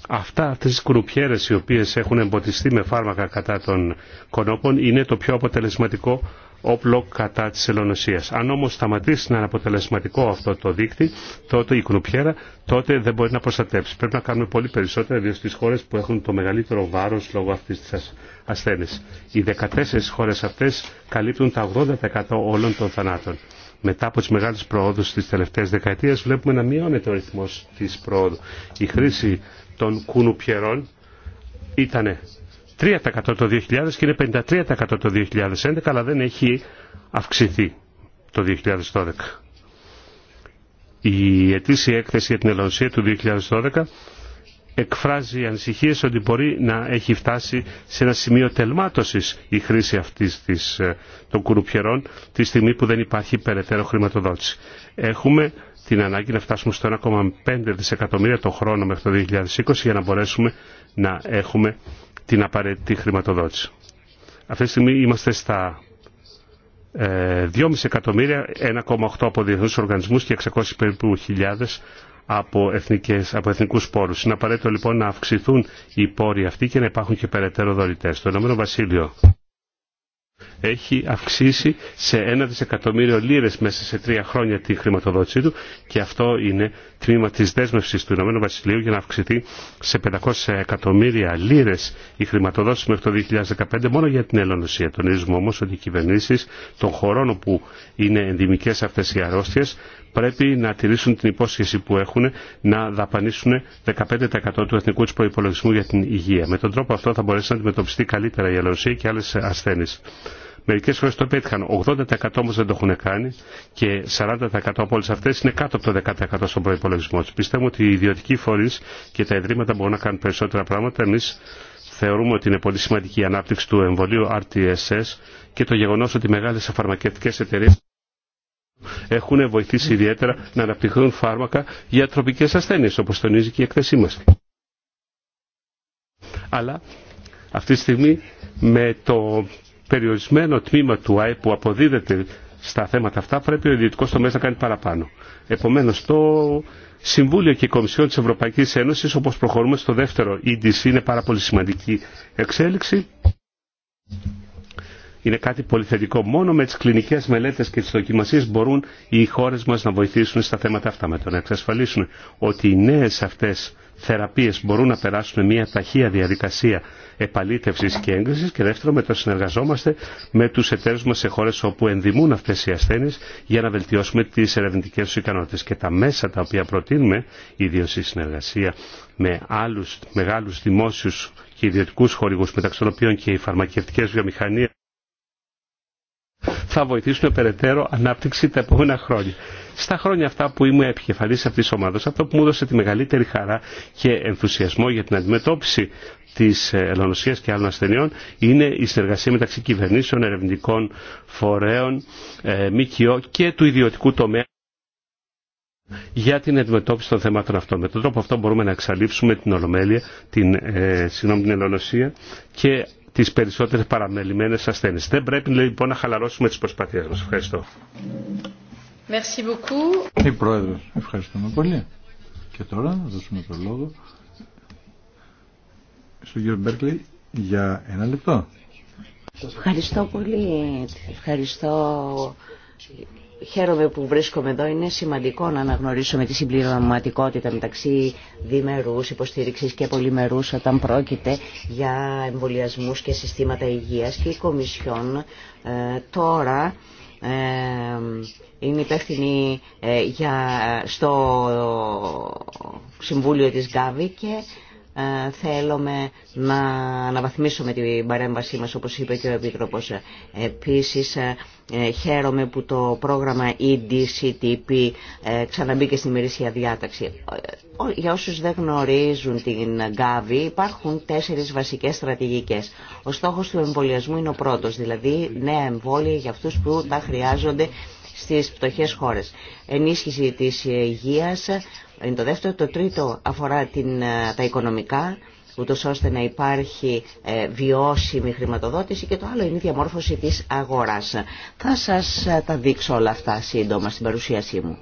Αυτά, αυτές οι κρουπιέρες οι οποίες έχουν εμποτιστεί με φάρμακα κατά των κονόπων είναι το πιο αποτελεσματικό όπλο κατά της ελονοσίας. Αν όμως σταματήσει να είναι αποτελεσματικό αυτό το δίκτυ, τότε η κουνουπιέρα τότε δεν μπορεί να προστατεύσει. Πρέπει να κάνουμε πολύ περισσότερα, διότι στις χώρες που έχουν το μεγαλύτερο βάρος λόγω αυτής της ασθένειας. Οι 14 χώρες αυτές καλύπτουν τα 80% όλων των θανάτων μετά από τις μεγάλες προόδους της τελευταίας δεκαετίας βλέπουμε να μειώνεται ο ρυθμός της προόδου. Η χρήση των κουνουπιερών ήταν 3% το 2000 και είναι 53% το 2011 αλλά δεν έχει αυξηθεί το 2012. Η ετήσια έκθεση για την Ελλονσία του 2012 εκφράζει ανησυχίες ότι μπορεί να έχει φτάσει σε ένα σημείο τελμάτωσης η χρήση αυτής της, ε, των κουρουπιερών τη στιγμή που δεν υπάρχει περαιτέρω χρηματοδότηση. Έχουμε την ανάγκη να φτάσουμε στο 1,5 δισεκατομμύρια το χρόνο μέχρι το 2020 για να μπορέσουμε να έχουμε την απαραίτητη χρηματοδότηση. Αυτή τη στιγμή είμαστε στα 2,5 ε, εκατομμύρια, 1,8 από διεθνούς οργανισμούς και 600 περίπου χιλιάδες από, εθνικές, από εθνικούς πόρους. Είναι απαραίτητο λοιπόν να αυξηθούν οι πόροι αυτοί και να υπάρχουν και περαιτέρω δωρητές. Το Ηνωμένο Βασίλειο έχει αυξήσει σε ένα δισεκατομμύριο λίρες μέσα σε τρία χρόνια τη χρηματοδότησή του και αυτό είναι τμήμα της δέσμευσης του Ηνωμένου Βασιλείου για να αυξηθεί σε 500 εκατομμύρια λίρες η χρηματοδότηση μέχρι το 2015 μόνο για την Ελλονοσία. Τονίζουμε όμως ότι οι κυβερνήσεις των χωρών όπου είναι ενδημικές αυτές οι αρρώστιες πρέπει να τηρήσουν την υπόσχεση που έχουν να δαπανίσουν 15% του εθνικού του προπολογισμού για την υγεία. Με τον τρόπο αυτό θα μπορέσει να αντιμετωπιστεί καλύτερα η αλλοσία και άλλε ασθένειες. Μερικέ φορέ το πέτυχαν. 80% όμω δεν το έχουν κάνει και 40% από όλε αυτέ είναι κάτω από το 10% στον προπολογισμό του. Πιστεύουμε ότι οι ιδιωτικοί φορεί και τα ιδρύματα μπορούν να κάνουν περισσότερα πράγματα. Εμεί θεωρούμε ότι είναι πολύ σημαντική η ανάπτυξη του εμβολίου RTSS και το γεγονό ότι μεγάλε φαρμακευτικέ εταιρείε έχουν βοηθήσει ιδιαίτερα να αναπτυχθούν φάρμακα για τροπικέ ασθένειε, όπω τονίζει και η εκθέσή μα. Αλλά αυτή τη στιγμή με το περιορισμένο τμήμα του ΑΕΠ που αποδίδεται στα θέματα αυτά πρέπει ο ιδιωτικό τομέα να κάνει παραπάνω. Επομένω, το Συμβούλιο και η Κομισιόν τη Ευρωπαϊκή Ένωση, όπω προχωρούμε στο δεύτερο EDC, είναι πάρα πολύ σημαντική εξέλιξη. Είναι κάτι πολύ θετικό. Μόνο με τι κλινικέ μελέτε και τι δοκιμασίε μπορούν οι χώρε μα να βοηθήσουν στα θέματα αυτά. Με το να εξασφαλίσουν ότι οι νέε αυτέ θεραπείες μπορούν να περάσουν μια ταχεία διαδικασία επαλήτευσης και έγκρισης και δεύτερο με το συνεργαζόμαστε με τους εταίρους μας σε χώρες όπου ενδημούν αυτές οι ασθένειες για να βελτιώσουμε τις ερευνητικές τους ικανότητες και τα μέσα τα οποία προτείνουμε, ιδίω η συνεργασία με άλλους μεγάλους δημόσιους και ιδιωτικούς χορηγούς μεταξύ των οποίων και οι φαρμακευτικές βιομηχανίες θα βοηθήσουν περαιτέρω ανάπτυξη τα επόμενα χρόνια. Στα χρόνια αυτά που ήμουν επικεφαλή αυτή τη ομάδα, αυτό που μου έδωσε τη μεγαλύτερη χαρά και ενθουσιασμό για την αντιμετώπιση τη ε, ελονοσία και άλλων ασθενειών είναι η συνεργασία μεταξύ κυβερνήσεων, ερευνητικών φορέων, ε, ΜΚΟ και του ιδιωτικού τομέα για την αντιμετώπιση των θεμάτων αυτών. Με τον τρόπο αυτό μπορούμε να εξαλείψουμε την ολομέλεια, την, ε, συγγνώμη, την ελονοσία και τι περισσότερε παραμελημένε ασθένειε. Δεν πρέπει λοιπόν να χαλαρώσουμε τι προσπάθειέ μα. Ευχαριστώ. Η ευχαριστούμε πολύ. Και τώρα να δώσουμε το λόγο στον κύριο Μπέρκλι για ένα λεπτό. Ευχαριστώ πολύ. Ευχαριστώ. Χαίρομαι που βρίσκομαι εδώ. Είναι σημαντικό να αναγνωρίσουμε τη συμπληρωματικότητα μεταξύ διμερού υποστήριξη και πολυμερού, όταν πρόκειται για εμβολιασμού και συστήματα υγεία και η Κομισιόν ε, τώρα ε, είναι υπεύθυνη ε, για, στο Συμβούλιο της Γκάβη και ε, θέλουμε να αναβαθμίσουμε την παρέμβασή μας όπως είπε και ο Επίτροπος. Επίσης ε, ε, χαίρομαι που το πρόγραμμα EDCTP ξαναμπήκε στην μερίσια διάταξη. Για όσους δεν γνωρίζουν την ΓΑΒΗ, υπάρχουν τέσσερις βασικές στρατηγικές. Ο στόχος του εμβολιασμού είναι ο πρώτος, δηλαδή νέα εμβόλια για αυτούς που τα χρειάζονται στις πτωχές χώρες. Ενίσχυση της υγείας είναι το δεύτερο. Το τρίτο αφορά την, ε, τα οικονομικά, ούτως ώστε να υπάρχει ε, βιώσιμη χρηματοδότηση και το άλλο είναι η διαμόρφωση της αγοράς. Θα σας ε, τα δείξω όλα αυτά σύντομα στην παρουσίασή μου.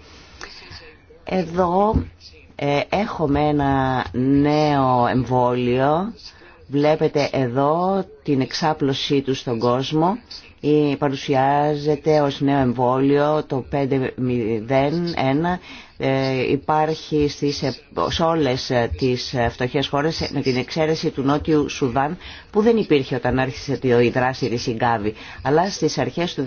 Εδώ έχουμε ένα νέο εμβόλιο. Βλέπετε εδώ την εξάπλωσή του στον κόσμο ε, παρουσιάζεται ως νέο εμβόλιο το 501 ε, υπάρχει στις, ε, σε όλες τις φτωχές χώρες με την εξαίρεση του Νότιου Σουδάν που δεν υπήρχε όταν άρχισε η δράση της Ιγκάβη αλλά στις αρχές του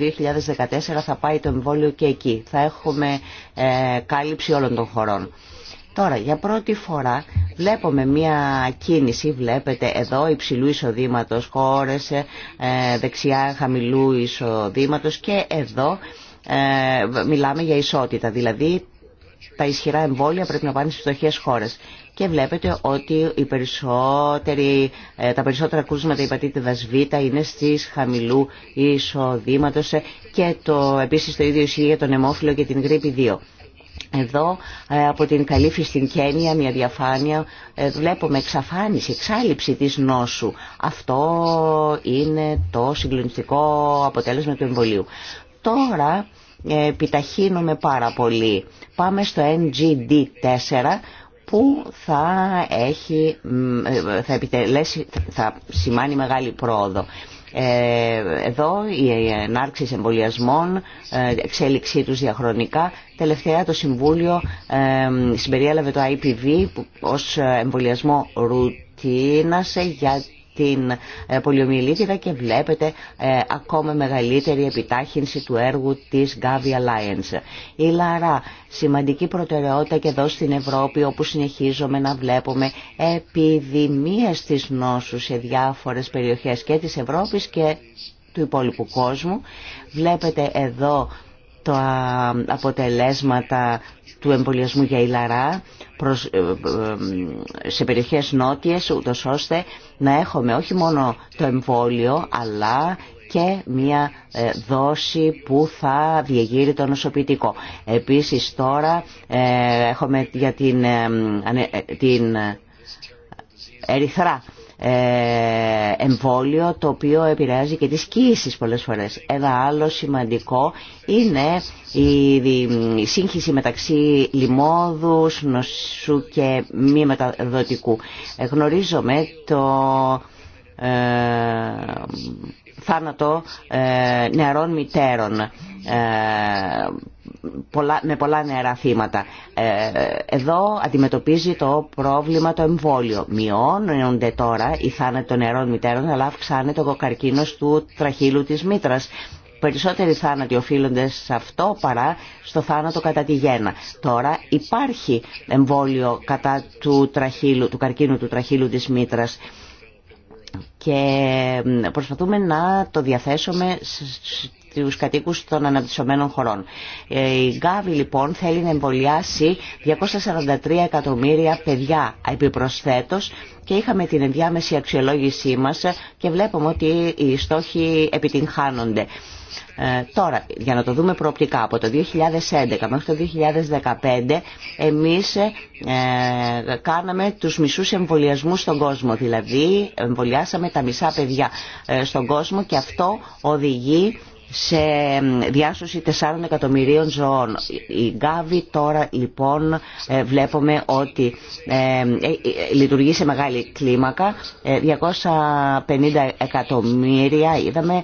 2014 θα πάει το εμβόλιο και εκεί θα έχουμε ε, κάλυψη όλων των χωρών. Τώρα, για πρώτη φορά βλέπουμε μια κίνηση, βλέπετε εδώ υψηλού εισοδήματος χώρες, ε, δεξιά χαμηλού εισοδήματος και εδώ ε, μιλάμε για ισότητα, δηλαδή τα ισχυρά εμβόλια πρέπει να πάνε στις φτωχές χώρες. Και βλέπετε ότι οι περισσότεροι, ε, τα περισσότερα κρούσματα υπατήτηδας Β είναι στις χαμηλού εισοδήματος και το, επίσης το ίδιο ισχύει για τον αιμόφυλο και την γρήπη 2. Εδώ ε, από την καλύφη στην Κένια, μια διαφάνεια, ε, βλέπουμε εξαφάνιση, εξάλληψη της νόσου. Αυτό είναι το συγκλονιστικό αποτέλεσμα του εμβολίου. Τώρα ε, επιταχύνουμε πάρα πολύ. Πάμε στο NGD4 που θα, έχει, θα, επιτελέσει, θα σημάνει μεγάλη πρόοδο. Ε, εδώ η ενάρξη εμβολιασμών, ε, εξέλιξή τους διαχρονικά. Τελευταία το Συμβούλιο ε, συμπεριέλαβε το IPV ως εμβολιασμό ρουτίνας για την ε, πολιομιλίτιδα και βλέπετε ε, ακόμα μεγαλύτερη επιτάχυνση του έργου της Gavi Alliance. Η Λαρά, σημαντική προτεραιότητα και εδώ στην Ευρώπη όπου συνεχίζουμε να βλέπουμε επιδημίες της νόσου σε διάφορες περιοχές και της Ευρώπης και του υπόλοιπου κόσμου. Βλέπετε εδώ τα αποτελέσματα του εμβολιασμού για η ΛΑΡΑ σε περιοχές νότιες ούτως ώστε να έχουμε όχι μόνο το εμβόλιο αλλά και μια δόση που θα διεγείρει το νοσοποιητικό. Επίσης τώρα έχουμε για την, την ερυθρά ε, εμβόλιο το οποίο επηρεάζει και τις κοίησεις πολλές φορές. Ένα άλλο σημαντικό είναι η σύγχυση μεταξύ λιμόδου, νοσού και μη μεταδοτικού. Ε, γνωρίζομαι το ε, θάνατο ε, νεαρών μητέρων ε, με πολλά νεαρά θύματα. Εδώ αντιμετωπίζει το πρόβλημα το εμβόλιο. Μειώνονται τώρα οι θάνατοι των νεαρών μητέρων αλλά αυξάνεται ο καρκίνος του τραχύλου της μήτρας. Περισσότεροι θάνατοι οφείλονται σε αυτό παρά στο θάνατο κατά τη γέννα. Τώρα υπάρχει εμβόλιο κατά του, τραχύλου, του καρκίνου του τραχύλου της μήτρας και προσπαθούμε να το διαθέσουμε τους κατοίκους των αναπτυσσομένων χωρών. Ε, η Γκάβη λοιπόν θέλει να εμβολιάσει 243 εκατομμύρια παιδιά επιπροσθέτως και είχαμε την ενδιάμεση αξιολόγησή μας και βλέπουμε ότι οι στόχοι επιτυγχάνονται. Ε, τώρα, για να το δούμε προοπτικά, από το 2011 μέχρι το 2015 εμείς ε, κάναμε τους μισούς εμβολιασμού στον κόσμο, δηλαδή εμβολιάσαμε τα μισά παιδιά ε, στον κόσμο και αυτό οδηγεί σε διάσωση 4 εκατομμυρίων ζωών. Η Γκάβη τώρα λοιπόν ε, βλέπουμε ότι ε, ε, λειτουργεί σε μεγάλη κλίμακα, 250 εκατομμύρια είδαμε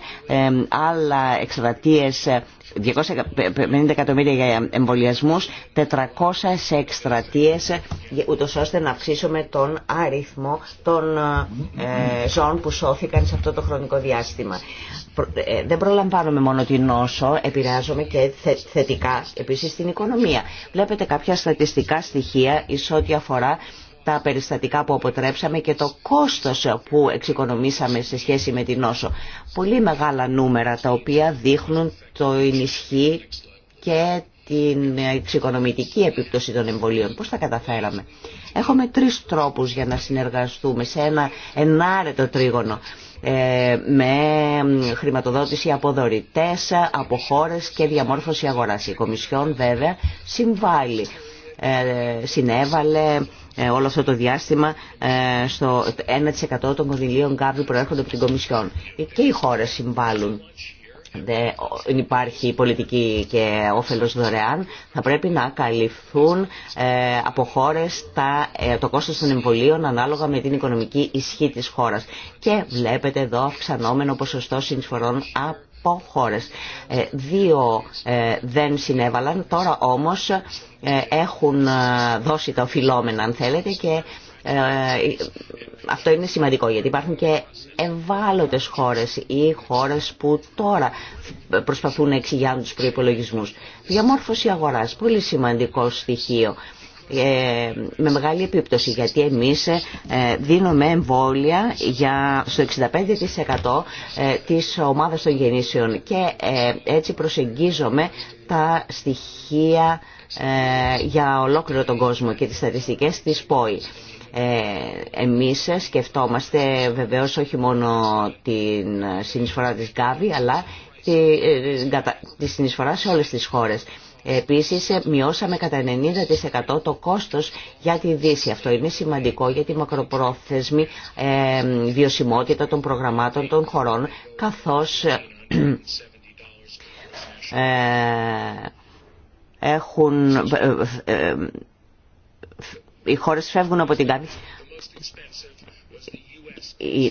άλλα εκστρατείες 250 εκατομμύρια για εμβολιασμού, 400 σε εκστρατείε, ώστε να αυξήσουμε τον αριθμό των ε, ζώων που σώθηκαν σε αυτό το χρονικό διάστημα. Ε, δεν προλαμβάνουμε μόνο την νόσο, επηρεάζομαι και θετικά επίσης την οικονομία. Βλέπετε κάποια στατιστικά στοιχεία ει ό,τι αφορά τα περιστατικά που αποτρέψαμε και το κόστος που εξοικονομήσαμε σε σχέση με την νόσο. Πολύ μεγάλα νούμερα τα οποία δείχνουν το ενισχύ και την εξοικονομητική επίπτωση των εμβολίων. Πώς τα καταφέραμε. Έχουμε τρεις τρόπους για να συνεργαστούμε σε ένα ενάρετο τρίγωνο ε, με χρηματοδότηση από δωρητές, από χώρες και διαμόρφωση αγοράς. Η Κομισιόν βέβαια συμβάλλει, ε, συνέβαλε ε, όλο αυτό το διάστημα ε, στο 1% των κονδυλίων κάποιου προέρχονται από την Κομισιόν. Ε, και οι χώρες συμβάλλουν δεν υπάρχει πολιτική και όφελος δωρεάν, θα πρέπει να καλυφθούν από χώρες τα, το κόστος των εμβολίων ανάλογα με την οικονομική ισχύ της χώρας. Και βλέπετε εδώ αυξανόμενο ποσοστό συνεισφορών από ε, δύο ε, δεν συνέβαλαν, τώρα όμως ε, έχουν δώσει τα οφειλόμενα αν θέλετε και αυτό είναι σημαντικό γιατί υπάρχουν και ευάλωτες χώρες ή χώρες που τώρα προσπαθούν να εξηγιάνουν τους προϋπολογισμούς. Διαμόρφωση αγοράς, πολύ σημαντικό στοιχείο. Ε, με μεγάλη επίπτωση γιατί εμείς ε, δίνουμε εμβόλια για στο 65% ε, της ομάδας των γεννήσεων και έτσι προσεγγίζομαι τα στοιχεία για ολόκληρο τον κόσμο και τις στατιστικές της ΠΟΗ. Εμείς σκεφτόμαστε βεβαίως όχι μόνο την συνεισφορά της ΓΚΑΒΗ αλλά τη συνεισφορά σε όλες τις χώρες. Επίσης μειώσαμε κατά 90% το κόστος για τη Δύση. Αυτό είναι σημαντικό για τη μακροπρόθεσμη ε, βιωσιμότητα των προγραμμάτων των χωρών καθώς ε, ε, έχουν, οι χώρες φεύγουν από την κάθε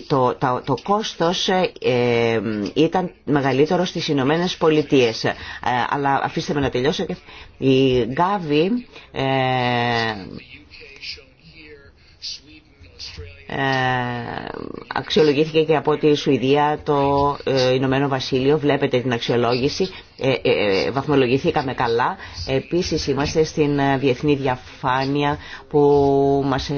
το, το, το κόστος ε, ήταν μεγαλύτερο στις Ηνωμένε Πολιτείε. Ε, αλλά αφήστε με να τελειώσω. Η Γκάβη ε, αξιολογήθηκε και από τη Σουηδία το Ηνωμένο Βασίλειο βλέπετε την αξιολόγηση βαθμολογηθήκαμε καλά επίσης είμαστε στην διεθνή διαφάνεια που μας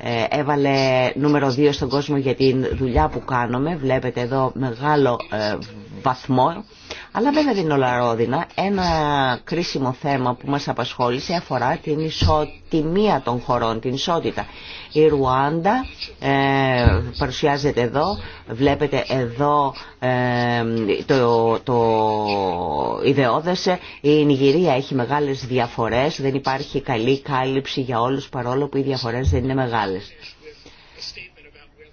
ε, έβαλε νούμερο 2 στον κόσμο για τη δουλειά που κάνουμε. Βλέπετε εδώ μεγάλο ε, βαθμό αλλά δεν είναι ολαρόδινα. Ένα κρίσιμο θέμα που μας απασχόλησε αφορά την ισοτιμία των χωρών, την ισότητα. Η Ρουάντα ε, παρουσιάζεται εδώ, βλέπετε εδώ ε, το, το ιδεώδεσε Η Νιγηρία έχει μεγάλες διαφορές, δεν υπάρχει καλή κάλυψη για όλους παρόλο που οι διαφορές δεν είναι μεγάλες.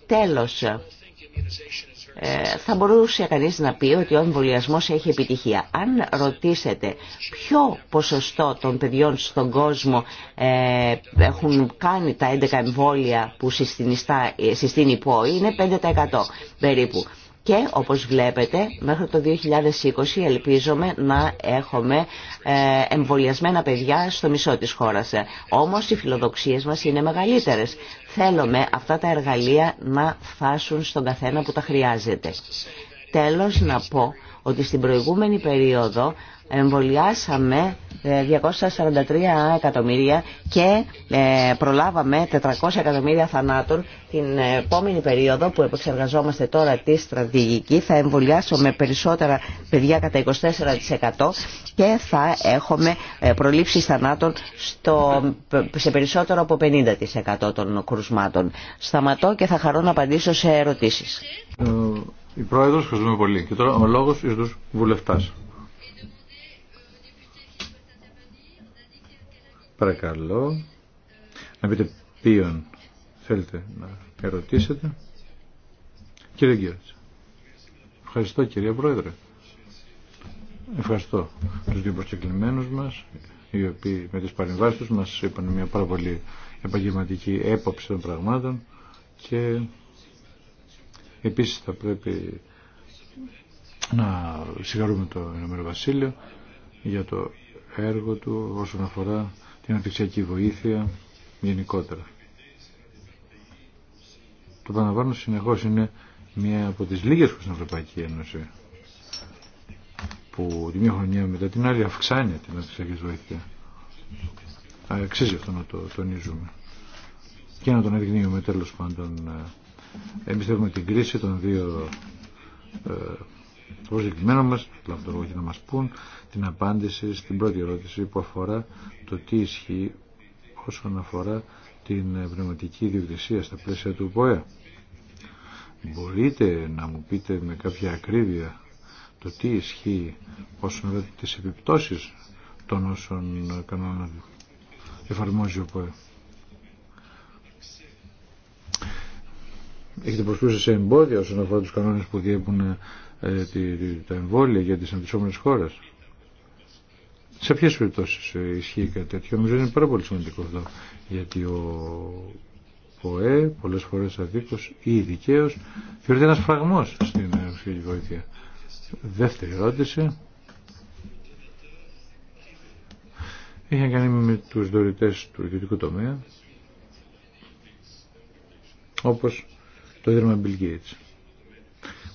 Τέλος, ε, θα μπορούσε κανείς να πει ότι ο εμβολιασμό έχει επιτυχία. Αν ρωτήσετε ποιο ποσοστό των παιδιών στον κόσμο ε, έχουν κάνει τα 11 εμβόλια που ε, συστήνει η ΠΟΗ, είναι 5% περίπου. Και όπως βλέπετε μέχρι το 2020 ελπίζομαι να έχουμε ε, εμβολιασμένα παιδιά στο μισό της χώρας. Όμως οι φιλοδοξίες μας είναι μεγαλύτερες. Θέλουμε αυτά τα εργαλεία να φάσουν στον καθένα που τα χρειάζεται. Τέλος να πω ότι στην προηγούμενη περίοδο εμβολιάσαμε 243 ε, εκατομμύρια και ε, προλάβαμε 400 εκατομμύρια θανάτων την επόμενη περίοδο που επεξεργαζόμαστε τώρα τη στρατηγική θα εμβολιάσουμε περισσότερα παιδιά κατά 24% και θα έχουμε ε, προλήψει θανάτων στο, σε περισσότερο από 50% των κρουσμάτων. Σταματώ και θα χαρώ να απαντήσω σε ερωτήσεις. Η πρόεδρο ευχαριστούμε πολύ. Και τώρα ο λόγο ει του βουλευτά. Παρακαλώ. Να πείτε ποιον θέλετε να ερωτήσετε. Κύριε Γκέρτσα. Ευχαριστώ κύριε Πρόεδρε. Ευχαριστώ τους δύο προσκεκλημένους μας, οι οποίοι με τις παρεμβάσεις τους μας είπαν μια πάρα πολύ επαγγελματική έποψη των πραγμάτων και Επίσης θα πρέπει να συγχαρούμε το Ηνωμένο Βασίλειο για το έργο του όσον αφορά την αναπτυξιακή βοήθεια γενικότερα. Το παραλαμβάνω συνεχώς είναι μία από τις λίγες που στην Ευρωπαϊκή Ένωση που τη μία χρονιά μετά την άλλη αυξάνει την αναπτυξιακή βοήθεια. Αξίζει αυτό να το τονίζουμε και να τον αδεικνύουμε τέλος πάντων ε, εμείς έχουμε την κρίση των δύο ε, προσδεκτημένων μας, και να μας πούν την απάντηση στην πρώτη ερώτηση που αφορά το τι ισχύει όσον αφορά την πνευματική ιδιοκτησία στα πλαίσια του ΠΟΕ. Μπορείτε να μου πείτε με κάποια ακρίβεια το τι ισχύει όσον αφορά τις επιπτώσεις των όσων κανόνων εφαρμόζει ο ΠΟΕ. έχετε προσκλούσει σε εμπόδια όσον αφορά τους κανόνες που διέπουν ε, τα εμβόλια για τις αντισόμενες χώρες. Σε ποιε περιπτώσει ε, ισχύει κάτι τέτοιο, νομίζω είναι πάρα πολύ σημαντικό αυτό. Γιατί ο ΠΟΕ πολλέ φορέ αδίκω ή δικαίω θεωρείται ένα φραγμό στην ψυχική ε, βοήθεια. Δεύτερη ερώτηση. Είχε να κάνει με τους δωρητές του ιδιωτικού τομέα, όπως το Ίδρυμα Bill Gates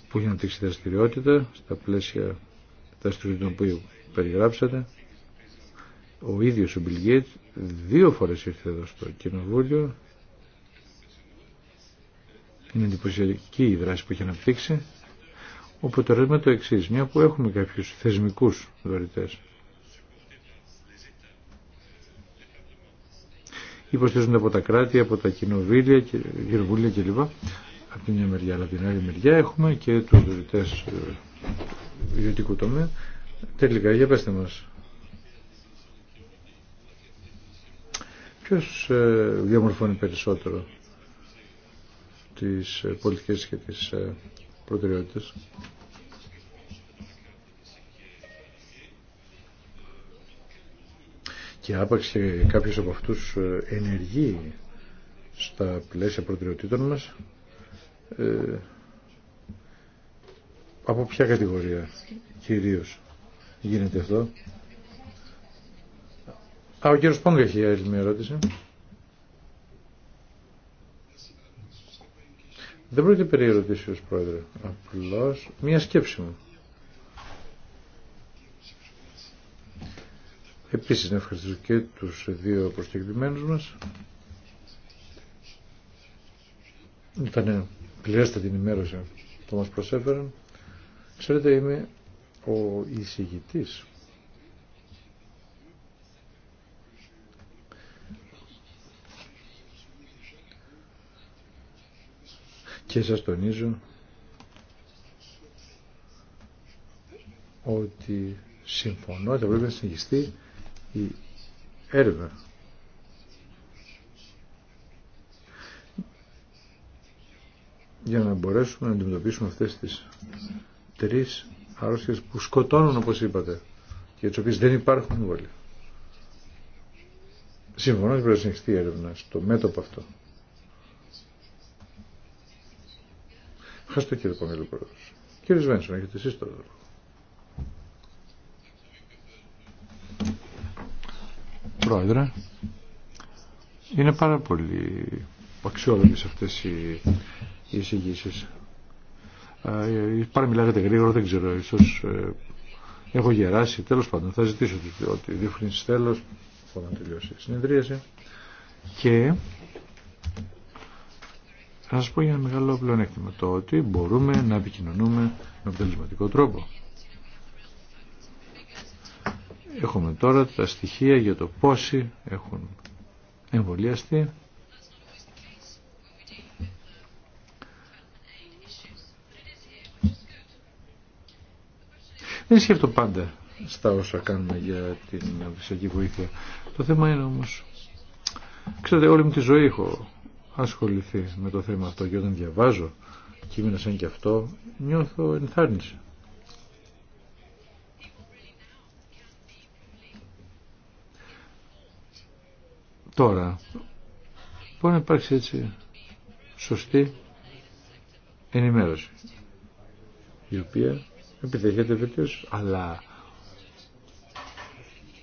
που έχει αναπτύξει δραστηριότητα στα πλαίσια δραστηριοτήτων που περιγράψατε. Ο ίδιος ο Bill Gates δύο φορές ήρθε εδώ στο Κοινοβούλιο. Είναι εντυπωσιακή η δράση που έχει αναπτύξει. Οπότε το το εξή, μια που έχουμε κάποιους θεσμικούς δωρητές. Υποστηρίζονται από τα κράτη, από τα κοινοβούλια, κοινοβούλια κλπ από την μια μεριά, αλλά από την άλλη μεριά έχουμε και τους δωρητές ε, ιδιωτικού τομέα. Τελικά, για πέστε μας. Ποιο ε, διαμορφώνει περισσότερο τις ε, πολιτικές και τις προτεραιότητε, Και άπαξε και κάποιος από αυτούς ενεργεί στα πλαίσια προτεραιοτήτων μας, ε, από ποια κατηγορία κυρίως γίνεται αυτό. Α, ο κύριος Πόγκα έχει άλλη μια ερώτηση. Δεν πρόκειται περί ερωτήσεως, Πρόεδρε. Απλώς μία σκέψη μου. Επίσης να ευχαριστήσω και τους δύο προσκεκλημένους μας. Ήταν την ενημέρωση που μας προσέφεραν. Ξέρετε, είμαι ο εισηγητής και σας τονίζω ότι συμφωνώ ότι πρέπει να συνεχιστεί η έρευνα για να μπορέσουμε να αντιμετωπίσουμε αυτές τις τρεις αρρώστιες που σκοτώνουν όπως είπατε και τις οποίες δεν υπάρχουν εμβόλια. Συμφωνώ ότι πρέπει να συνεχιστεί η έρευνα στο μέτωπο αυτό. Ευχαριστώ κύριε Παμίλου Πρόεδρος. Κύριε Σβένσον, έχετε εσείς το λόγο. Πρόεδρε, είναι πάρα πολύ αξιόλογες αυτές οι οι ε, Πάρε μιλάγατε γρήγορα, δεν ξέρω, ίσως ε, έχω γεράσει. Τέλος πάντων, θα ζητήσω ότι τέλο. τέλος, όταν τελειώσει η συνεδρίαση. Και θα σα πω για ένα μεγάλο πλεονέκτημα, το ότι μπορούμε να επικοινωνούμε με αποτελεσματικό τρόπο. Έχουμε τώρα τα στοιχεία για το πόσοι έχουν εμβολιαστεί Δεν σκέφτω πάντα στα όσα κάνουμε για την αυτοσιακή βοήθεια. Το θέμα είναι όμως, ξέρετε όλη μου τη ζωή έχω ασχοληθεί με το θέμα αυτό και όταν διαβάζω κείμενα σαν και αυτό νιώθω ενθάρρυνση. Τώρα, μπορεί να υπάρξει έτσι σωστή ενημέρωση η οποία επιδέχεται βελτίωση. Αλλά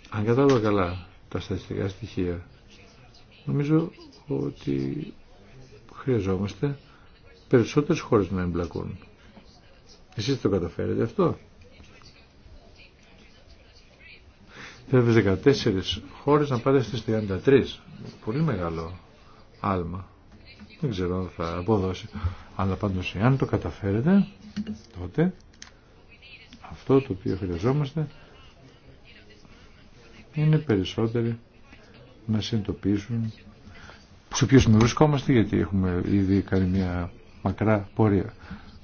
αν κατάλαβα καλά τα στατιστικά στοιχεία, νομίζω ότι χρειαζόμαστε περισσότερες χώρες να εμπλακούν. Εσείς το καταφέρετε αυτό. Θέλετε 14 χώρες να πάτε στις 33. Πολύ μεγάλο άλμα. Δεν ξέρω αν θα αποδώσει. Αλλά πάντως αν το καταφέρετε τότε αυτό το οποίο χρειαζόμαστε είναι περισσότεροι να συνειδητοποιήσουν σε ποιο σημείο βρισκόμαστε γιατί έχουμε ήδη κάνει μια μακρά πορεία.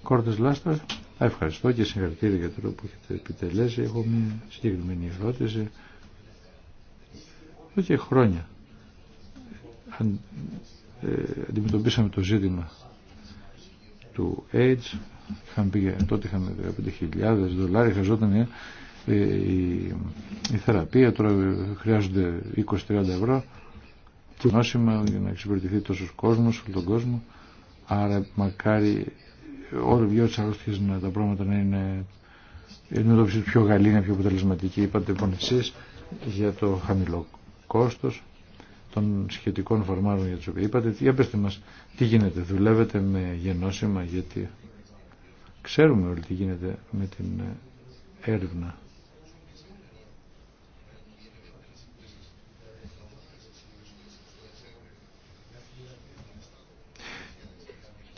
Κόρτες Λάστα. ευχαριστώ και συγχαρητήρια για το τρόπο που έχετε επιτελέσει. Έχω μια συγκεκριμένη ερώτηση. Εδώ και χρόνια ε, αντιμετωπίσαμε το ζήτημα του AIDS Είχαν τότε είχαν 15.000 δολάρια, χρειαζόταν η, ε, ε, η, η, θεραπεία, τώρα ε, χρειάζονται 20-30 ευρώ και νόσημα για να εξυπηρετηθεί τόσο κόσμο, όλο τον κόσμο. Άρα μακάρι όλο δυο τη αρρώστια να τα πράγματα να είναι η αντιμετώπιση πιο γαλήνια, πιο αποτελεσματική. Είπατε λοιπόν εσεί, για το χαμηλό κόστο, των σχετικών φαρμάρων για του οποίου. είπατε. Για πετε μα τι γίνεται, δουλεύετε με γενώσιμα γιατί Ξέρουμε όλοι τι γίνεται με την ε, έρευνα.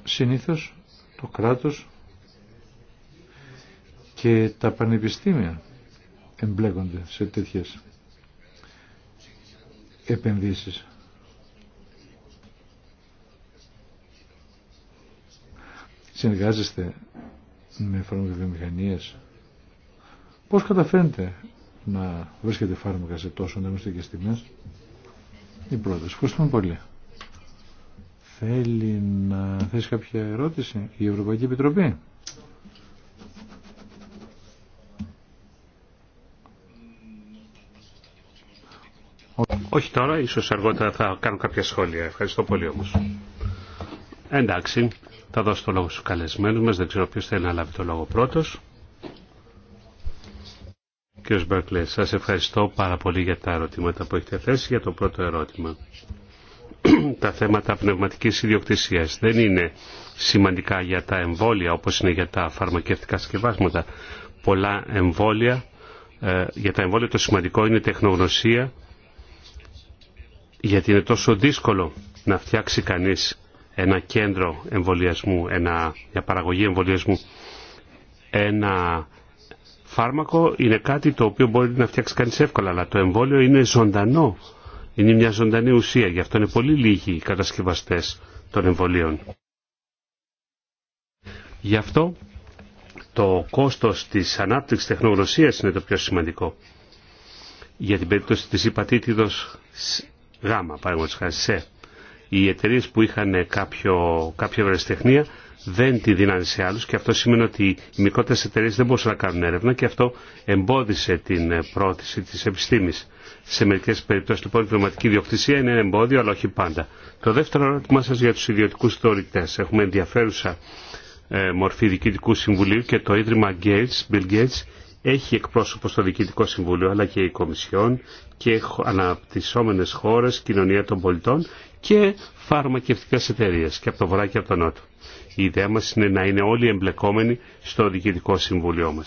Συνήθως το κράτος και τα πανεπιστήμια εμπλέκονται σε τέτοιες επενδύσεις. Συνεργάζεστε με βιομηχανίε. Πώς καταφέρετε να βρίσκετε φάρμακα σε τόσο και τιμέ, Η πρώτη. Ευχαριστούμε πολύ. Θέλει να θέσει κάποια ερώτηση η Ευρωπαϊκή Επιτροπή. Όχι τώρα, ίσως αργότερα θα κάνω κάποια σχόλια. Ευχαριστώ πολύ όμως. Εντάξει, θα δώσω το λόγο στους καλεσμένους μας. Δεν ξέρω ποιος θέλει να λάβει το λόγο πρώτος. Κύριο Μπέρκλε, σας ευχαριστώ πάρα πολύ για τα ερωτήματα που έχετε θέσει. Για το πρώτο ερώτημα. τα θέματα πνευματικής ιδιοκτησίας δεν είναι σημαντικά για τα εμβόλια όπως είναι για τα φαρμακευτικά συσκευάσματα. Πολλά εμβόλια, ε, για τα εμβόλια το σημαντικό είναι η τεχνογνωσία γιατί είναι τόσο δύσκολο να φτιάξει κανείς ένα κέντρο εμβολιασμού, ένα, μια παραγωγή εμβολιασμού, ένα φάρμακο είναι κάτι το οποίο μπορεί να φτιάξει κανείς εύκολα, αλλά το εμβόλιο είναι ζωντανό. Είναι μια ζωντανή ουσία, γι' αυτό είναι πολύ λίγοι οι κατασκευαστές των εμβολίων. Γι' αυτό το κόστος της ανάπτυξης τεχνογνωσίας είναι το πιο σημαντικό. Για την περίπτωση της υπατήτηδος γ, παραγωγής χάρη οι εταιρείε που είχαν κάποιο, κάποια ευρεσιτεχνία δεν τη δίνανε σε άλλου και αυτό σημαίνει ότι οι μικρότερε εταιρείε δεν μπορούσαν να κάνουν έρευνα και αυτό εμπόδισε την πρόθεση τη επιστήμη. Σε μερικέ περιπτώσει λοιπόν η πνευματική διοκτησία είναι ένα εμπόδιο αλλά όχι πάντα. Το δεύτερο ερώτημά σα για του ιδιωτικού θεωρητέ. Έχουμε ενδιαφέρουσα ε, μορφή διοικητικού συμβουλίου και το Ίδρυμα Gates, Bill Gates έχει εκπρόσωπο στο Διοικητικό Συμβούλιο αλλά και η Κομισιόν και αναπτυσσόμενες χώρες, κοινωνία των πολιτών και φαρμακευτικέ εταιρείε και από το βορρά και από το νότο. Η ιδέα μα είναι να είναι όλοι εμπλεκόμενοι στο διοικητικό συμβουλίο μα.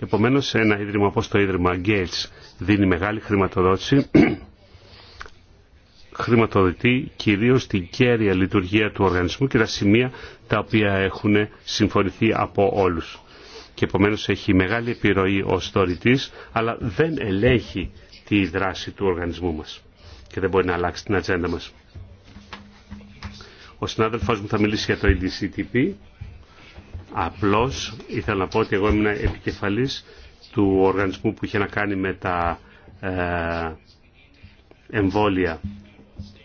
Επομένω, ένα ίδρυμα όπω το ίδρυμα Gates δίνει μεγάλη χρηματοδότηση χρηματοδοτεί κυρίως την κέρια λειτουργία του οργανισμού και τα σημεία τα οποία έχουν συμφωνηθεί από όλους. Και επομένω, έχει μεγάλη επιρροή ως δωρητής, αλλά δεν ελέγχει τη δράση του οργανισμού μας και δεν μπορεί να αλλάξει την ατζέντα μας. Ο συνάδελφός μου θα μιλήσει για το EDCTP. Απλώς ήθελα να πω ότι εγώ ήμουν επικεφαλής του οργανισμού που είχε να κάνει με τα ε, εμβόλια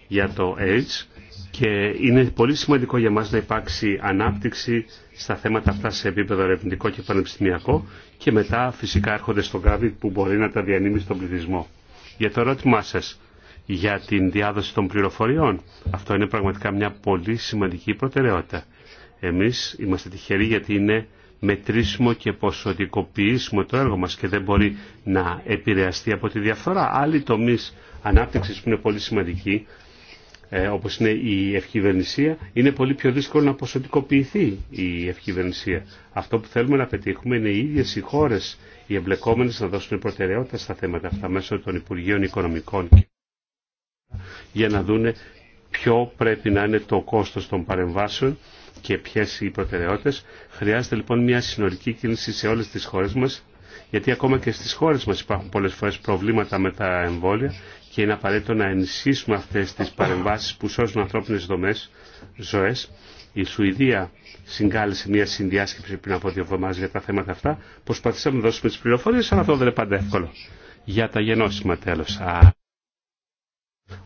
για το AIDS και είναι πολύ σημαντικό για μας να υπάρξει ανάπτυξη στα θέματα αυτά σε επίπεδο ερευνητικό και πανεπιστημιακό και μετά φυσικά έρχονται στον κάβι που μπορεί να τα διανύμει στον πληθυσμό. Για το ερώτημά σας, για την διάδοση των πληροφοριών. Αυτό είναι πραγματικά μια πολύ σημαντική προτεραιότητα. Εμείς είμαστε τυχεροί γιατί είναι μετρήσιμο και ποσοτικοποιήσιμο το έργο μας και δεν μπορεί να επηρεαστεί από τη διαφθορά. Άλλοι τομείς ανάπτυξης που είναι πολύ σημαντικοί, ε, όπως είναι η ευκυβερνησία, είναι πολύ πιο δύσκολο να ποσοτικοποιηθεί η ευκυβερνησία. Αυτό που θέλουμε να πετύχουμε είναι οι ίδιες οι χώρες, οι εμπλεκόμενες να δώσουν προτεραιότητα στα θέματα αυτά μέσω των Υπουργείων Οικονομικών για να δούνε ποιο πρέπει να είναι το κόστος των παρεμβάσεων και ποιες οι προτεραιότητες. Χρειάζεται λοιπόν μια συνολική κίνηση σε όλες τις χώρες μας, γιατί ακόμα και στις χώρες μας υπάρχουν πολλές φορές προβλήματα με τα εμβόλια και είναι απαραίτητο να ενισχύσουμε αυτές τις παρεμβάσεις που σώζουν ανθρώπινες δομές, ζωές. Η Σουηδία συγκάλεσε μια συνδιάσκεψη πριν από δύο εβδομάδες για τα θέματα αυτά. Προσπαθήσαμε να δώσουμε τις πληροφορίες, αλλά αυτό δεν είναι πάντα εύκολο. Για τα γενώσιμα τέλος.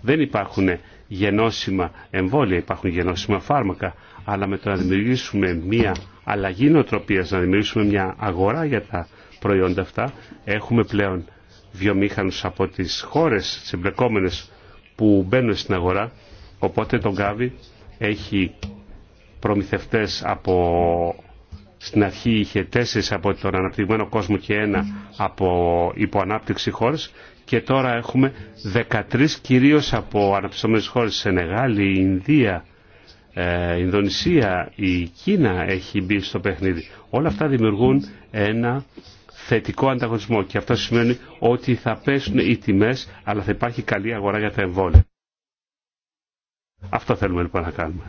Δεν υπάρχουν γενώσιμα εμβόλια, υπάρχουν γενώσιμα φάρμακα, αλλά με το να δημιουργήσουμε μια αλλαγή νοοτροπίας, να δημιουργήσουμε μια αγορά για τα προϊόντα αυτά, έχουμε πλέον βιομήχανους από τις χώρες, τις που μπαίνουν στην αγορά, οπότε τον Γκάβι έχει προμηθευτές από στην αρχή είχε τέσσερις από τον αναπτυγμένο κόσμο και ένα από υποανάπτυξη χώρες και τώρα έχουμε 13 κυρίως από αναπτυσσόμενες χώρες, Σενεγάλη, η Ινδία, ε, Ινδονησία, η Κίνα έχει μπει στο παιχνίδι. Όλα αυτά δημιουργούν ένα θετικό ανταγωνισμό και αυτό σημαίνει ότι θα πέσουν οι τιμές αλλά θα υπάρχει καλή αγορά για τα εμβόλια. Αυτό θέλουμε λοιπόν να κάνουμε.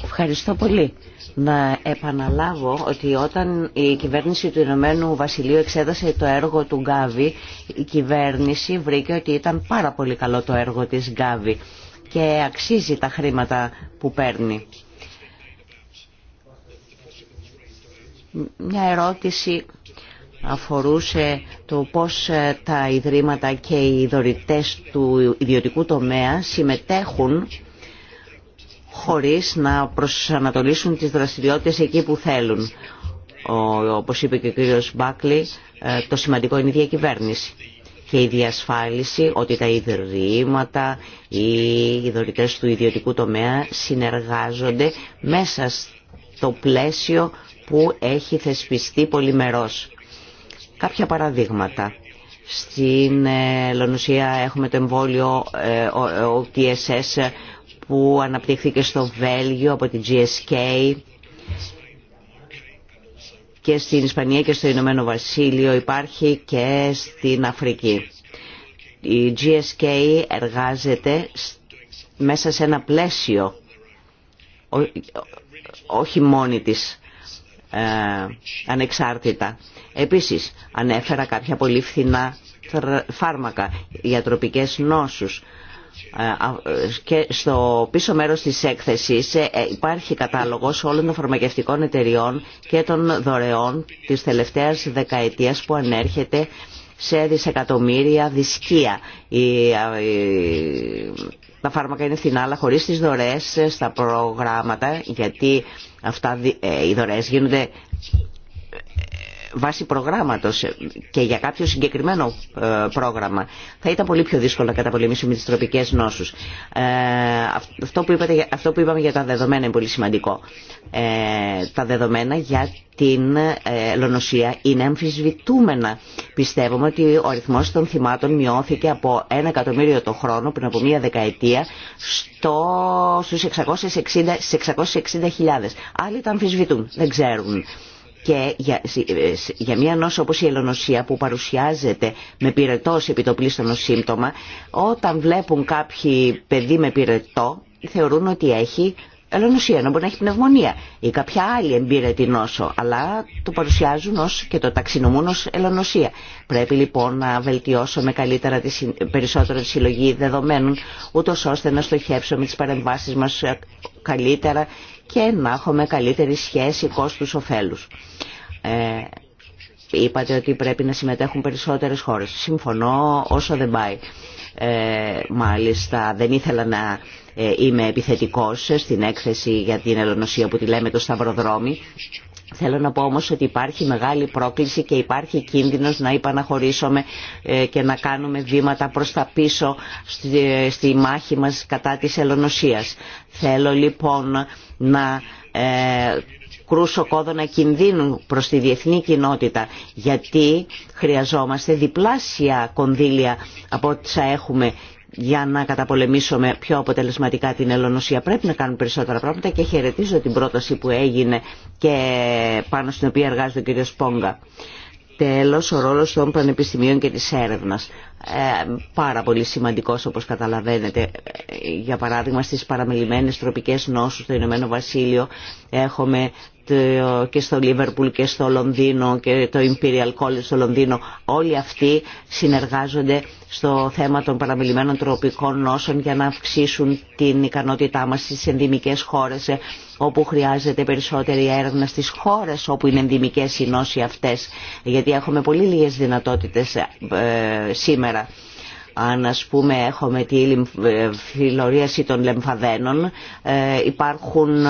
Ευχαριστώ πολύ. Να επαναλάβω ότι όταν η κυβέρνηση του Ηνωμένου Βασιλείου εξέδασε το έργο του Γκάβη, η κυβέρνηση βρήκε ότι ήταν πάρα πολύ καλό το έργο της Γκάβη και αξίζει τα χρήματα που παίρνει. Μια ερώτηση αφορούσε το πώς ε, τα ιδρύματα και οι δωρητές του ιδιωτικού τομέα συμμετέχουν χωρίς να προσανατολίσουν τις δραστηριότητες εκεί που θέλουν. Όπως είπε και ο κύριος Μπάκλη, ε, το σημαντικό είναι η διακυβέρνηση και η διασφάλιση ότι τα ιδρύματα ή οι δωρητές του ιδιωτικού τομέα συνεργάζονται μέσα στο πλαίσιο που έχει θεσπιστεί πολυμερός. Κάποια παραδείγματα. Στην ε, Λονουσία έχουμε το εμβόλιο ε, TSS που αναπτύχθηκε στο Βέλγιο από την GSK και στην Ισπανία και στο Ηνωμένο Βασίλειο υπάρχει και στην Αφρική. Η GSK εργάζεται μέσα σε ένα πλαίσιο, όχι μόνη της, ε, ανεξάρτητα. Επίσης, ανέφερα κάποια πολύ φθηνά φάρμακα για τροπικές νόσους. Ε, και στο πίσω μέρος της έκθεσης ε, ε, υπάρχει κατάλογος όλων των φαρμακευτικών εταιριών και των δωρεών της τελευταίας δεκαετίας που ανέρχεται σε δισεκατομμύρια δισκία. Τα φάρμακα είναι φθηνά, αλλά χωρίς τις δωρεές στα προγράμματα, γιατί αυτά οι δωρές γίνονται βάσει προγράμματος και για κάποιο συγκεκριμένο ε, πρόγραμμα. Θα ήταν πολύ πιο δύσκολο να καταπολεμήσουμε τις τροπικές νόσους. Ε, αυτό που, είπαμε για τα δεδομένα είναι πολύ σημαντικό. Ε, τα δεδομένα για την λονοσία είναι αμφισβητούμενα. Πιστεύουμε ότι ο αριθμό των θυμάτων μειώθηκε από ένα εκατομμύριο το χρόνο πριν από μία δεκαετία στο, στους 660.000. Άλλοι τα αμφισβητούν, δεν ξέρουν και για, ε, για μια νόσο όπως η ελονοσία που παρουσιάζεται με πυρετό σε επιτοπλίστονο σύμπτωμα, όταν βλέπουν κάποιοι παιδί με πυρετό θεωρούν ότι έχει ελονοσία, να μπορεί να έχει πνευμονία ή κάποια άλλη εμπειρετή νόσο, αλλά το παρουσιάζουν ως και το ταξινομούν ως ελονοσία. Πρέπει λοιπόν να βελτιώσουμε καλύτερα τη, περισσότερο συλλογή δεδομένων, ούτω ώστε να στοχεύσουμε τις παρεμβάσεις μας ε, καλύτερα και να έχουμε καλύτερη σχέση κόστους-οφέλους. Ε, είπατε ότι πρέπει να συμμετέχουν περισσότερες χώρες. Συμφωνώ όσο δεν πάει. Ε, μάλιστα δεν ήθελα να ε, είμαι επιθετικός στην έκθεση για την ελονοσία που τη λέμε το Σταυροδρόμι. Θέλω να πω όμως ότι υπάρχει μεγάλη πρόκληση και υπάρχει κίνδυνος να υπαναχωρήσουμε ε, και να κάνουμε βήματα προς τα πίσω στη ε, μάχη μας κατά της ελονοσίας. Θέλω λοιπόν να ε, κρούσω κόδωνα κινδύνου προς τη διεθνή κοινότητα γιατί χρειαζόμαστε διπλάσια κονδύλια από ό,τι θα έχουμε για να καταπολεμήσουμε πιο αποτελεσματικά την ελονοσία. Πρέπει να κάνουμε περισσότερα πράγματα και χαιρετίζω την πρόταση που έγινε και πάνω στην οποία εργάζεται ο κ. Σπόγκα. Τέλος, ο ρόλος των πανεπιστημίων και της έρευνας. Ε, πάρα πολύ σημαντικός, όπως καταλαβαίνετε. Ε, για παράδειγμα, στις παραμελημένες τροπικές νόσους στο Ηνωμένο Βασίλειο έχουμε και στο Λίβερπουλ και στο Λονδίνο και το Imperial College στο Λονδίνο όλοι αυτοί συνεργάζονται στο θέμα των παραμελημένων τροπικών νόσων για να αυξήσουν την ικανότητά μας στις ενδυμικές χώρες όπου χρειάζεται περισσότερη έρευνα στις χώρες όπου είναι ενδυμικές οι νόσοι αυτές γιατί έχουμε πολύ λίγες δυνατότητες ε, σήμερα αν ας πούμε έχουμε τη ε, φιλορίαση των λεμφαδένων ε, υπάρχουν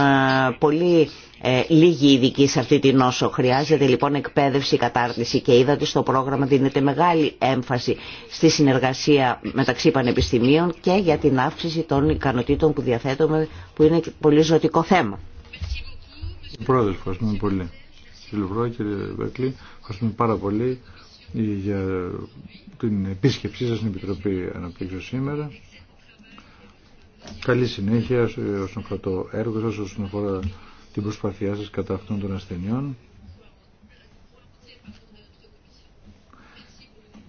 πολλοί ε, λίγοι ειδικοί σε αυτή την όσο Χρειάζεται λοιπόν εκπαίδευση, κατάρτιση και είδατε στο πρόγραμμα δίνεται μεγάλη έμφαση στη συνεργασία μεταξύ πανεπιστημίων και για την αύξηση των ικανοτήτων που διαθέτουμε που είναι πολύ ζωτικό θέμα. Πρόεδρος, ευχαριστούμε πολύ. Κύριε Λουβρό, κύριε Βέκλη, ευχαριστούμε πάρα πολύ για την επίσκεψή σας στην Επιτροπή Αναπτύξεως σήμερα. Καλή συνέχεια όσον αφορά το έργο σας, όσον αφορά την προσπάθειά σας κατά αυτών των ασθενειών.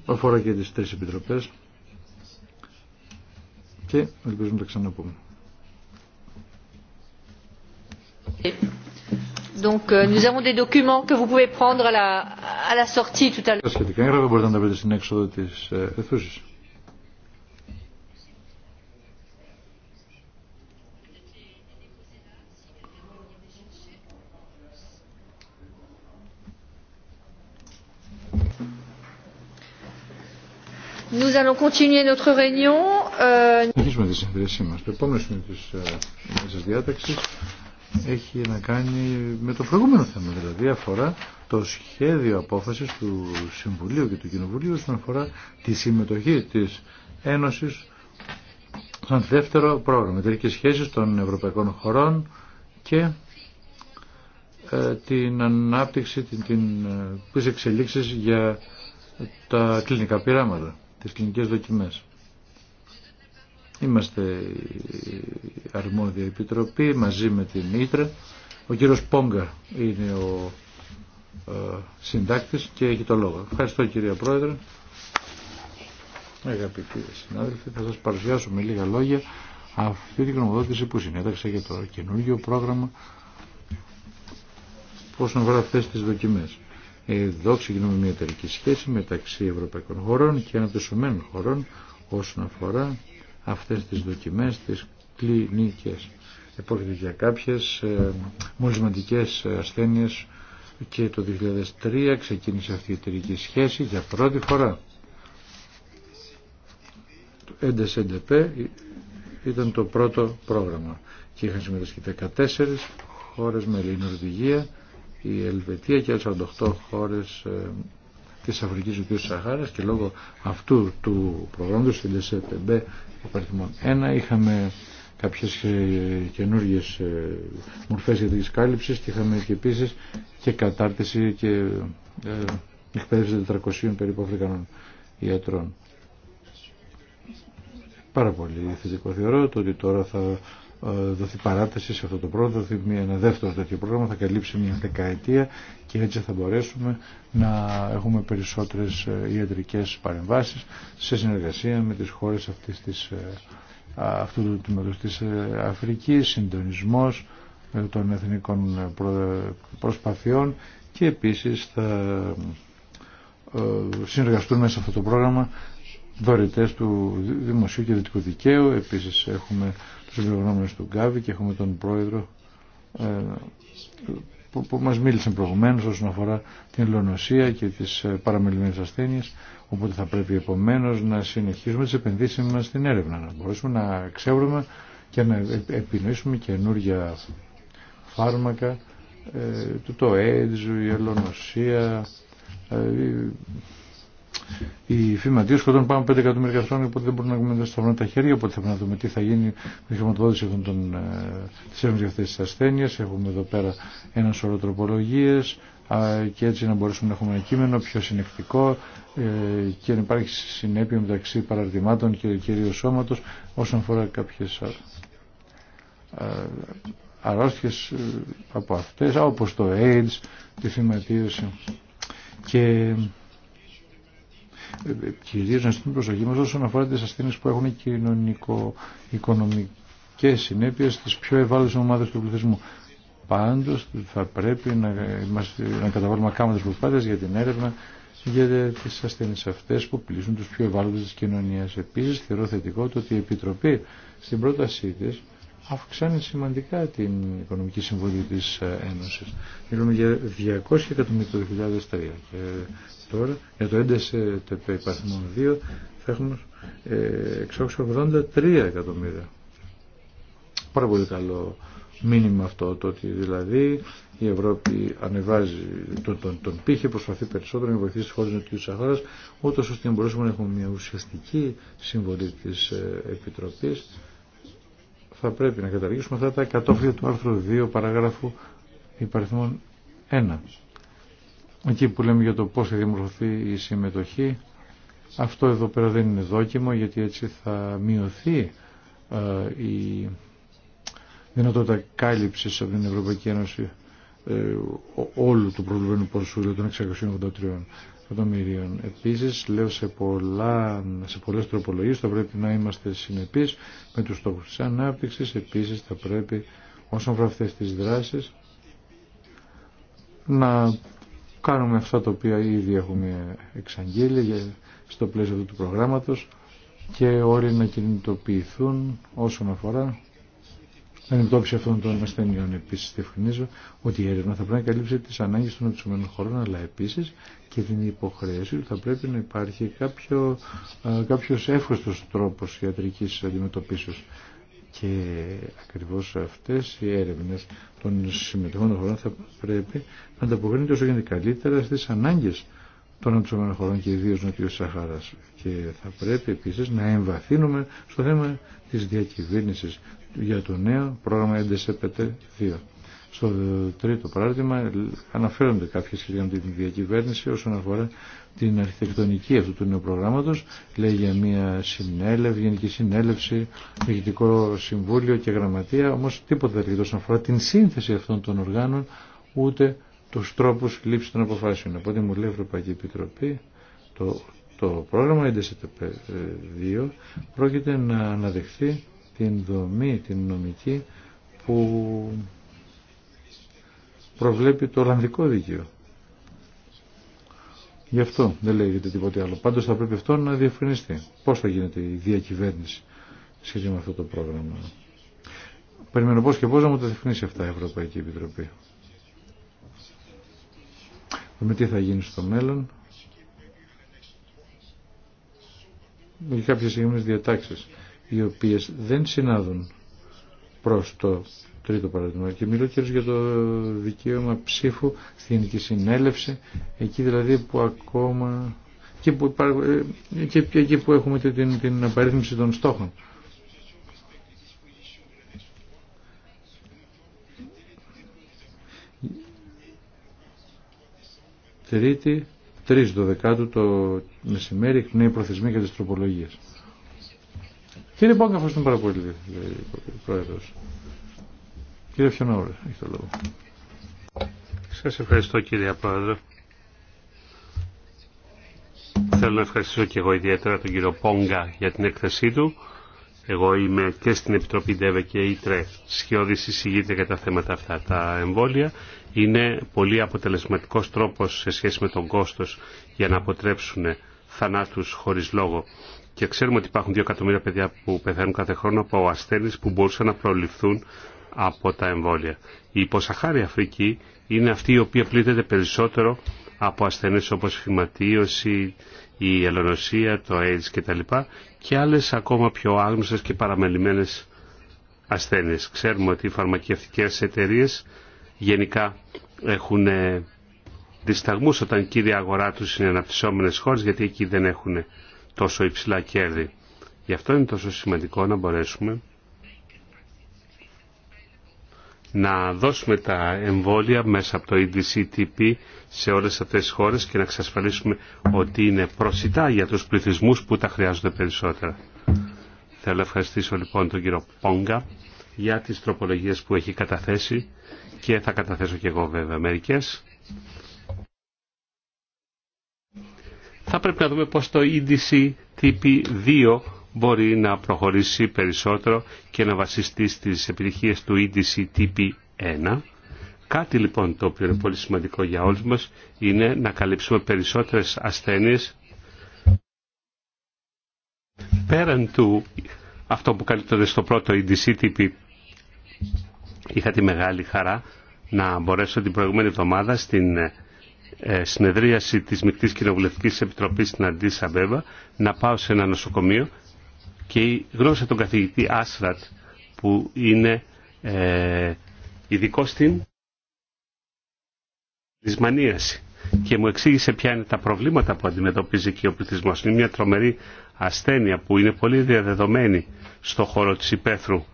Αφορά και τις τρεις επιτροπές και ελπίζουμε να τα ξαναπούμε. Donc, euh, nous avons des documents que vous pouvez prendre à la, à la sortie tout à l'heure. Nous allons continuer notre réunion. Euh, το επόμενο σημείο της ε, έχει να κάνει με το προηγούμενο θέμα, δηλαδή αφορά το σχέδιο απόφασης του Συμβουλίου και του Κοινοβουλίου όσον αφορά τη συμμετοχή της Ένωσης σαν δεύτερο πρόγραμμα, και σχέσεις των ευρωπαϊκών χωρών και ε, την ανάπτυξη, την, την, ε, για τα κλινικά πειράματα τις κλινικές δοκιμές. Είμαστε αρμόδια επιτροπή μαζί με την Ήτρα. Ο κύριος Πόγκα είναι ο ε, συντάκτης και έχει το λόγο. Ευχαριστώ κυρία Πρόεδρε. Αγαπητοί συνάδελφοι, θα σας παρουσιάσω με λίγα λόγια αυτή την γνωμοδότηση που συνέταξα για το καινούργιο πρόγραμμα όσον αφορά αυτές τις δοκιμές. Εδώ ξεκινούμε μια εταιρική σχέση μεταξύ ευρωπαϊκών χωρών και αναπτυσσομένων χωρών όσον αφορά αυτές τις δοκιμές, τις κλινικές. Επόκειται για κάποιες ε, μολυσματικές ασθένειες και το 2003 ξεκίνησε αυτή η εταιρική σχέση για πρώτη φορά. Το NDSNDP ήταν το πρώτο πρόγραμμα και είχαν συμμετασχεί 14 χώρες με Νορβηγία, η Ελβετία και 48 χώρες ε, της Αφρικής τη Σαχάρας και λόγω αυτού του προγράμματος στην ΕΣΕΠΕΜΠΕ 1 είχαμε κάποιες ε, καινούργιες ε, μορφές για τις κάλυψεις και είχαμε και επίσης και κατάρτιση και εκπαίδευση 400 περίπου Αφρικανών ιατρών. Πάρα πολύ θετικό θεωρώ το ότι τώρα θα ε, δοθεί παράταση σε αυτό το πρόγραμμα δοθεί ένα δεύτερο τέτοιο πρόγραμμα, θα καλύψει μια δεκαετία και έτσι θα μπορέσουμε να έχουμε περισσότερες ε, ιατρικές παρεμβάσεις σε συνεργασία με τις χώρες αυτής της, ε, αυτού του τμήματος της Αφρικής, συντονισμός των εθνικών προσπαθειών και επίσης θα συνεργαστούν μέσα σε αυτό το πρόγραμμα δωρητές του δημοσίου και δυτικού δικαίου. Επίσης έχουμε τους του Γκάβη και έχουμε τον πρόεδρο ε, που, που μας μίλησε προηγουμένως όσον αφορά την λονοσία και τις ε, παραμελημένες ασθένειες οπότε θα πρέπει επομένως να συνεχίσουμε τις επενδύσεις μας στην έρευνα να μπορέσουμε να ξεύρουμε και να επινοήσουμε καινούργια φάρμακα ε, το AIDS, η ελονοσία οι φηματίε σκοτώνουν πάνω 5 εκατομμύρια χρόνια, οπότε δεν μπορούμε να έχουμε σταυρώνουν τα χέρια. Οπότε θα πρέπει να δούμε τι θα γίνει με τη χρηματοδότηση αυτών των ε, για αυτέ τι ασθένειε. Έχουμε εδώ πέρα ένα σωρό τροπολογίε και έτσι να μπορέσουμε να έχουμε ένα κείμενο πιο συνεκτικό ε, και να υπάρχει συνέπεια μεταξύ παραρτημάτων και κυρίω σώματο όσον αφορά κάποιε αρρώστιε ε, από αυτέ, όπω το AIDS, τη φυματίωση και κυρίως να στην προσοχή μας όσον αφορά τις ασθένειες που έχουν κοινωνικο-οικονομικές συνέπειες στις πιο ευάλωτες ομάδες του πληθυσμού. Πάντως θα πρέπει να, είμαστε, να καταβάλουμε κάμετες προσπάθειες για την έρευνα για τις ασθένειες αυτές που πλήσουν τους πιο ευάλωτες της κοινωνίας. Επίσης θεωρώ θετικό το ότι η Επιτροπή στην πρότασή της αυξάνει σημαντικά την οικονομική συμβολή της ε, Ένωσης. Μιλούμε για 200 εκατομμύρια το 2003 και τώρα για το έντεσε τεπέ υπαρθμόν 2 θα έχουμε 683 ε, εκατομμύρια. Πάρα πολύ καλό μήνυμα αυτό το ότι δηλαδή η Ευρώπη ανεβάζει τον, τον, τον πύχη, προσπαθεί περισσότερο να βοηθήσει τις χώρες νοτιού της αγοράς, ούτως ώστε να μπορέσουμε να έχουμε μια ουσιαστική συμβολή της ε, Επιτροπής θα πρέπει να καταργήσουμε αυτά τα κατόφλια του άρθρου 2 παραγράφου υπαριθμών 1. Εκεί που λέμε για το πώς θα δημορφωθεί η συμμετοχή, αυτό εδώ πέρα δεν είναι δόκιμο γιατί έτσι θα μειωθεί ε, η δυνατότητα κάλυψης από την Ευρωπαϊκή Ένωση ε, όλου του προβλημένου ποσού των 683 εκατομμυρίων. Επίσης, λέω σε, πολλά, σε πολλές τροπολογίες θα πρέπει να είμαστε συνεπείς με τους στόχους της ανάπτυξης. Επίσης θα πρέπει όσον αφορά αυτές τις δράσεις να κάνουμε αυτά τα οποία ήδη έχουμε εξαγγείλει στο πλαίσιο του προγράμματος και όλοι να κινητοποιηθούν όσον αφορά αντιμετώπιση αυτών των ασθενειών. Επίση, διευκρινίζω ότι η έρευνα θα πρέπει να καλύψει τι ανάγκε των οψημένων χωρών, αλλά επίση και την υποχρέωση ότι θα πρέπει να υπάρχει κάποιο κάποιος τρόπο ιατρική αντιμετωπίσεω. Και ακριβώ αυτέ οι έρευνε των των χωρών θα πρέπει να ανταποκρίνονται όσο γίνεται καλύτερα στι ανάγκε των αντισωμένων χωρών και ιδίω νοτιού Σαχάρα. Και θα πρέπει επίση να εμβαθύνουμε στο θέμα τη διακυβέρνηση για το νέο πρόγραμμα ΕΝΤΕΣΕΠΕΤΕ 2. Στο τρίτο παράδειγμα αναφέρονται κάποιες σχέδια με την διακυβέρνηση όσον αφορά την αρχιτεκτονική αυτού του νέου προγράμματος. Λέει για μια συνέλευση, γενική συνέλευση, διοικητικό συμβούλιο και γραμματεία, όμως τίποτα δεν λέει όσον αφορά την σύνθεση αυτών των οργάνων, ούτε τους τρόπους λήψης των αποφάσεων. Οπότε μου λέει η Ευρωπαϊκή Επιτροπή το, το πρόγραμμα NDSTP2 πρόκειται να αναδεχθεί την δομή, την νομική που προβλέπει το Ολλανδικό δίκαιο. Γι' αυτό δεν λέγεται τίποτε άλλο. Πάντως θα πρέπει αυτό να διευκρινιστεί. Πώς θα γίνεται η διακυβέρνηση σχετικά με αυτό το πρόγραμμα. Περιμένω πώς και πώς να μου τα διευκρινίσει αυτά η Ευρωπαϊκή Επιτροπή. Με τι θα γίνει στο μέλλον. Για κάποιες συγκεκριμένες διατάξεις οι οποίες δεν συνάδουν προς το τρίτο παράδειγμα. Και μιλώ κυρίως για το δικαίωμα ψήφου στην Γενική Συνέλευση, εκεί δηλαδή που ακόμα και που, ε, και, εκεί που έχουμε την, την απαρίθμηση των στόχων. Τρίτη, 3 Δωδεκάτου το μεσημέρι, νέοι προθεσμοί για τις τροπολογίες. Κύριε Πόγκα, λοιπόν, ευχαριστούμε πάρα πολύ, λέει ο Πρόεδρο. Κύριε Φιονόρε, έχει το λόγο. Σα ευχαριστώ κύριε Πρόεδρο. Θέλω να ευχαριστήσω και εγώ ιδιαίτερα τον κύριο Πόγκα για την έκθεσή του. Εγώ είμαι και στην Επιτροπή ΔΕΒΕ και ΙΤΡΕ Σχεδόν εισηγείται για τα θέματα αυτά. Τα εμβόλια είναι πολύ αποτελεσματικό τρόπο σε σχέση με τον κόστο για να αποτρέψουν θανάτους χωρίς λόγο και ξέρουμε ότι υπάρχουν δύο εκατομμύρια παιδιά που πεθαίνουν κάθε χρόνο από ασθένειε που μπορούσαν να προληφθούν από τα εμβόλια. Η υποσαχάρη Αφρική είναι αυτή η οποία πλήττεται περισσότερο από ασθένειε όπω η φυματίωση, η ελονοσία, το AIDS κτλ. και άλλε ακόμα πιο άγνωστες και παραμελημένε ασθένειε. Ξέρουμε ότι οι φαρμακευτικές εταιρείε γενικά έχουν ε, δισταγμού όταν κύρια αγορά του είναι αναπτυσσόμενε χώρες γιατί εκεί δεν έχουν τόσο υψηλά κέρδη. Γι' αυτό είναι τόσο σημαντικό να μπορέσουμε να δώσουμε τα εμβόλια μέσα από το EDCTP σε όλες αυτές τις χώρες και να εξασφαλίσουμε ότι είναι προσιτά για τους πληθυσμούς που τα χρειάζονται περισσότερα. Θέλω να ευχαριστήσω λοιπόν τον κύριο Πόγκα για τις τροπολογίες που έχει καταθέσει και θα καταθέσω και εγώ βέβαια μερικές θα πρέπει να δούμε πώς το EDC TP2 μπορεί να προχωρήσει περισσότερο και να βασιστεί στις επιτυχίες του EDC TP1. Κάτι λοιπόν το οποίο είναι πολύ σημαντικό για όλους μας είναι να καλύψουμε περισσότερες ασθένειες πέραν του αυτό που καλύπτονται στο πρώτο EDC TP. Είχα τη μεγάλη χαρά να μπορέσω την προηγούμενη εβδομάδα στην ε, συνεδρίαση της Μικτής Κοινοβουλευτικής Επιτροπής στην αντίσαβεβα να πάω σε ένα νοσοκομείο και γνώρισα τον καθηγητή Άσρατ που είναι ε, ειδικό στην δυσμανίαση και μου εξήγησε ποια είναι τα προβλήματα που αντιμετωπίζει και ο πληθυσμό. Είναι μια τρομερή ασθένεια που είναι πολύ διαδεδομένη στο χώρο της υπαίθρου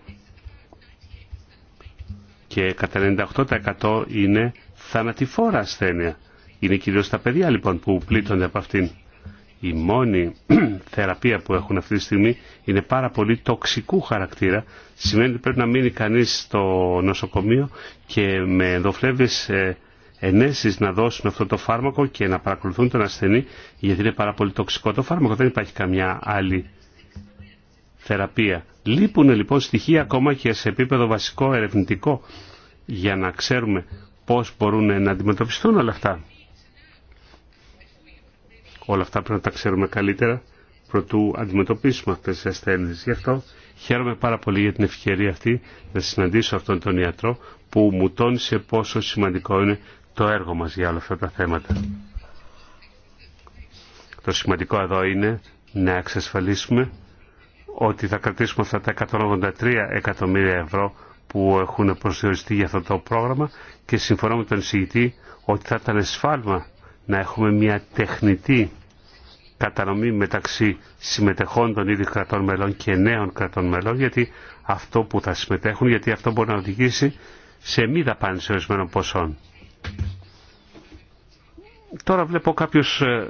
και κατά 98% είναι θανατηφόρα ασθένεια. Είναι κυρίως τα παιδιά λοιπόν που πλήττονται από αυτήν. Η μόνη θεραπεία που έχουν αυτή τη στιγμή είναι πάρα πολύ τοξικού χαρακτήρα. Σημαίνει ότι πρέπει να μείνει κανείς στο νοσοκομείο και με ε, ενέσεις να δώσουν αυτό το φάρμακο και να παρακολουθούν τον ασθενή γιατί είναι πάρα πολύ τοξικό το φάρμακο. Δεν υπάρχει καμιά άλλη θεραπεία. Λείπουν λοιπόν στοιχεία ακόμα και σε επίπεδο βασικό ερευνητικό για να ξέρουμε πώς μπορούν να αντιμετωπιστούν όλα αυτά. Όλα αυτά πρέπει να τα ξέρουμε καλύτερα προτού αντιμετωπίσουμε αυτές τις ασθένειες. Γι' αυτό χαίρομαι πάρα πολύ για την ευκαιρία αυτή να συναντήσω αυτόν τον ιατρό που μου τόνισε πόσο σημαντικό είναι το έργο μας για όλα αυτά τα θέματα. Το σημαντικό εδώ είναι να εξασφαλίσουμε ότι θα κρατήσουμε αυτά τα 183 εκατομμύρια ευρώ που έχουν προσδιοριστεί για αυτό το πρόγραμμα και συμφωνώ με τον εισηγητή ότι θα ήταν εσφάλμα να έχουμε μια τεχνητή κατανομή μεταξύ συμμετεχών των ίδιων κρατών μελών και νέων κρατών μελών, γιατί αυτό που θα συμμετέχουν, γιατί αυτό μπορεί να οδηγήσει σε μη δαπάνηση ορισμένων ποσών. Τώρα βλέπω κάποιους ε,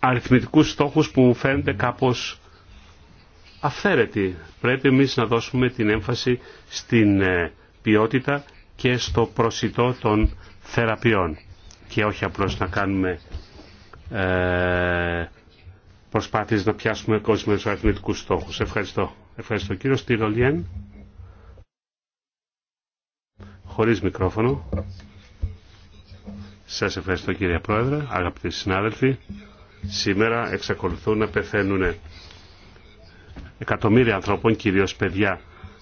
αριθμητικούς στόχους που μου φαίνονται κάπως αυθαίρετοι. Πρέπει εμείς να δώσουμε την έμφαση στην ε, ποιότητα και στο προσιτό των θεραπείων και όχι απλώς να κάνουμε ε, προσπάθειες να πιάσουμε κόσμιους αριθμητικούς στόχους. Ευχαριστώ. Ευχαριστώ κύριο Στυρολιέν. Χωρίς μικρόφωνο. Σας ευχαριστώ κύριε Πρόεδρε, αγαπητοί συνάδελφοι. Σήμερα εξακολουθούν να πεθαίνουν εκατομμύρια ανθρώπων, κυρίως παιδιά,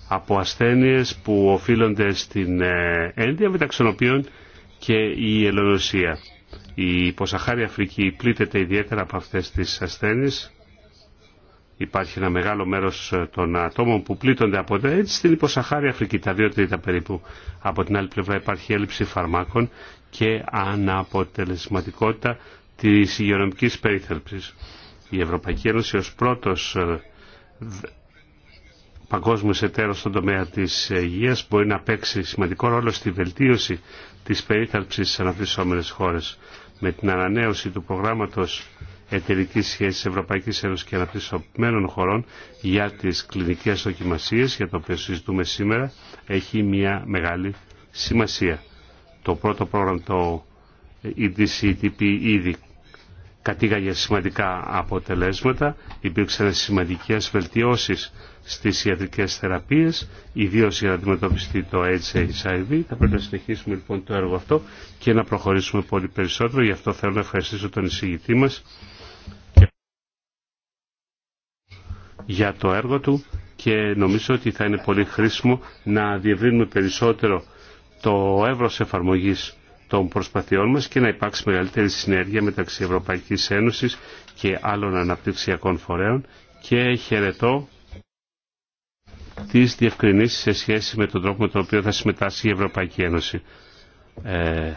από ασθένειες που οφείλονται στην ε, ένδια μεταξύ των οποίων και η ελληνοσία. Η υποσαχάρη Αφρική πλήττεται ιδιαίτερα από αυτές τις ασθένειες. Υπάρχει ένα μεγάλο μέρος των ατόμων που πλήττονται από τα έτσι στην υποσαχάρη Αφρική, τα δύο τρίτα περίπου. Από την άλλη πλευρά υπάρχει έλλειψη φαρμάκων και αναποτελεσματικότητα της υγειονομικής περίθαλψης. Η Ευρωπαϊκή Ένωση ως πρώτος ε, παγκόσμιο εταίρος στον τομέα της ε, υγείας μπορεί να παίξει σημαντικό ρόλο στη βελτίωση της περίθαλψης στις αναπτυσσόμενες χώρες. Με την ανανέωση του προγράμματος εταιρικής σχέσης Ευρωπαϊκής Ένωσης και αναπτυσσομένων χωρών για τις κλινικές δοκιμασίες, για το οποίο συζητούμε σήμερα, έχει μια μεγάλη σημασία. Το πρώτο πρόγραμμα, το EDCTP, e ήδη κατήγαγε σημαντικά αποτελέσματα, υπήρξαν σημαντικές βελτιώσεις στις ιατρικές θεραπείες, ιδίως για να αντιμετωπιστεί το hiv Θα πρέπει να συνεχίσουμε λοιπόν το έργο αυτό και να προχωρήσουμε πολύ περισσότερο. Γι' αυτό θέλω να ευχαριστήσω τον εισηγητή μας για το έργο του και νομίζω ότι θα είναι πολύ χρήσιμο να διευρύνουμε περισσότερο το εύρος εφαρμογής των προσπαθειών μας και να υπάρξει μεγαλύτερη συνέργεια μεταξύ Ευρωπαϊκής Ένωσης και άλλων αναπτυξιακών φορέων και χαιρετώ τι διευκρινήσει σε σχέση με τον τρόπο με τον οποίο θα συμμετάσχει η Ευρωπαϊκή Ένωση. Ε,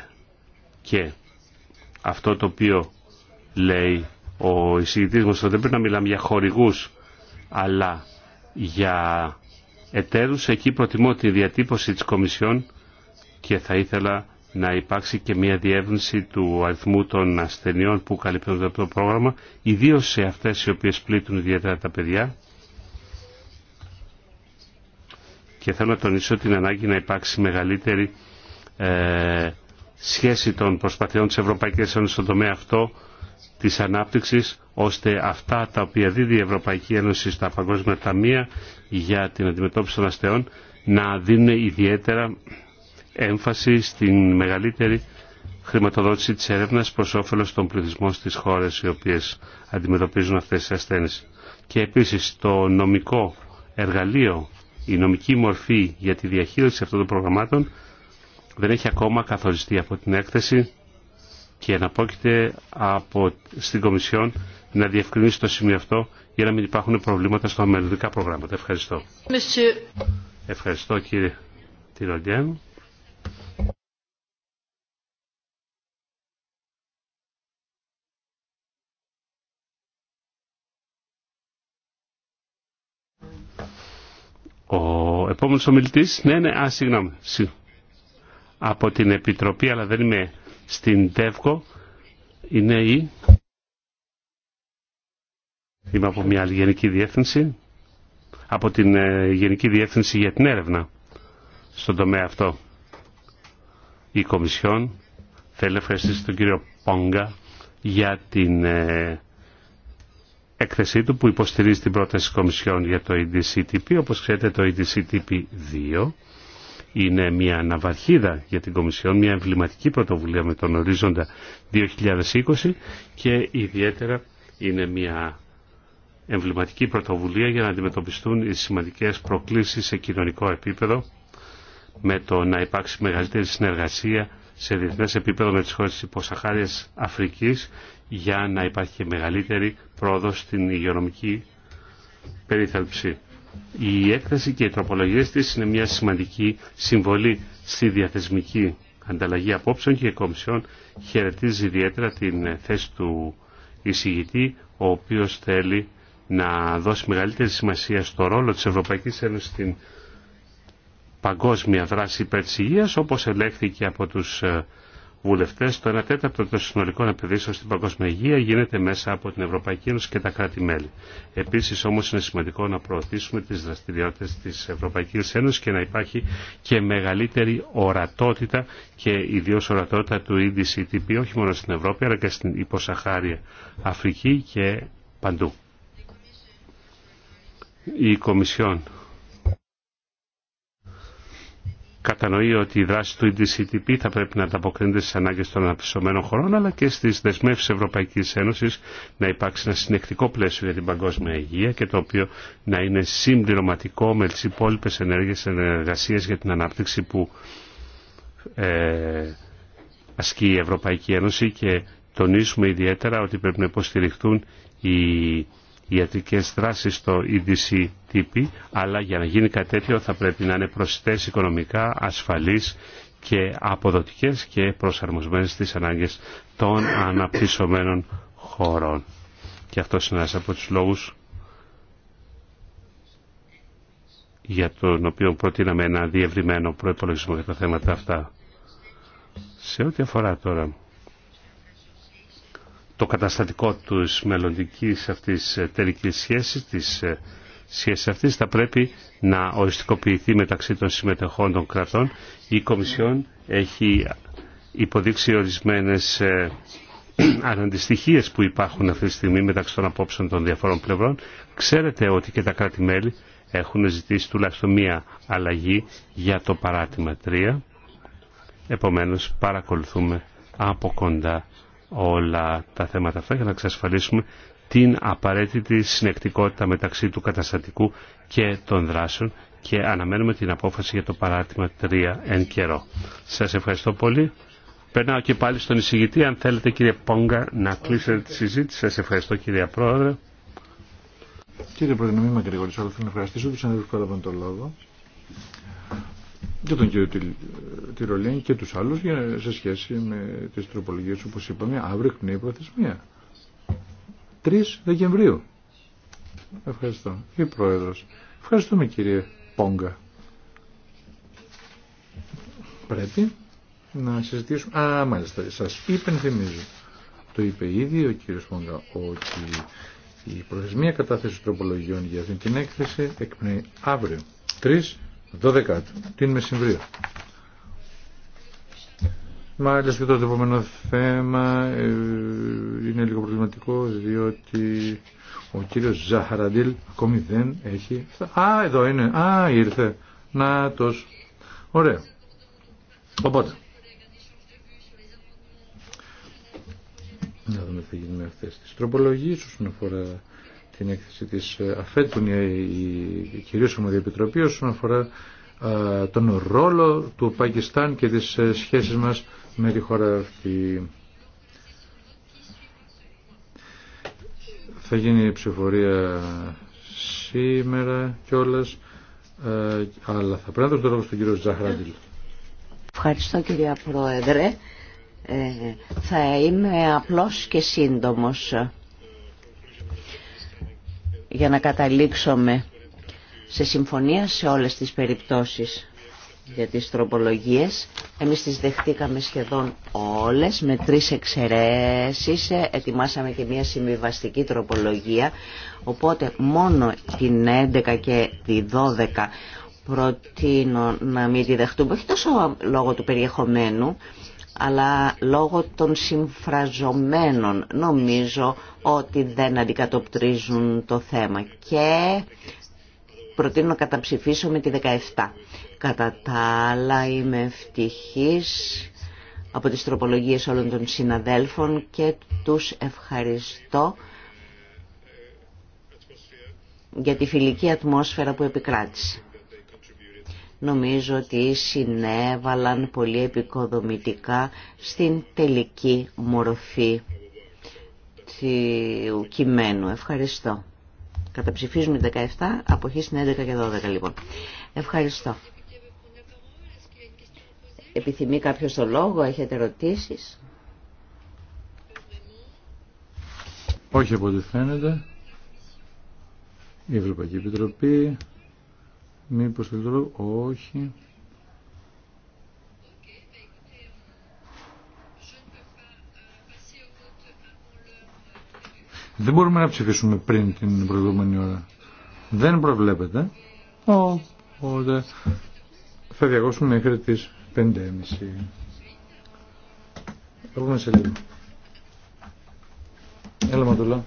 και αυτό το οποίο λέει ο εισηγητής μας, δεν πρέπει να μιλάμε για χορηγούς, αλλά για εταίρου, Εκεί προτιμώ τη διατύπωση της Κομισιόν και θα ήθελα να υπάρξει και μια διεύρυνση του αριθμού των ασθενειών που καλύπτουν το πρόγραμμα, ιδίω σε αυτέ οι οποίε πλήττουν ιδιαίτερα τα παιδιά και θέλω να τονίσω την ανάγκη να υπάρξει μεγαλύτερη ε, σχέση των προσπαθειών της Ευρωπαϊκής Ένωσης στον τομέα αυτό της ανάπτυξης ώστε αυτά τα οποία δίδει η Ευρωπαϊκή Ένωση στα παγκόσμια ταμεία για την αντιμετώπιση των αστεών να δίνουν ιδιαίτερα έμφαση στην μεγαλύτερη χρηματοδότηση της έρευνας προς όφελος των πληθυσμών στις χώρες οι οποίες αντιμετωπίζουν αυτές τις ασθένειες. Και επίσης το νομικό εργαλείο η νομική μορφή για τη διαχείριση αυτών των προγραμμάτων δεν έχει ακόμα καθοριστεί από την έκθεση και αναπόκειται από, στην Κομισιόν να διευκρινίσει το σημείο αυτό για να μην υπάρχουν προβλήματα στα μελλοντικά προγράμματα. Ευχαριστώ. Monsieur. Ευχαριστώ κύριε Τυροντιάν. Ο επόμενος ομιλητής, ναι, ναι, α, συγγνώμη, από την Επιτροπή, αλλά δεν είμαι στην ΤΕΒΚΟ, είναι η... Είμαι από μια άλλη γενική διεύθυνση, από την ε, Γενική Διεύθυνση για την Έρευνα στον τομέα αυτό. Η Κομισιόν θέλει ευχαριστήσει τον κύριο Πόγκα για την ε, έκθεσή του που υποστηρίζει την πρόταση της Κομισιόν για το EDCTP. Όπως ξέρετε το EDCTP 2 είναι μια αναβαρχίδα για την Κομισιόν, μια εμβληματική πρωτοβουλία με τον ορίζοντα 2020 και ιδιαίτερα είναι μια εμβληματική πρωτοβουλία για να αντιμετωπιστούν οι σημαντικές προκλήσεις σε κοινωνικό επίπεδο με το να υπάρξει μεγαλύτερη συνεργασία σε διεθνές επίπεδο με τις χώρες της Υποσαχάριας Αφρικής για να υπάρχει και μεγαλύτερη πρόοδο στην υγειονομική περίθαλψη. Η έκθεση και οι τροπολογίες της είναι μια σημαντική συμβολή στη διαθεσμική ανταλλαγή απόψεων και η Κομισιόν χαιρετίζει ιδιαίτερα την θέση του εισηγητή, ο οποίος θέλει να δώσει μεγαλύτερη σημασία στο ρόλο της Ευρωπαϊκής Ένωσης στην παγκόσμια δράση υπέρ της υγείας, όπως ελέγχθηκε από τους ε, Βουλευτές, το 1 τέταρτο των συνολικών επενδύσεων στην παγκόσμια υγεία γίνεται μέσα από την Ευρωπαϊκή Ένωση και τα κράτη-μέλη. Επίση όμω είναι σημαντικό να προωθήσουμε τι δραστηριότητε τη Ευρωπαϊκή Ένωση και να υπάρχει και μεγαλύτερη ορατότητα και ιδίω ορατότητα του EDCTP όχι μόνο στην Ευρώπη αλλά και στην υποσαχάρια Αφρική και παντού. Η Κομισιόν κατανοεί ότι η δράση του EDCTP θα πρέπει να ανταποκρίνεται στι ανάγκε των αναπτυσσομένων χωρών αλλά και στι δεσμεύσει Ευρωπαϊκή Ένωση να υπάρξει ένα συνεκτικό πλαίσιο για την παγκόσμια υγεία και το οποίο να είναι συμπληρωματικό με τι υπόλοιπε ενέργειε συνεργασία για την ανάπτυξη που ε, ασκεί η Ευρωπαϊκή Ένωση και τονίσουμε ιδιαίτερα ότι πρέπει να υποστηριχθούν οι ιατρικές δράσεις στο EDC-TP, αλλά για να γίνει κάτι τέτοιο θα πρέπει να είναι προσιτές οικονομικά, ασφαλείς και αποδοτικές και προσαρμοσμένες στις ανάγκες των αναπτυσσομένων χωρών. Και αυτό είναι ένας από τους λόγους για τον οποίο προτείναμε ένα διευρυμένο προϋπολογισμό για τα θέματα αυτά. Σε ό,τι αφορά τώρα το καταστατικό της μελλοντικής αυτής τελικής σχέσης, της ε, σχέση αυτής, θα πρέπει να οριστικοποιηθεί μεταξύ των συμμετεχών των κρατών. Η Κομισιόν έχει υποδείξει ορισμένες ε, αναντιστοιχίες που υπάρχουν αυτή τη στιγμή μεταξύ των απόψεων των διαφορών πλευρών. Ξέρετε ότι και τα κράτη-μέλη έχουν ζητήσει τουλάχιστον μία αλλαγή για το παράτημα 3. Επομένως παρακολουθούμε από κοντά όλα τα θέματα αυτά για να εξασφαλίσουμε την απαραίτητη συνεκτικότητα μεταξύ του καταστατικού και των δράσεων και αναμένουμε την απόφαση για το παράρτημα 3 εν καιρό. Σας ευχαριστώ πολύ. Περνάω και πάλι στον εισηγητή. Αν θέλετε κύριε Πόγκα να κλείσετε τη συζήτηση. Σας ευχαριστώ κύριε Πρόεδρε. Κύριε Πρόεδρε, μην με θέλω να ευχαριστήσω του που έλαβαν λόγο και τον κύριο Τυρολίνη και τους άλλους για, σε σχέση με τις τροπολογίες όπως είπαμε αύριο εκπνέει η προθεσμία 3 Δεκεμβρίου ευχαριστώ Η πρόεδρος ευχαριστούμε κύριε Πόγκα πρέπει να συζητήσουμε α μάλιστα σας υπενθυμίζω το είπε ήδη ο κύριος Πόγκα ότι η προθεσμία κατάθεση τροπολογιών για αυτή την έκθεση εκπνέει αύριο 3 12 την Μεσημβρίου. Μάλιστα και το επόμενο θέμα ε, είναι λίγο προβληματικό διότι ο κύριος Ζαχαραντήλ ακόμη δεν έχει... Α, εδώ είναι. Α, ήρθε. Να, τόσο. Ωραία. Οπότε. Να δούμε τι θα γίνει με αυτές τις τροπολογίες όσον αφορά την έκθεση της ε, ΑΦΕΤΟΥΝΙΑ που είναι η κυρίως Επιτροπή όσον αφορά τον ρόλο του Πακιστάν και τις ε, σχέσεις μας με τη χώρα αυτή. Θα γίνει η ψηφορία σήμερα κιόλας, ε, αλλά θα πρέπει να δώσω το λόγο στον κύριο Ζαχράντιλ. Ευχαριστώ κυρία Πρόεδρε. θα είμαι απλός και σύντομος για να καταλήξουμε σε συμφωνία σε όλες τις περιπτώσεις για τις τροπολογίες. Εμείς τις δεχτήκαμε σχεδόν όλες με τρεις εξαιρέσεις. Ετοιμάσαμε και μια συμβιβαστική τροπολογία. Οπότε μόνο την 11 και τη 12 προτείνω να μην τη δεχτούμε. Όχι τόσο λόγω του περιεχομένου, αλλά λόγω των συμφραζομένων νομίζω ότι δεν αντικατοπτρίζουν το θέμα και προτείνω να καταψηφίσω με τη 17. Κατά τα άλλα είμαι ευτυχής από τις τροπολογίες όλων των συναδέλφων και τους ευχαριστώ για τη φιλική ατμόσφαιρα που επικράτησε νομίζω ότι συνέβαλαν πολύ επικοδομητικά στην τελική μορφή του κειμένου. Ευχαριστώ. Καταψηφίζουμε 17, αποχή στην 11 και 12 λοιπόν. Ευχαριστώ. Επιθυμεί κάποιος το λόγο, έχετε ερωτήσεις. Όχι από ό,τι φαίνεται. Η Ευρωπαϊκή Επιτροπή Μήπως Όχι. Δεν μπορούμε να ψηφίσουμε πριν την προηγούμενη ώρα. Δεν προβλέπεται. Οπότε θα διαγώσουμε μέχρι τις 5.30. Θα πούμε σε λίγο. Έλα ματούλα.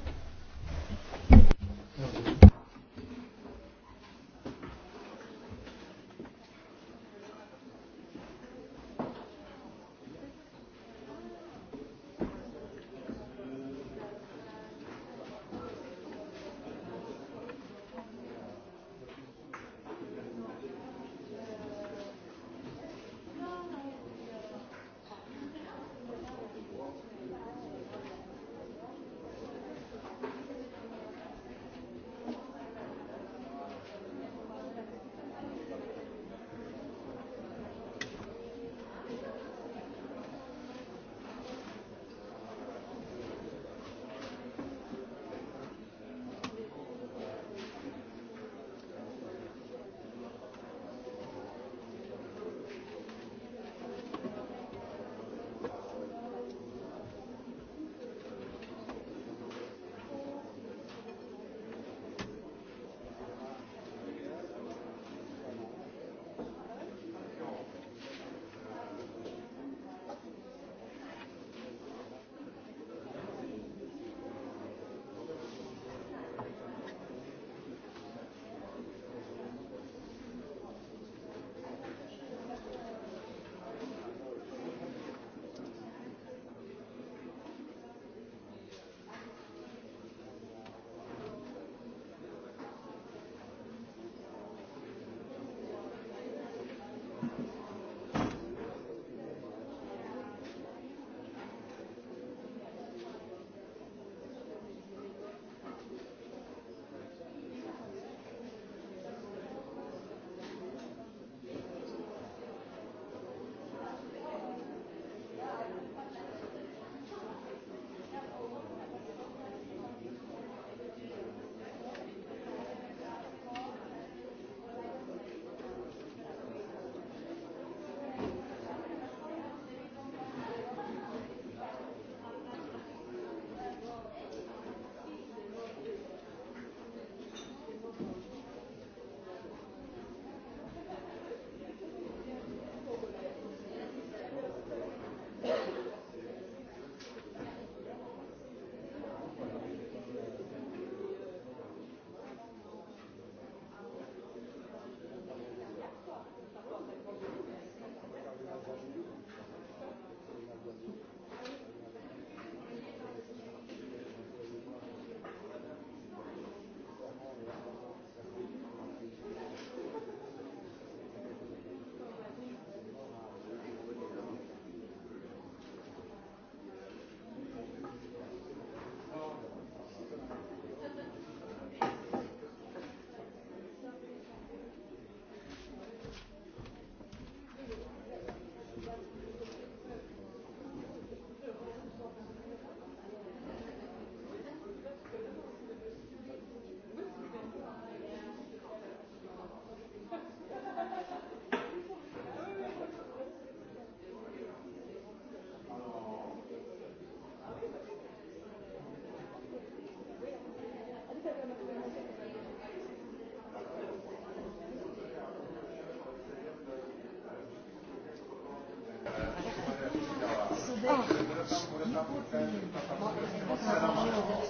Ach.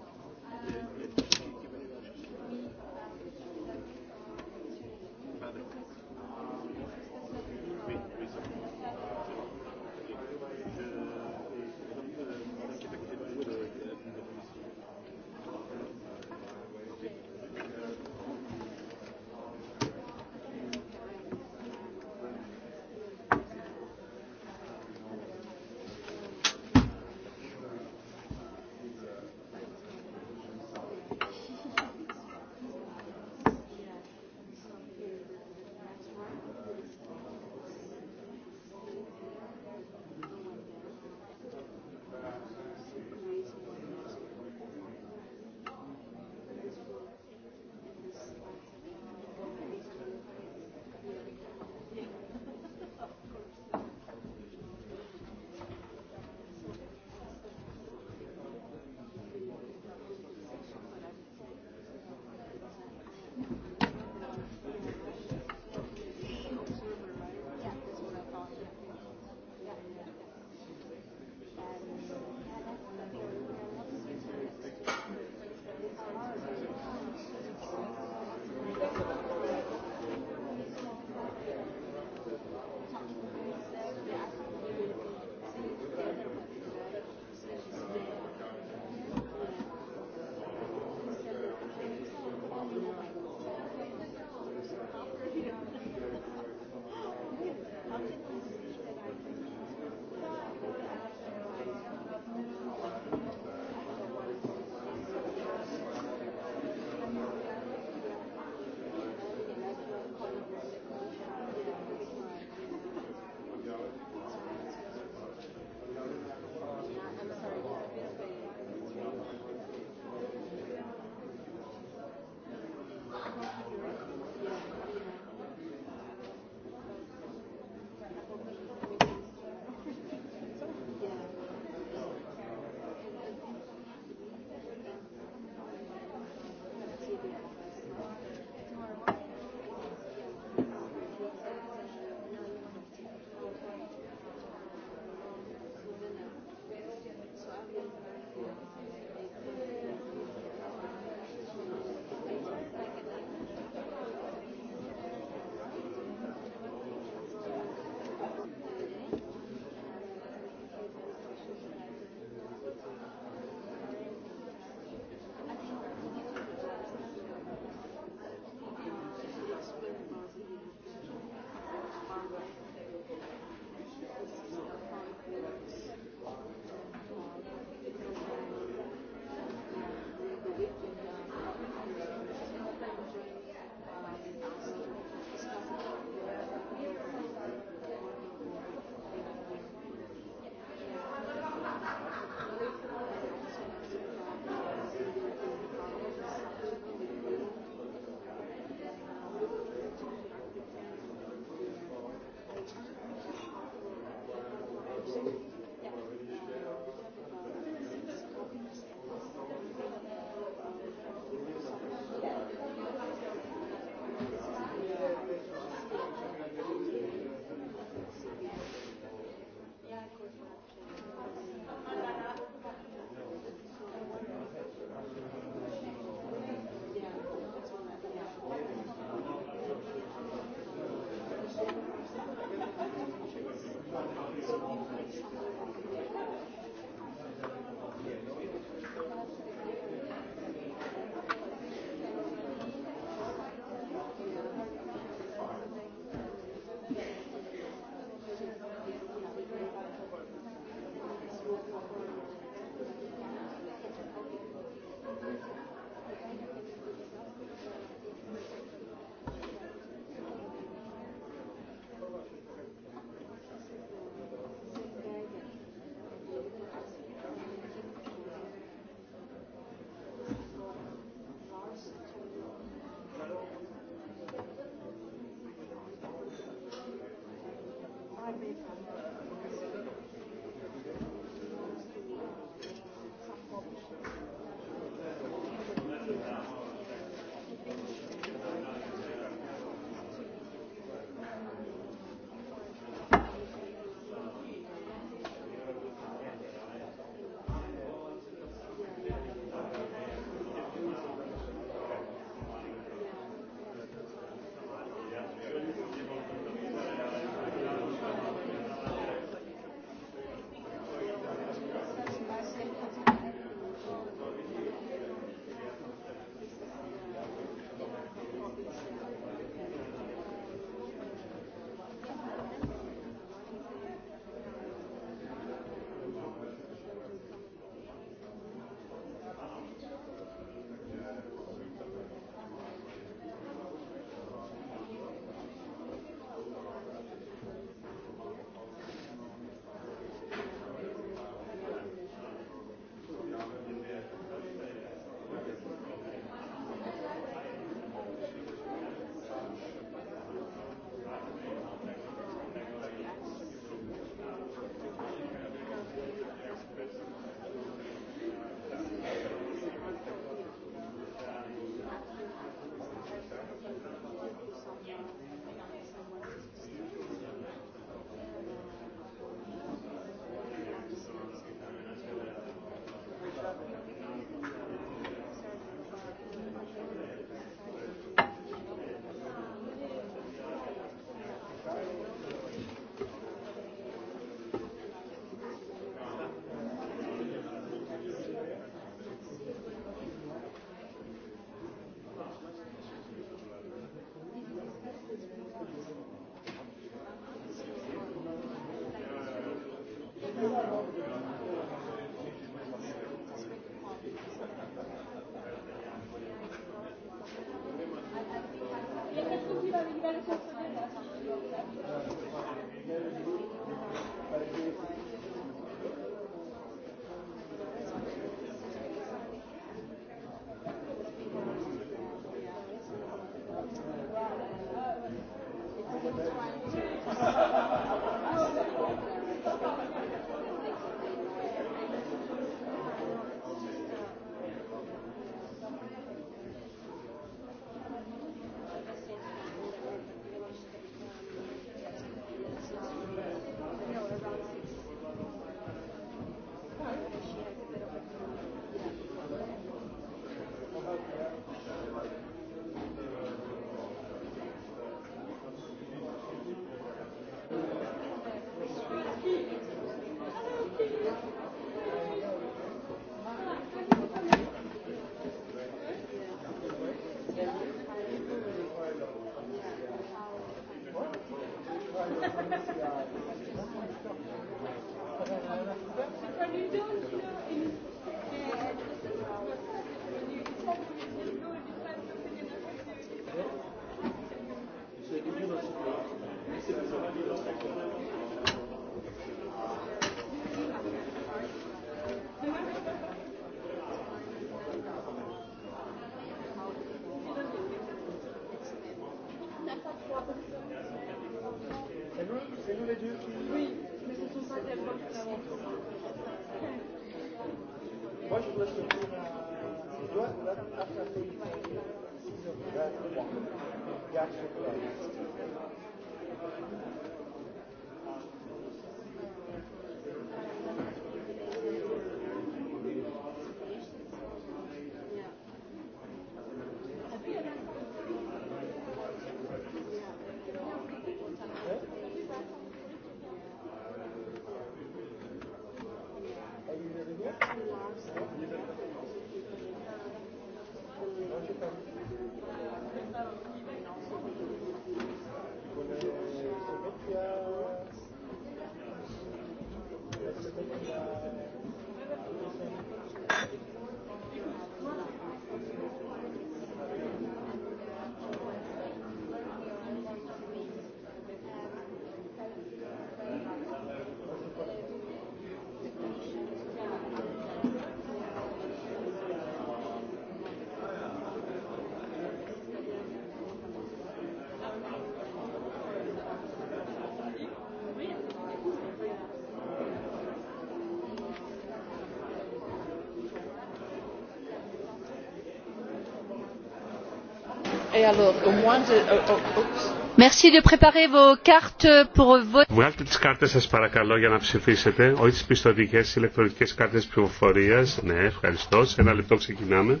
Βγάλτε τις κάρτες σας παρακαλώ για να ψηφίσετε. Όχι τις πιστοτικές ηλεκτρονικές κάρτες ψηφοφορίας. Ναι, ευχαριστώ. Σε ένα λεπτό ξεκινάμε.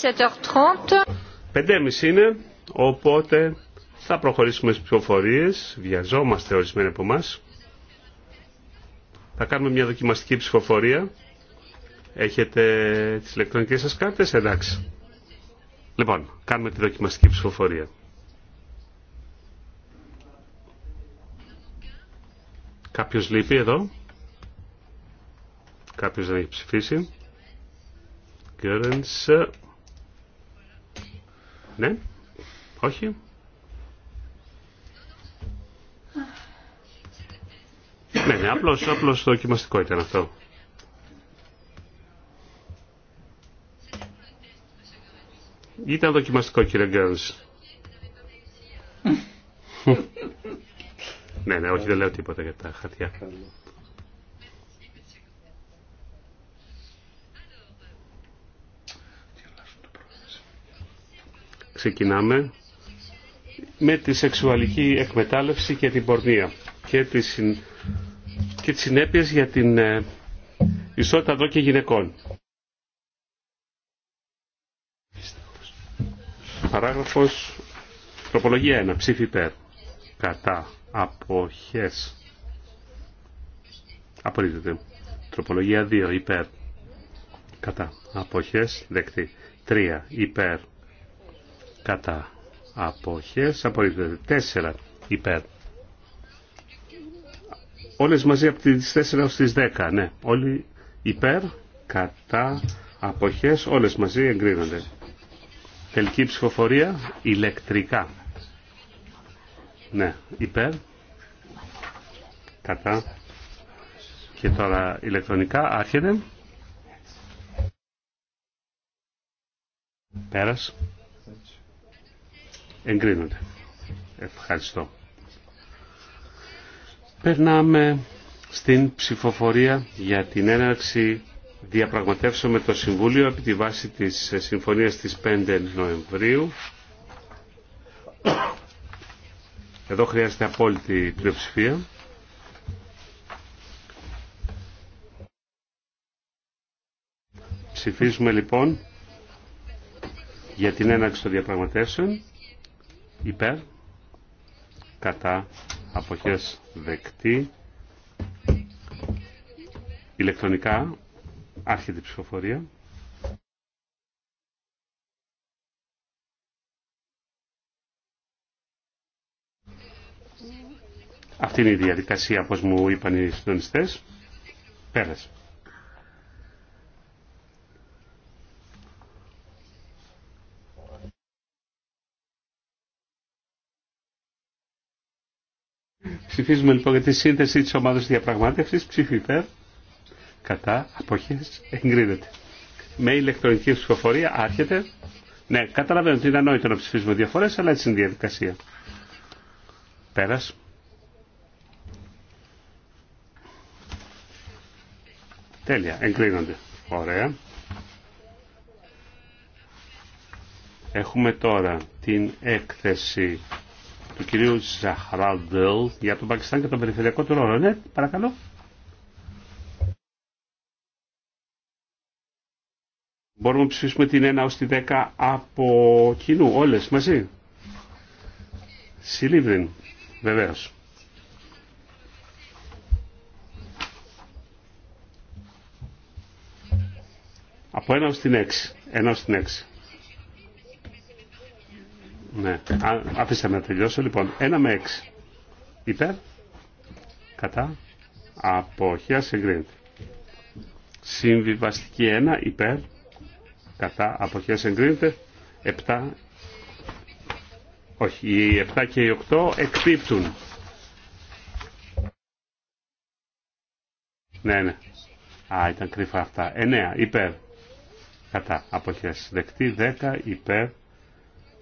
17 h 5.30 είναι, οπότε θα προχωρήσουμε στις ψηφοφορίες. Βιαζόμαστε ορισμένοι από εμά. Θα κάνουμε μια δοκιμαστική ψηφοφορία. Έχετε τις ηλεκτρονικές σας κάρτες, εντάξει. Λοιπόν, κάνουμε τη δοκιμαστική ψηφοφορία. Κάποιος λείπει εδώ. Κάποιος δεν έχει ψηφίσει. Γκέρενς. Ναι. Όχι. Ναι, ναι, απλώς, απλώς δοκιμαστικό ήταν αυτό. Ήταν δοκιμαστικό κύριε Γκέρνς. ναι, ναι, όχι δεν λέω τίποτα για τα χαρτιά. Ξεκινάμε με τη σεξουαλική εκμετάλλευση και την πορνεία και τις, και τις συνέπειες για την ε, ισότητα εδώ και γυναικών. Παράγραφος τροπολογία 1. Ψήφι υπέρ. Κατά. Αποχές. Απορρίζεται. Τροπολογία 2. Υπέρ. Κατά. Αποχές. Δεκτή. 3. Υπέρ κατά αποχές από 4 υπέρ όλες μαζί από τις 4 έως τις 10 ναι όλοι υπέρ κατά αποχές όλες μαζί εγκρίνονται τελική ψηφοφορία ηλεκτρικά ναι υπέρ κατά και τώρα ηλεκτρονικά άρχεται πέρας εγκρίνονται. Ευχαριστώ. Περνάμε στην ψηφοφορία για την έναρξη διαπραγματεύσεων με το Συμβούλιο από τη βάση της συμφωνίας της 5 Νοεμβρίου. Εδώ χρειάζεται απόλυτη πλειοψηφία. Ψηφίζουμε λοιπόν για την έναρξη των διαπραγματεύσεων υπέρ κατά αποχές δεκτή ηλεκτρονικά άρχεται η ψηφοφορία Αυτή είναι η διαδικασία, όπως μου είπαν οι συντονιστές. Πέρασε. Ψηφίζουμε λοιπόν για τη σύνθεση της ομάδας διαπραγμάτευσης. Ψήφι υπέρ. Κατά. Αποχές. Εγκρίνεται. Με ηλεκτρονική ψηφοφορία άρχεται. Ναι, καταλαβαίνω ότι είναι ανόητο να ψηφίζουμε δύο αλλά έτσι είναι η διαδικασία. Πέρας. Τέλεια, εγκρίνονται. Ωραία. Έχουμε τώρα την έκθεση του κυρίου Ζαχραντέλ για τον Πακιστάν και τον περιφερειακό του ρόλο. Ναι, παρακαλώ. Μπορούμε να ψηφίσουμε την 1 ως τη 10 από κοινού, όλες μαζί. Συλλήβδιν, βεβαίως. Από 1 ως την 6. 1 ως την 6. Ναι, άφησα να τελειώσω. Λοιπόν, 1 με 6. Υπέρ. Κατά. Αποχέ εγκρίνεται. Συμβιβαστική 1. Υπέρ. Κατά. Αποχέ εγκρίνεται. 7. Όχι, οι 7 και οι 8 εκπίπτουν. Ναι, ναι. Α, ήταν κρυφά αυτά. 9. Υπέρ. Κατά. Αποχέ δεκτή. 10. Υπέρ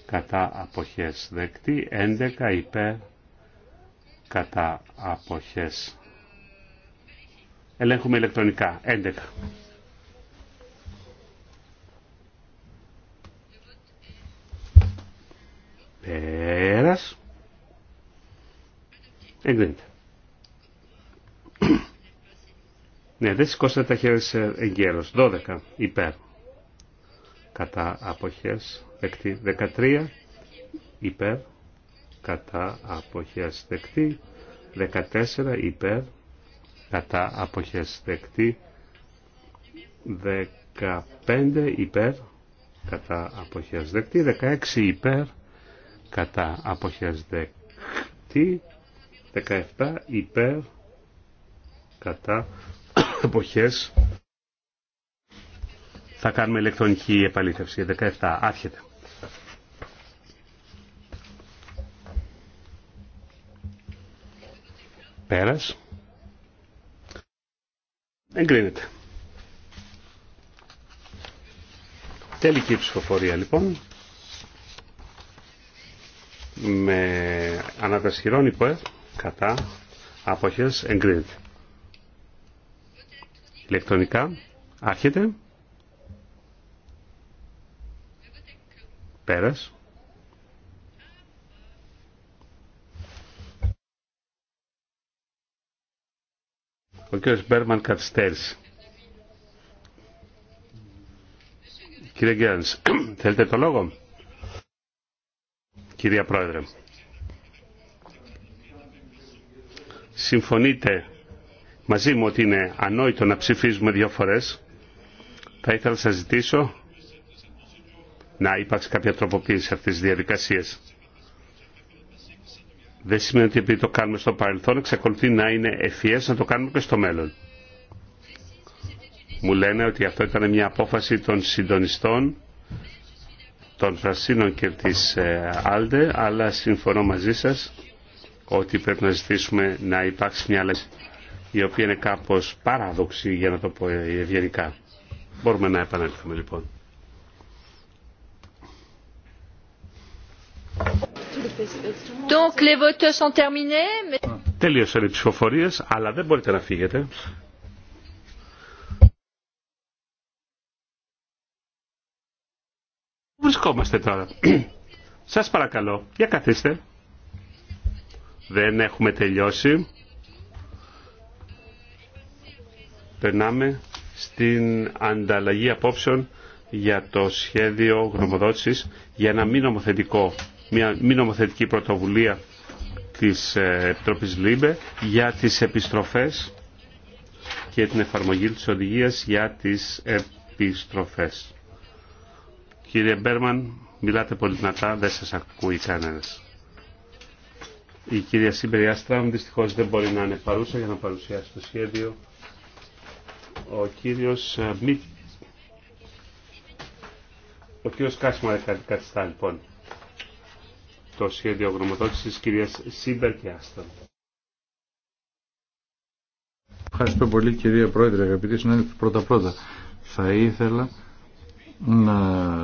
κατά αποχές δεκτή, 11 υπέρ κατά αποχές. Ελέγχουμε ηλεκτρονικά, 11. Πέρας. Εγκρίνεται. ναι, δεν σηκώσατε τα χέρια σε εγκαίρος. 12 υπέρ κατά αποχές δεκτή 13 υπέρ κατά αποχές δεκτή 14 υπέρ κατά αποχές δεκτή 15 υπέρ κατά αποχές δεκτή 16 υπέρ κατά αποχές δεκτή 17 υπέρ κατά αποχές θα κάνουμε ηλεκτρονική επαλήθευση. 17. Άρχεται. Πέρας. Εγκρίνεται. Τελική ψηφοφορία λοιπόν. Με ανατασχυρών υπέρ, ε, κατά, αποχές εγκρίνεται. Ηλεκτρονικά άρχεται. Πέρας. Ο κύριος Μπέρμαν καθυστέρησε. Κύριε Γκέρνς, θέλετε το λόγο. Κυρία Πρόεδρε. Συμφωνείτε μαζί μου ότι είναι ανόητο να ψηφίζουμε δύο φορές. Θα ήθελα να σας ζητήσω να υπάρξει κάποια τροποποίηση αυτής της διαδικασίας. Δεν σημαίνει ότι επειδή το κάνουμε στο παρελθόν εξακολουθεί να είναι ευφυές να το κάνουμε και στο μέλλον. Μου λένε ότι αυτό ήταν μια απόφαση των συντονιστών των Φρασίνων και της ε, Άλντε, αλλά συμφωνώ μαζί σας ότι πρέπει να ζητήσουμε να υπάρξει μια άλλη η οποία είναι κάπως παράδοξη για να το πω ε, ευγενικά. Μπορούμε να επανέλθουμε λοιπόν. Donc les votes sont terminés. Mais... Τέλειωσαν οι ψηφοφορίε, αλλά δεν μπορείτε να φύγετε. βρισκόμαστε τώρα. Σας παρακαλώ, για καθίστε. Δεν έχουμε τελειώσει. Περνάμε στην ανταλλαγή απόψεων για το σχέδιο γνωμοδότησης για ένα μη νομοθετικό μια μη νομοθετική πρωτοβουλία της ε, Επιτροπής ΛΥΜΠΕ για τις επιστροφές και την εφαρμογή της οδηγίας για τις επιστροφές. Κύριε Μπέρμαν, μιλάτε πολύ δυνατά, δεν σας ακούει κανένας. Η κυρία Σύμπερια Στράμ δυστυχώς δεν μπορεί να είναι παρούσα για να παρουσιάσει το σχέδιο. Ο κύριος ε, Μη... Ο κύριος Κάσμα καθιστά λοιπόν το σχέδιο γνωμοδότησης της κυρίας Σίμπερ και Άστον. Ευχαριστώ πολύ κυρία Πρόεδρε, αγαπητοί συνάδελφοι. Πρώτα πρώτα θα ήθελα να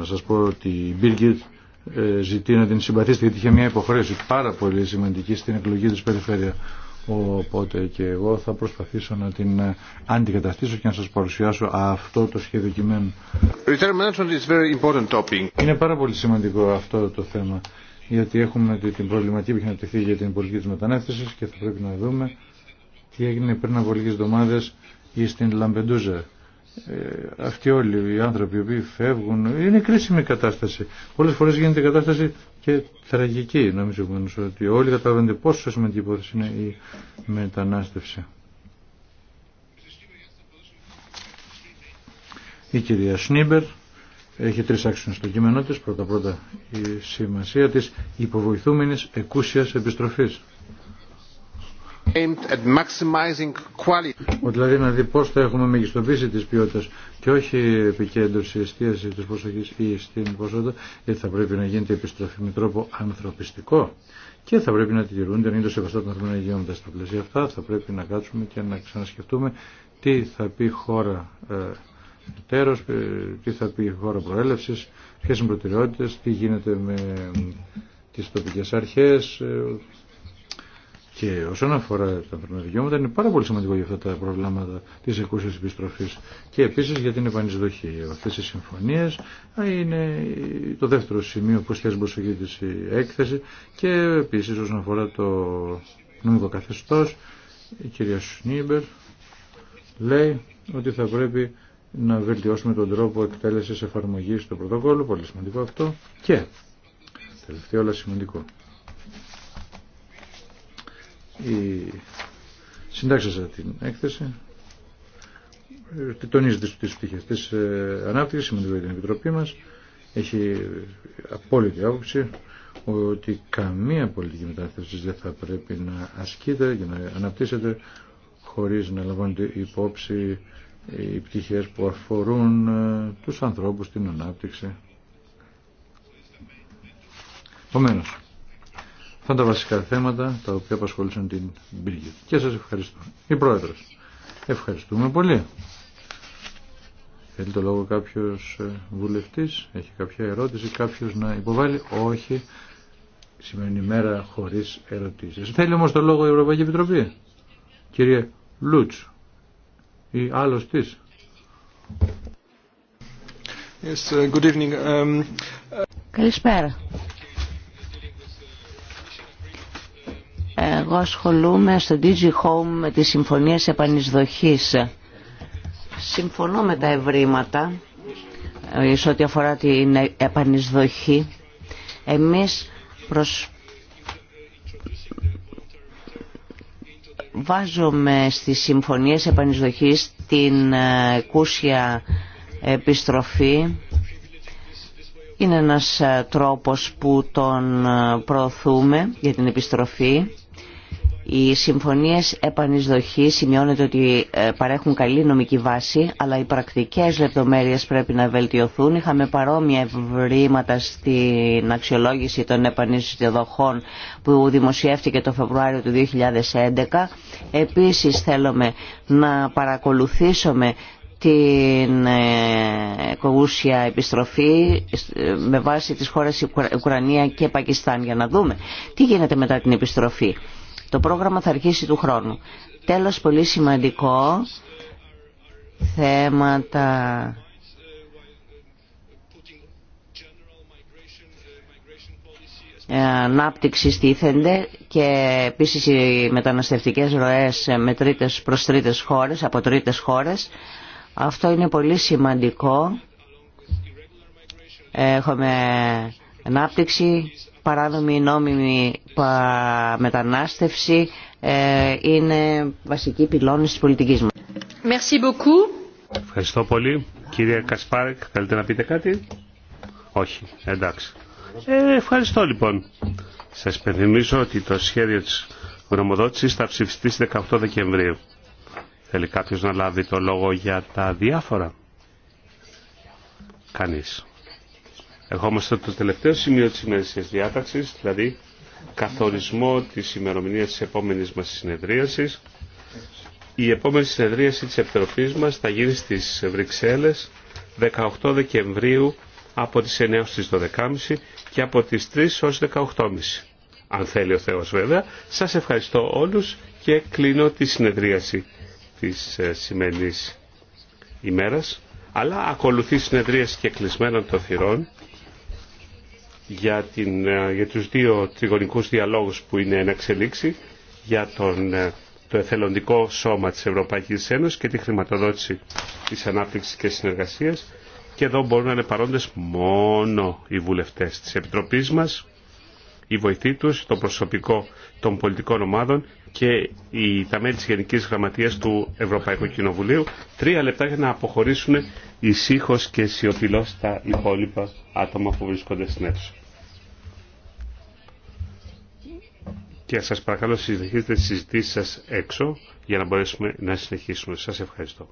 σας πω ότι η Μπίργκετ ζητεί να την συμπαθήσετε γιατί είχε μια υποχρέωση πάρα πολύ σημαντική στην εκλογή της περιφέρεια. Οπότε και εγώ θα προσπαθήσω να την ε, αντικαταστήσω και να σας παρουσιάσω αυτό το σχέδιο κειμένου. Είναι πάρα πολύ σημαντικό αυτό το θέμα γιατί έχουμε την προβληματική που έχει αναπτυχθεί για την πολιτική της μετανάστευσης και θα πρέπει να δούμε τι έγινε πριν από λίγες εβδομάδες ή στην Λαμπεντούζα. Ε, αυτοί όλοι οι άνθρωποι οι οποίοι φεύγουν είναι κρίσιμη κατάσταση. Πολλές φορές γίνεται κατάσταση και τραγική νομίζω ότι όλοι καταλαβαίνετε πόσο σημαντική υπόθεση είναι η στην λαμπεντουζα αυτοι ολοι οι ανθρωποι οι οποιοι φευγουν ειναι κρισιμη κατασταση Πολλέ φορες γινεται κατασταση και τραγικη νομιζω οτι ολοι καταλαβαινετε ποσο σημαντικη υποθεση ειναι Η κυρία Σνίμπερ έχει τρεις άξονες στο κείμενό της. Πρώτα πρώτα η σημασία της υποβοηθούμενης εκούσιας επιστροφής. δηλαδή να δει πώς θα έχουμε μεγιστοποίηση της ποιότητας και όχι επικέντρωση, εστίαση της προσοχής ή στην ποσότητα, γιατί θα πρέπει να γίνεται επιστροφή με τρόπο ανθρωπιστικό και θα πρέπει να τη τηρούνται, αν είναι το σεβαστό των ανθρώπινων στα πλαίσια αυτά, θα πρέπει να κάτσουμε και να ξανασκεφτούμε τι θα πει χώρα ε, τέρος, ε, τι θα πει η χώρα προέλευση ποιε είναι προτεραιότητε, τι γίνεται με τι τοπικέ αρχέ. Ε, και όσον αφορά τα ανθρώπινα είναι πάρα πολύ σημαντικό για αυτά τα προβλήματα τη εκούσια επιστροφή και επίση για την επανεισδοχή. Αυτές οι συμφωνίες ε, είναι το δεύτερο σημείο που σχέση με η έκθεση και επίση όσον αφορά το νομικό Καθεστώ, η κυρία Σνίμπερ λέει ότι θα πρέπει να βελτιώσουμε τον τρόπο εκτέλεσης εφαρμογής του πρωτοκόλλου, πολύ σημαντικό αυτό, και τελευταίο όλα σημαντικό. Η... Συντάξασα την έκθεση, Τονίζεται στις πτυχές της ε, ανάπτυξης, σημαντικό για την Επιτροπή μας, έχει απόλυτη άποψη ότι καμία πολιτική μετανάστευση δεν θα πρέπει να ασκείται και να αναπτύσσεται χωρίς να λαμβάνεται υπόψη οι πτυχές που αφορούν ε, τους ανθρώπους, την ανάπτυξη. Επομένω, αυτά τα βασικά θέματα τα οποία απασχολούσαν την Μπίργκετ. Και σας ευχαριστώ. Η Πρόεδρος. Ευχαριστούμε πολύ. Θέλει το λόγο κάποιος ε, βουλευτής, έχει κάποια ερώτηση, κάποιος να υποβάλει. Όχι, σημαίνει μέρα χωρίς ερωτήσεις. Θέλει όμως το λόγο η Ευρωπαϊκή Επιτροπή. Κύριε Λούτσου ή άλλος της. Yes, uh, good um, Καλησπέρα. Εγώ ασχολούμαι στο DigiHome Home με τις συμφωνίες επανεισδοχής. Συμφωνώ με τα ευρήματα ε, σε ό,τι αφορά την επανεισδοχή. Εμείς προσπαθούμε Βάζομαι στις συμφωνίες επανεισδοχής την ε, κούσια επιστροφή. Είναι ένας ε, τρόπος που τον ε, προωθούμε για την επιστροφή οι συμφωνίες επανεισδοχής σημειώνεται ότι ε, παρέχουν καλή νομική βάση, αλλά οι πρακτικές λεπτομέρειες πρέπει να βελτιωθούν. Είχαμε παρόμοια ευρήματα στην αξιολόγηση των επανεισδοχών που δημοσιεύτηκε το Φεβρουάριο του 2011. Επίσης θέλουμε να παρακολουθήσουμε την ε, κογούσια επιστροφή ε, με βάση τις χώρες Ουκρανία και Πακιστάν για να δούμε τι γίνεται μετά την επιστροφή. Το πρόγραμμα θα αρχίσει του χρόνου. Τέλος, πολύ σημαντικό, θέματα ε, ανάπτυξη τίθενται και επίσης οι μεταναστευτικές ροές με τρίτες, προς τρίτες χώρες, από τρίτες χώρες. Αυτό είναι πολύ σημαντικό. Έχουμε Ενάπτυξη, παράδομη, νόμιμη μετανάστευση ε, είναι βασική πυλώνη της πολιτικής μας. Merci beaucoup. Ευχαριστώ πολύ. Κύριε Κασπάρεκ, θέλετε να πείτε κάτι. Όχι, εντάξει. Ε, ευχαριστώ λοιπόν. Σας πενθυμίζω ότι το σχέδιο της γνωμοδότησης θα ψηφιστεί στις 18 Δεκεμβρίου. Θέλει κάποιος να λάβει το λόγο για τα διάφορα. Κανείς. Ερχόμαστε στο τελευταίο σημείο της σημερινής διάταξης, δηλαδή καθορισμό της ημερομηνίας της επόμενης μας συνεδρίασης. Η επόμενη συνεδρίαση της Επιτροπής μας θα γίνει στις Βρυξέλλες 18 Δεκεμβρίου από τις 9 στις 12.30 και από τις 3 ως 18.30. Αν θέλει ο Θεός βέβαια. Σας ευχαριστώ όλους και κλείνω τη συνεδρίαση της ε, σημερινής ημέρας. Αλλά ακολουθεί συνεδρίαση και κλεισμένων των θυρών για, την, ε, για τους δύο τριγωνικούς διαλόγους που είναι ένα εξελίξη για τον, ε, το εθελοντικό σώμα της Ευρωπαϊκής Ένωσης και τη χρηματοδότηση της ανάπτυξης και συνεργασίας και εδώ μπορούν να είναι παρόντες μόνο οι βουλευτές της Επιτροπής μας, οι βοηθοί τους, το προσωπικό των πολιτικών ομάδων και τα μέλη της Γενικής Γραμματείας του Ευρωπαϊκού Κοινοβουλίου. Τρία λεπτά για να αποχωρήσουν ησύχως και σιωπηλώς τα υπόλοιπα άτομα που βρίσκονται στην αίθουσα. και σας παρακαλώ συνεχίστε τις συζητήσεις σας έξω για να μπορέσουμε να συνεχίσουμε. Σας ευχαριστώ.